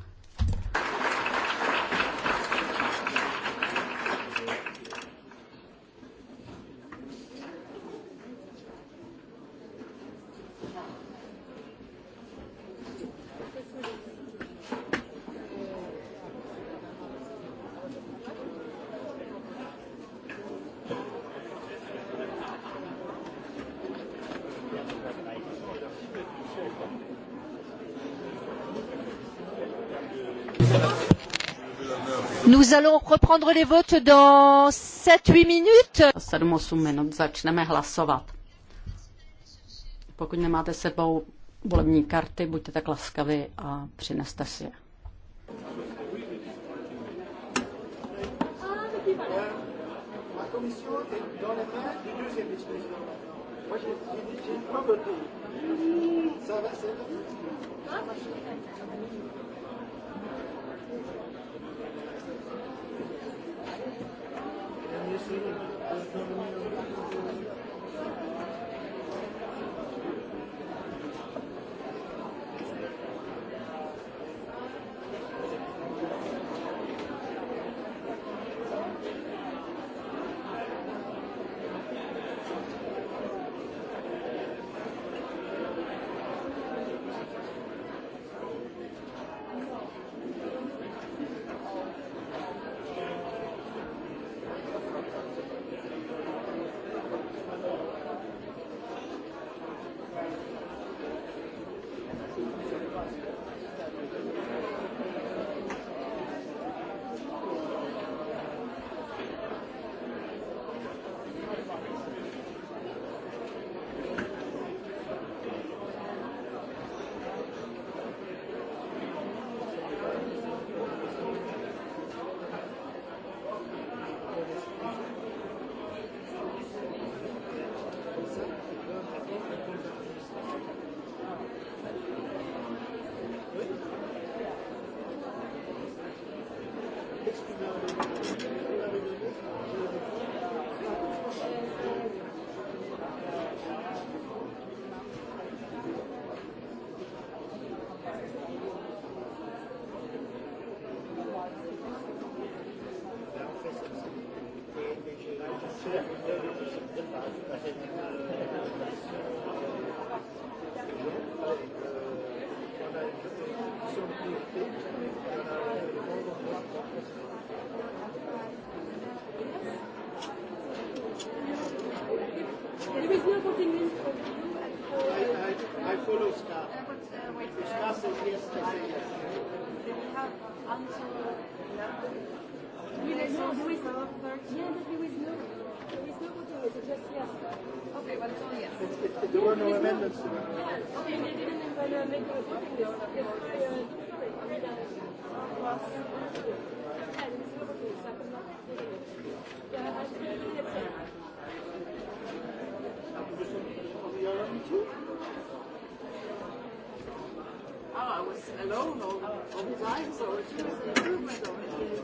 allons reprendre les votes dans 7-8 minutes. 7-8 minut začneme hlasovat. Pokud nemáte sebou volební karty, buďte tak laskavi a přineste si je. Thank you. I was alone all, all the time, so it was an improvement over here.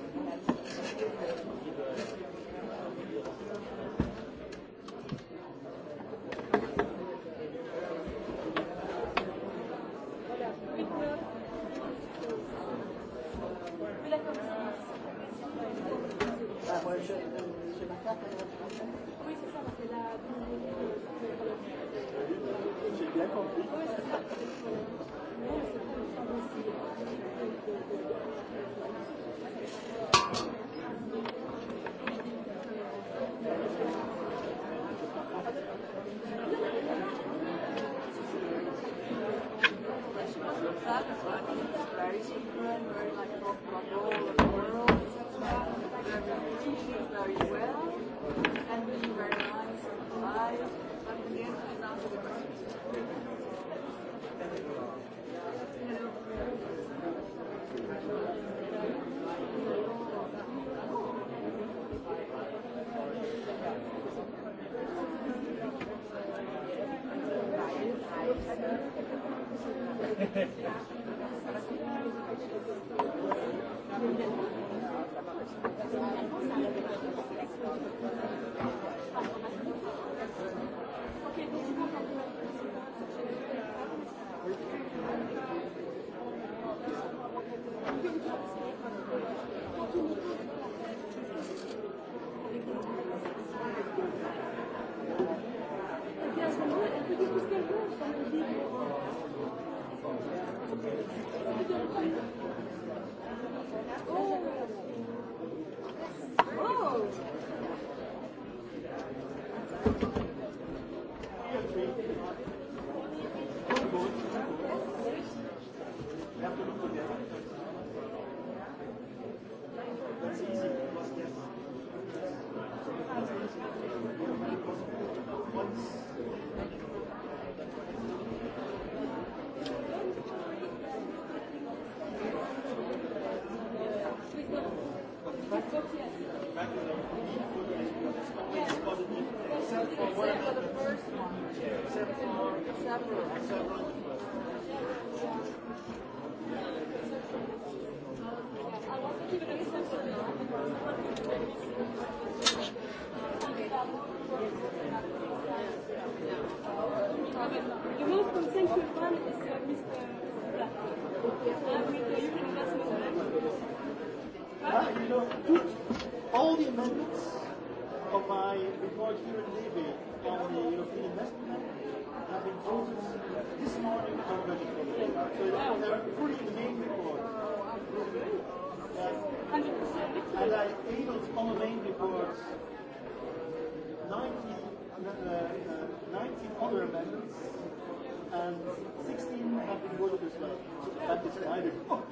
other amendments, and 16 have been voted as well. That is my report.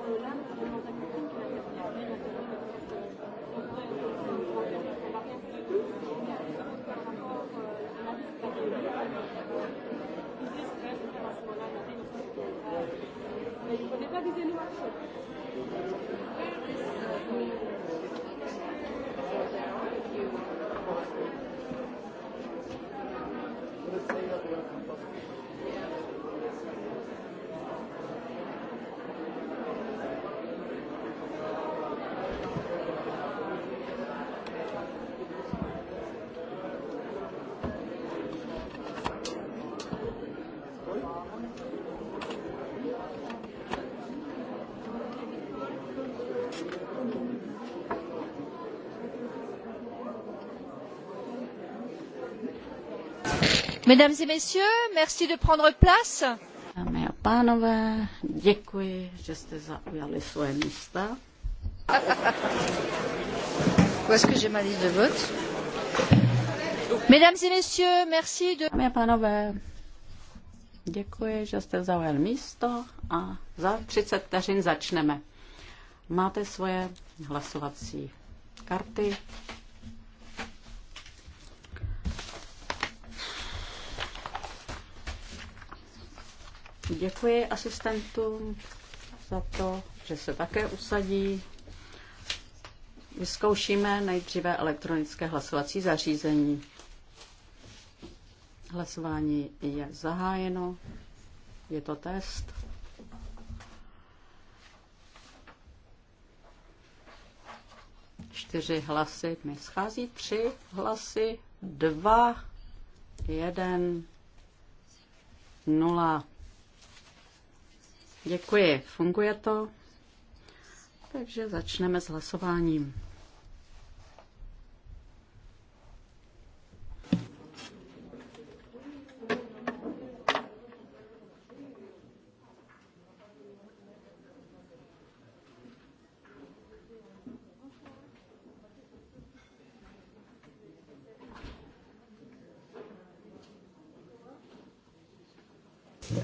Alors là, on a Mesdames et messieurs, merci de prendre place. Dámy a pánové, děkuji, že jste zaujali svoje místa. Où est-ce que j'ai ma liste de vote Mesdames et messieurs, merci de... Dámy a pánové, děkuji, že jste zaujali místo a za 30 vteřin začneme. Máte svoje hlasovací karty. Děkuji asistentům za to, že se také usadí. Vyzkoušíme nejdříve elektronické hlasovací zařízení. Hlasování je zahájeno. Je to test. Čtyři hlasy. Mi schází tři hlasy. Dva. Jeden. Nula. Děkuji. Funguje to? Takže začneme s hlasováním.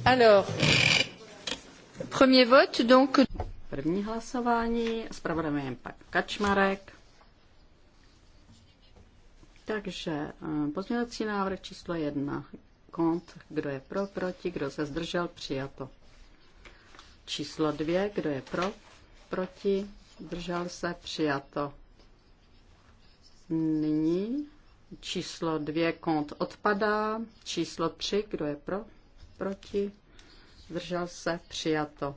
Alors, Premier vote, donc... První hlasování, zpravodajem je pak Kačmarek. Takže eh, pozměňovací návrh číslo jedna. Kont, kdo je pro, proti, kdo se zdržel, přijato. Číslo dvě, kdo je pro, proti, zdržel se, přijato. Nyní číslo dvě, kont odpadá. Číslo tři, kdo je pro, proti, zdržel se, přijato.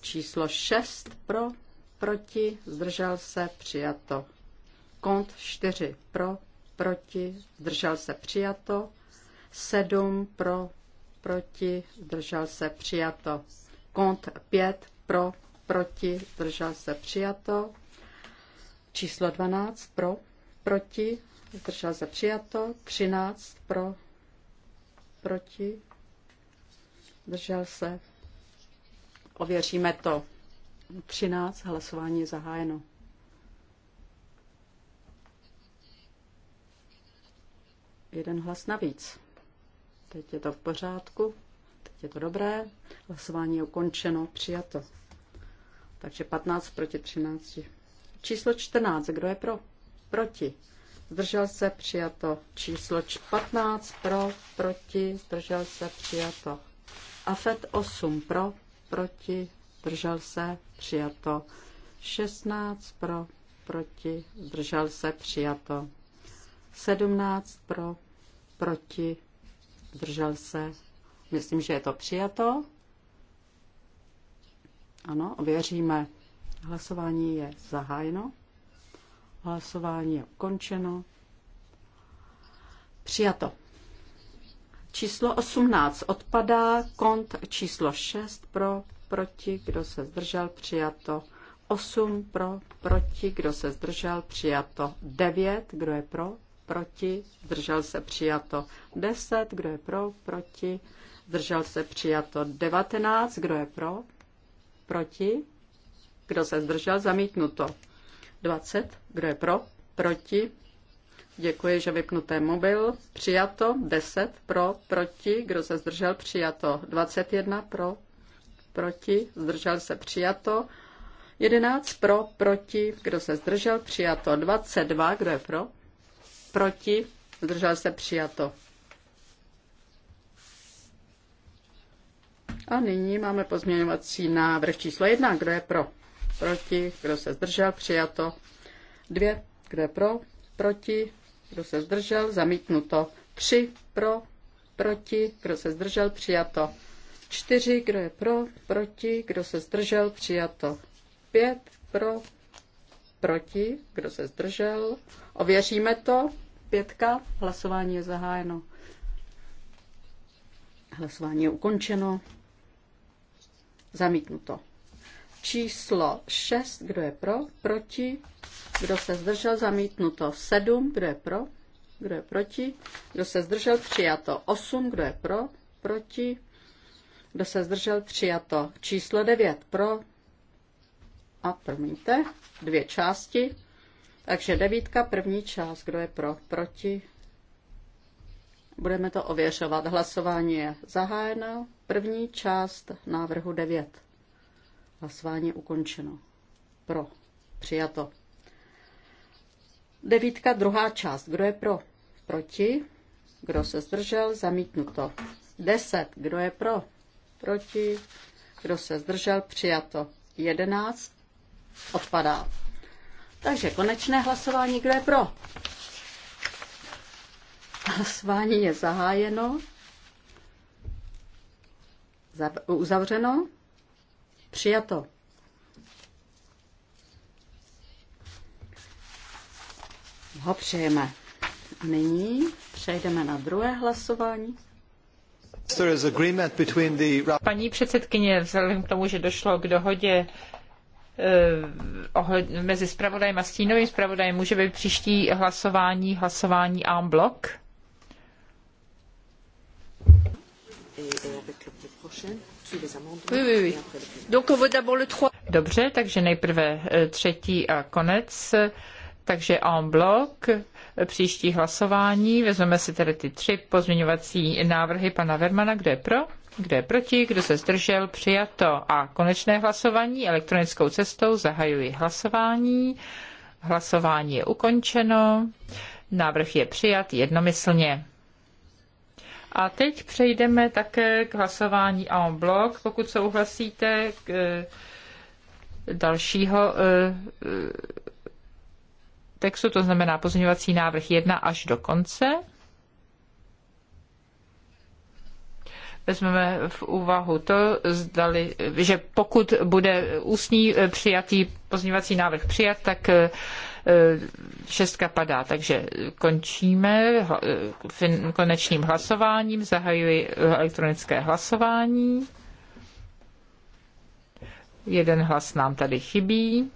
Číslo 6 pro, proti, zdržel se, přijato. Kont 4 pro, proti, zdržel se, přijato. 7 pro, proti, zdržel se, přijato. Kont 5 pro, proti, zdržel se, přijato. Číslo 12 pro, proti, zdržel se, přijato. 13 pro, proti, zdržel se. Ověříme to. 13, hlasování je zahájeno. Jeden hlas navíc. Teď je to v pořádku, teď je to dobré, hlasování je ukončeno, přijato. Takže 15 proti 13. Číslo 14, kdo je pro? Proti. Zdržel se, přijato. Číslo 15, pro, proti, zdržel se, přijato. AFET 8 pro, proti, držel se, přijato. 16 pro, proti, držel se, přijato. 17 pro, proti, držel se. Myslím, že je to přijato. Ano, ověříme. Hlasování je zahájeno. Hlasování je ukončeno. Přijato. Číslo 18 odpadá, kont číslo 6 pro, proti, kdo se zdržel, přijato 8 pro, proti, kdo se zdržel, přijato 9, kdo je pro, proti, zdržel se přijato 10, kdo je pro, proti, zdržel se přijato 19, kdo je pro, proti, kdo se zdržel, zamítnuto 20, kdo je pro, proti, Děkuji, že vypnuté mobil. Přijato 10 pro, proti, kdo se zdržel, přijato 21 pro, proti, zdržel se, přijato 11 pro, proti, kdo se zdržel, přijato 22, kdo je pro, proti, zdržel se, přijato. A nyní máme pozměňovací návrh číslo 1, kdo je pro, proti, kdo se zdržel, přijato 2, kdo je pro, proti, kdo se zdržel, zamítnuto. Tři pro, proti, kdo se zdržel, přijato. čtyři kdo je pro, proti, kdo se zdržel, přijato. Pět pro, proti, kdo se zdržel. Ověříme to. Pětka, hlasování je zahájeno. Hlasování je ukončeno. Zamítnuto. Číslo 6, kdo je pro, proti, kdo se zdržel, zamítnuto 7, kdo je pro, kdo je proti, kdo se zdržel, přijato 8, kdo je pro, proti, kdo se zdržel, přijato číslo 9, pro, a promiňte, dvě části, takže devítka, první část, kdo je pro, proti, budeme to ověřovat. Hlasování je zahájeno. První část návrhu 9. Hlasování je ukončeno. Pro. Přijato. Devítka, druhá část. Kdo je pro? Proti. Kdo se zdržel? Zamítnuto. Deset. Kdo je pro? Proti. Kdo se zdržel? Přijato. Jedenáct. Odpadá. Takže konečné hlasování. Kdo je pro? Hlasování je zahájeno. Uzavřeno. Přijato. Ho přejeme. nyní přejdeme na druhé hlasování. Paní předsedkyně, vzhledem k tomu, že došlo k dohodě eh, mezi zpravodajem a stínovým zpravodajem, může být příští hlasování hlasování en bloc? Et, et Dobře, takže nejprve eh, třetí a konec. Takže en bloc příští hlasování. Vezmeme si tedy ty tři pozměňovací návrhy pana Vermana. Kdo je pro? Kdo je proti? Kdo se zdržel? Přijato. A konečné hlasování elektronickou cestou. Zahajuji hlasování. Hlasování je ukončeno. Návrh je přijat jednomyslně. A teď přejdeme také k hlasování en bloc, pokud souhlasíte k eh, dalšího eh, eh, textu, to znamená pozměňovací návrh 1 až do konce. vezmeme v úvahu to, zdali, že pokud bude ústní přijatý pozměňovací návrh přijat, tak šestka padá. Takže končíme konečným hlasováním, zahajuji elektronické hlasování. Jeden hlas nám tady chybí.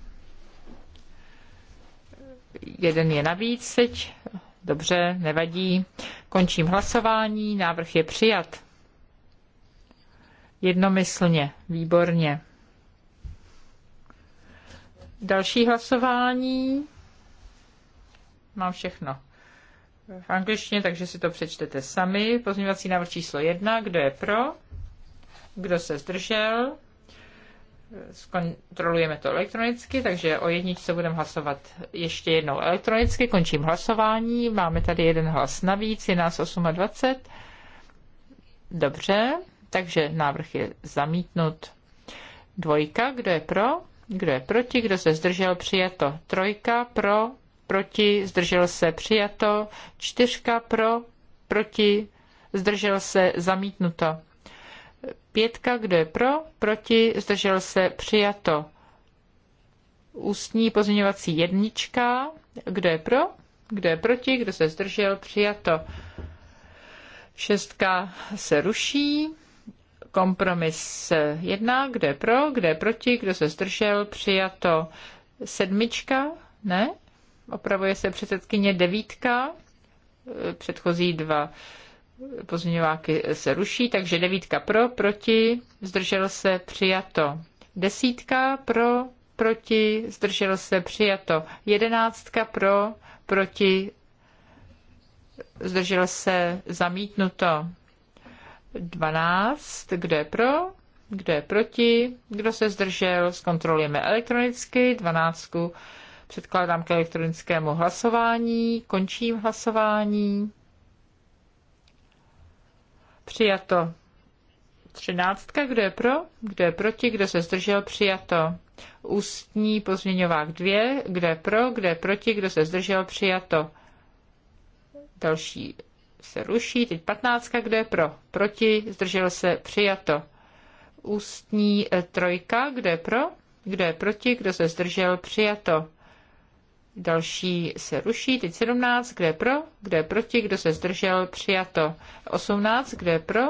Jeden je navíc teď. Dobře, nevadí. Končím hlasování, návrh je přijat. Jednomyslně, výborně. Další hlasování mám všechno v angličtině, takže si to přečtete sami. Pozměňovací návrh číslo jedna. kdo je pro, kdo se zdržel, zkontrolujeme to elektronicky, takže o jedničce budeme hlasovat ještě jednou elektronicky, končím hlasování, máme tady jeden hlas navíc, je nás 28. Dobře, takže návrh je zamítnut. Dvojka, kdo je pro, kdo je proti, kdo se zdržel, přijato. Trojka pro, proti, zdržel se, přijato, čtyřka pro, proti, zdržel se, zamítnuto. Pětka, kdo je pro, proti, zdržel se, přijato. Ústní pozměňovací jednička, kdo je pro, kdo je proti, kdo se zdržel, přijato. Šestka se ruší. Kompromis jedna, kde je pro, kde je proti, kdo se zdržel, přijato. Sedmička, ne? Opravuje se předsedkyně devítka, předchozí dva pozměňováky se ruší, takže devítka pro, proti, zdržel se, přijato. Desítka pro, proti, zdržel se, přijato. Jedenáctka pro, proti, zdržel se, zamítnuto. Dvanáct, kdo je pro, kdo je proti, kdo se zdržel, zkontrolujeme elektronicky, dvanáctku Předkládám k elektronickému hlasování. Končím hlasování. Přijato. Třináctka, kdo je pro, kdo je proti, kdo se zdržel, přijato. Ústní pozměňovák dvě, kdo je pro, kdo je proti, kdo se zdržel, přijato. Další se ruší, teď patnáctka, kdo je pro, proti, zdržel se, přijato. Ústní eh, trojka, kdo je pro, kdo je proti, kdo se zdržel, přijato. Další se ruší, teď 17, kde je pro, kde je proti, kdo se zdržel, přijato. 18, kde je pro,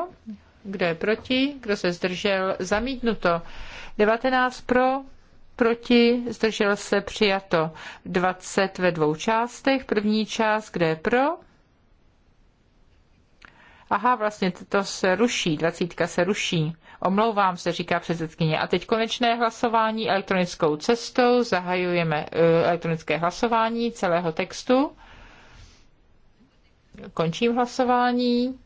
kde je proti, kdo se zdržel, zamítnuto. 19 pro, proti, zdržel se, přijato. 20 ve dvou částech, první část, kde je pro, Aha, vlastně to se ruší, dvacítka se ruší. Omlouvám se, říká předsedkyně. A teď konečné hlasování elektronickou cestou. Zahajujeme eh, elektronické hlasování celého textu. Končím hlasování.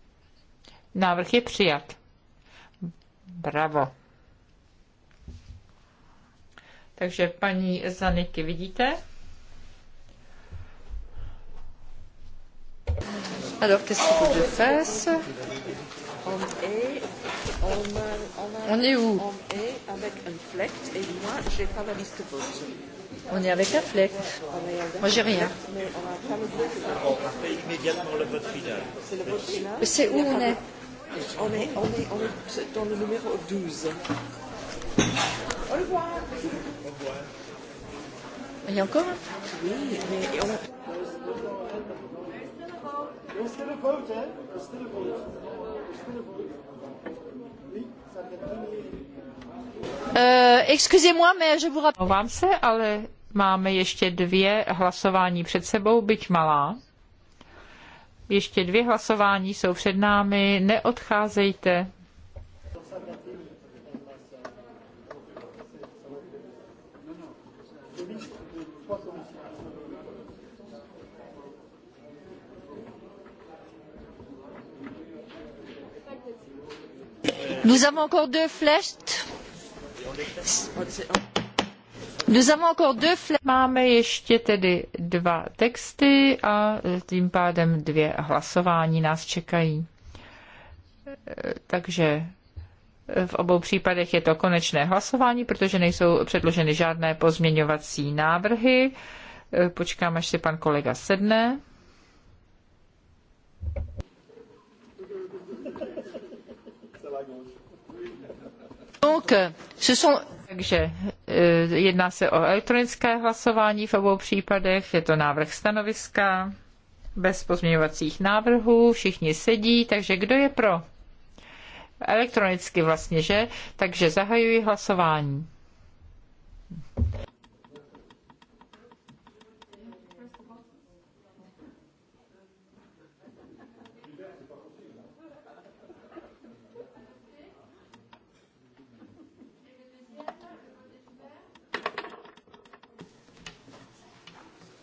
Návrh je přijat. Bravo. Takže paní Zaniky vidíte? Alors, qu'est-ce qu'il faut que je fasse on est, on, on, a, on est où On est avec un flect et moi, j'ai pas la liste de vote. On est avec un flect. Moi, j'ai rien. On fait immédiatement le vote final. C'est le vote final Mais c'est où on est on est, on, est, on est dans le numéro 12. Au revoir. Au revoir. Il y a encore un Oui, mais on a... We're still a eh? still a still a Uh, Omlouvám se, ale máme ještě dvě hlasování před sebou, byť malá. Ještě dvě hlasování jsou před námi, neodcházejte. Nous avons encore deux flèches. Nous avons encore deux flèches. Máme ještě tedy dva texty a tím pádem dvě hlasování nás čekají. Takže v obou případech je to konečné hlasování, protože nejsou předloženy žádné pozměňovací návrhy. Počkám, až si pan kolega sedne. Takže eh, jedná se o elektronické hlasování v obou případech, je to návrh stanoviska bez pozměňovacích návrhů, všichni sedí, takže kdo je pro? Elektronicky vlastně, že? Takže zahajuji hlasování.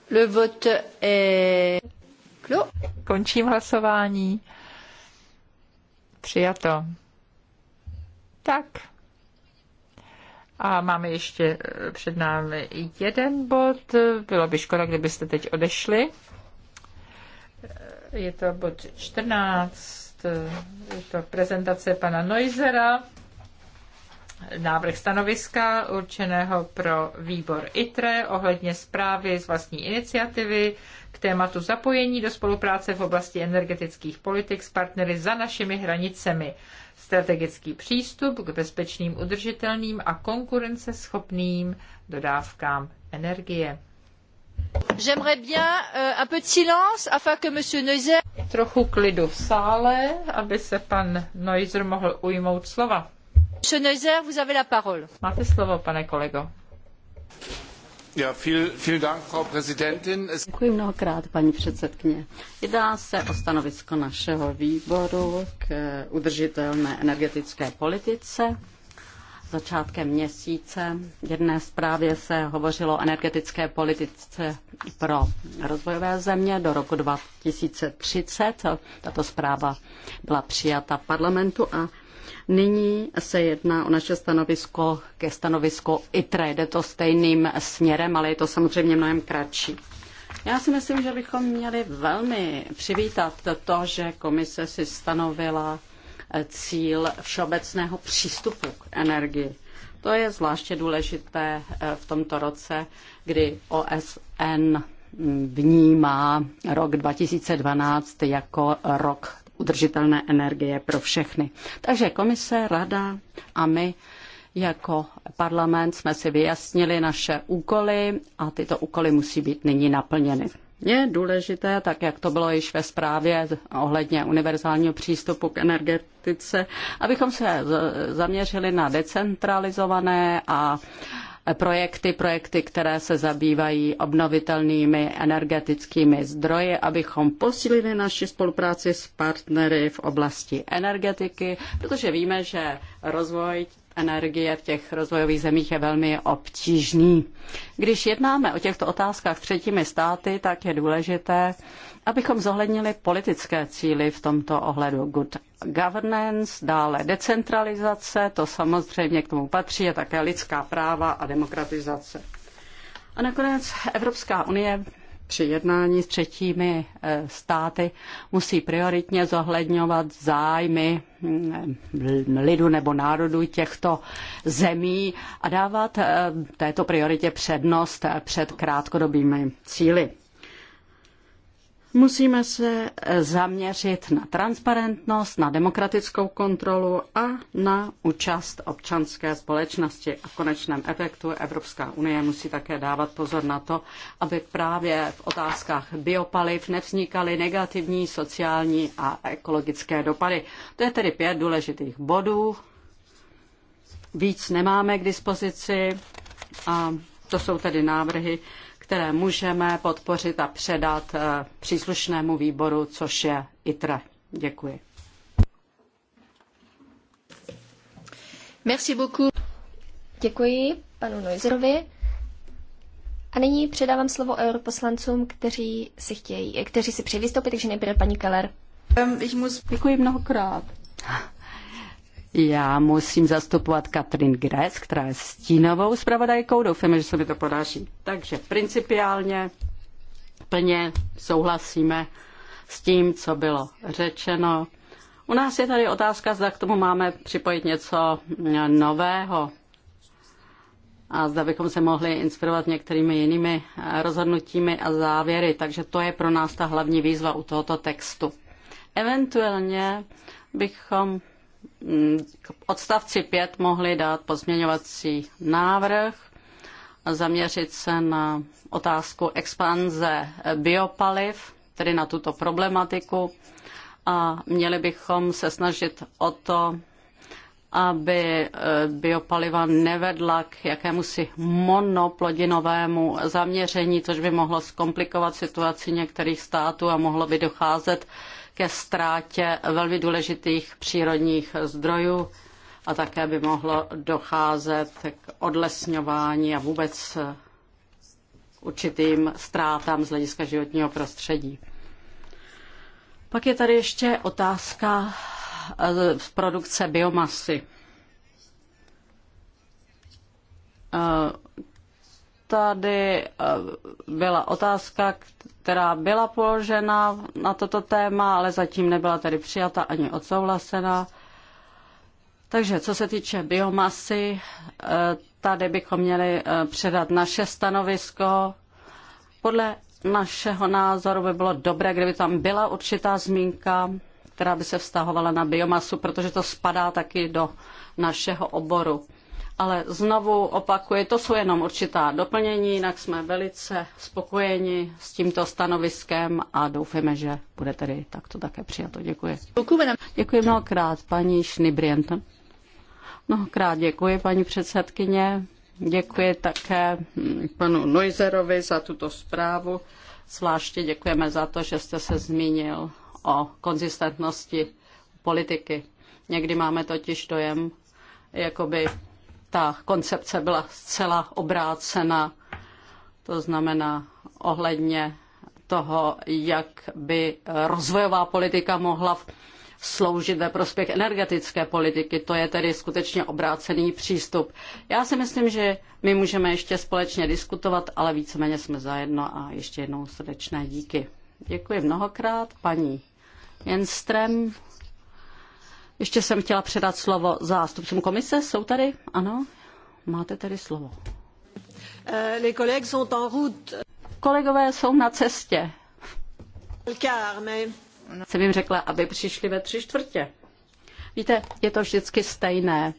Le vote est clos. Končím hlasování. Přijato. Tak. A máme ještě eh, před námi jeden bod. Bylo by škoda, kdybyste teď odešli. Eh, je to bod 14. Eh, je to prezentace pana Noizera návrh stanoviska určeného pro výbor ITRE ohledně zprávy z vlastní iniciativy k tématu zapojení do spolupráce v oblasti energetických politik s partnery za našimi hranicemi, strategický přístup k bezpečným, udržitelným a konkurenceschopným dodávkám energie. J'aimerais bien euh, un peu de silence afin que monsieur Neuser... Trochu klidu v sále, aby se pan Neuser mohl ujmout slova pane kolego. Děkuji Jedná se o stanovisko našeho výboru k udržitelné energetické politice začátkem měsíce. Jedné zprávě se hovořilo o energetické politice pro rozvojové země do roku 2030. Tato zpráva byla přijata parlamentu a Nyní se jedná o naše stanovisko ke stanovisku ITRE. Jde to stejným směrem, ale je to samozřejmě mnohem kratší. Já si myslím, že bychom měli velmi přivítat to, že komise si stanovila eh, cíl všeobecného přístupu k energii. To je zvláště důležité eh, v tomto roce, kdy OSN mm, vnímá rok 2012 jako rok udržitelné energie pro všechny. Takže komise, rada a my jako parlament jsme si vyjasnili naše úkoly a tyto úkoly musí být nyní naplněny. Je důležité, tak jak to bylo již ve zprávě ohledně univerzálního přístupu k energetice, abychom se zaměřili na decentralizované a projekty, projekty, které se zabývají obnovitelnými energetickými zdroji, abychom posílili naši spolupráci s partnery v oblasti energetiky, protože víme, že rozvoj energie v těch rozvojových zemích je velmi obtížný. Když jednáme o těchto otázkách s třetími státy, tak je důležité, abychom zohlednili politické cíly v tomto ohledu. Good governance, dále decentralizace, to samozřejmě k tomu patří, a také lidská práva a demokratizace. A nakonec Evropská unie při jednání s třetími eh, státy musí prioritně zohledňovat zájmy mm, lidu nebo národu těchto zemí a dávat eh, této prioritě přednost eh, před krátkodobými cíly. Musíme se eh, zaměřit na transparentnost, na demokratickou kontrolu a na účast občanské společnosti. A v konečném efektu Evropská unie musí také dávat pozor na to, aby právě v otázkách biopaliv nevznikaly negativní sociální a ekologické dopady. To je tedy pět důležitých bodů. Víc nemáme k dispozici a to jsou tedy návrhy, které můžeme podpořit a předat eh, příslušnému výboru, což je ITRE. Děkuji. Merci beaucoup. Děkuji panu Noizerovi. A nyní předávám slovo europoslancům, kteří si chtějí, kteří si přejí vystoupit, takže nejprve paní Keller. Děkuji mnohokrát. Já musím zastupovat Katrin Gres, která je stínovou zpravodajkou. Doufáme, že se mi to podaří. Takže principiálně plně souhlasíme s tím, co bylo řečeno. U nás je tady otázka, zda k tomu máme připojit něco nového. A zda bychom se mohli inspirovat některými jinými rozhodnutími a závěry. Takže to je pro nás ta hlavní výzva u tohoto textu. Eventuálně bychom Mm, k odstavci 5 mohli dát pozměňovací návrh a zaměřit se na otázku expanze biopaliv, tedy na tuto problematiku. A měli bychom se snažit o to, aby eh, biopaliva nevedla k jakémusi monoplodinovému zaměření, což by mohlo zkomplikovat situaci některých států a mohlo by docházet ke ztrátě velmi důležitých přírodních zdrojů a také by mohlo docházet k odlesňování a vůbec určitým ztrátám z hlediska životního prostředí. Pak je tady ještě otázka eh, z produkce biomasy. Eh, tady eh, byla otázka, která byla položena na toto téma, ale zatím nebyla tady přijata ani odsouhlasena. Takže co se týče biomasy, eh, tady bychom měli eh, předat naše stanovisko. Podle našeho názoru by bylo dobré, kdyby tam byla určitá zmínka, která by se vztahovala na biomasu, protože to spadá taky do našeho oboru ale znovu opakuji, to jsou jenom určitá doplnění, jinak jsme velice spokojeni s tímto stanoviskem a doufáme, že bude tedy takto také přijato. Děkuji. Děkuji mnohokrát, paní Šnibrient. Mnohokrát děkuji, paní předsedkyně. Děkuji také hm, panu Noizerovi za tuto zprávu. Zvláště děkujeme za to, že jste se zmínil o konzistentnosti politiky. Někdy máme totiž dojem, jakoby ta koncepce byla zcela obrácena, to znamená ohledně toho, jak by rozvojová politika mohla sloužit ve prospěch energetické politiky. To je tedy skutečně obrácený přístup. Já si myslím, že my můžeme ještě společně diskutovat, ale víceméně jsme zajedno a ještě jednou srdečné díky. Děkuji mnohokrát paní Jenstrem. Ještě jsem chtěla předat slovo zástupcům komise. Jsou tady? Ano? Máte tady slovo. Eh, Kolegové jsou na cestě. No. Jsem jim řekla, aby přišli ve tři čtvrtě. Víte, je to vždycky stejné.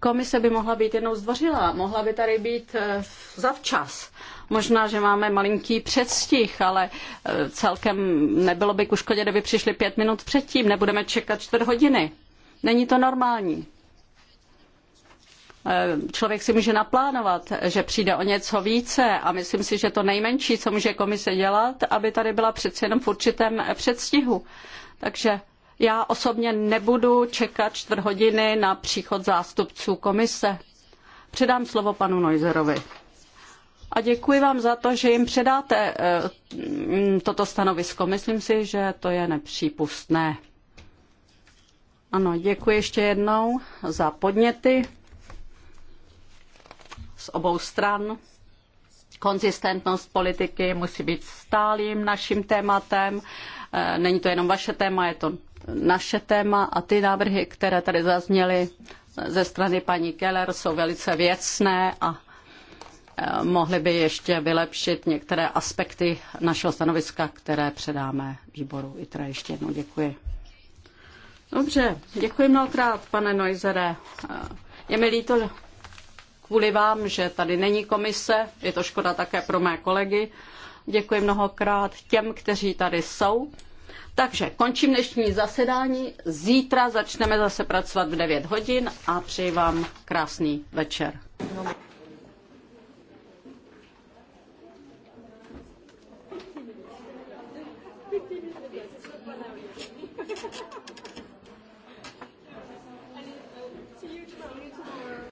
Komise by mohla být jednou zdvořila, mohla by tady být eh, zavčas. Možná, že máme malinký předstih, ale eh, celkem nebylo by ku škodě, kdyby přišli pět minut předtím. Nebudeme čekat čtvrt hodiny. Není to normální. Eh, člověk si může naplánovat, že přijde o něco více a myslím si, že to nejmenší, co může komise dělat, aby tady byla přeci jenom v určitém předstihu. Takže já osobně nebudu čekat čtvrt hodiny na příchod zástupců komise. Předám slovo panu Neuserovi. A děkuji vám za to, že jim předáte eh, toto stanovisko. Myslím si, že to je nepřípustné. Ano, děkuji ještě jednou za podněty z obou stran. Konzistentnost politiky musí být stálým naším tématem. Eh, není to jenom vaše téma, je to naše téma a ty návrhy, které tady zazněly ze strany paní Keller, jsou velice věcné a eh, mohly by ještě vylepšit některé aspekty našeho stanoviska, které předáme výboru I teda Ještě jednou děkuji. Dobře, děkuji mnohokrát, pane Noizere. Je mi líto kvůli vám, že tady není komise, je to škoda také pro mé kolegy. Děkuji mnohokrát těm, kteří tady jsou. Takže končím dnešní zasedání. Zítra začneme zase pracovat v 9 hodin a přeji vám krásný večer.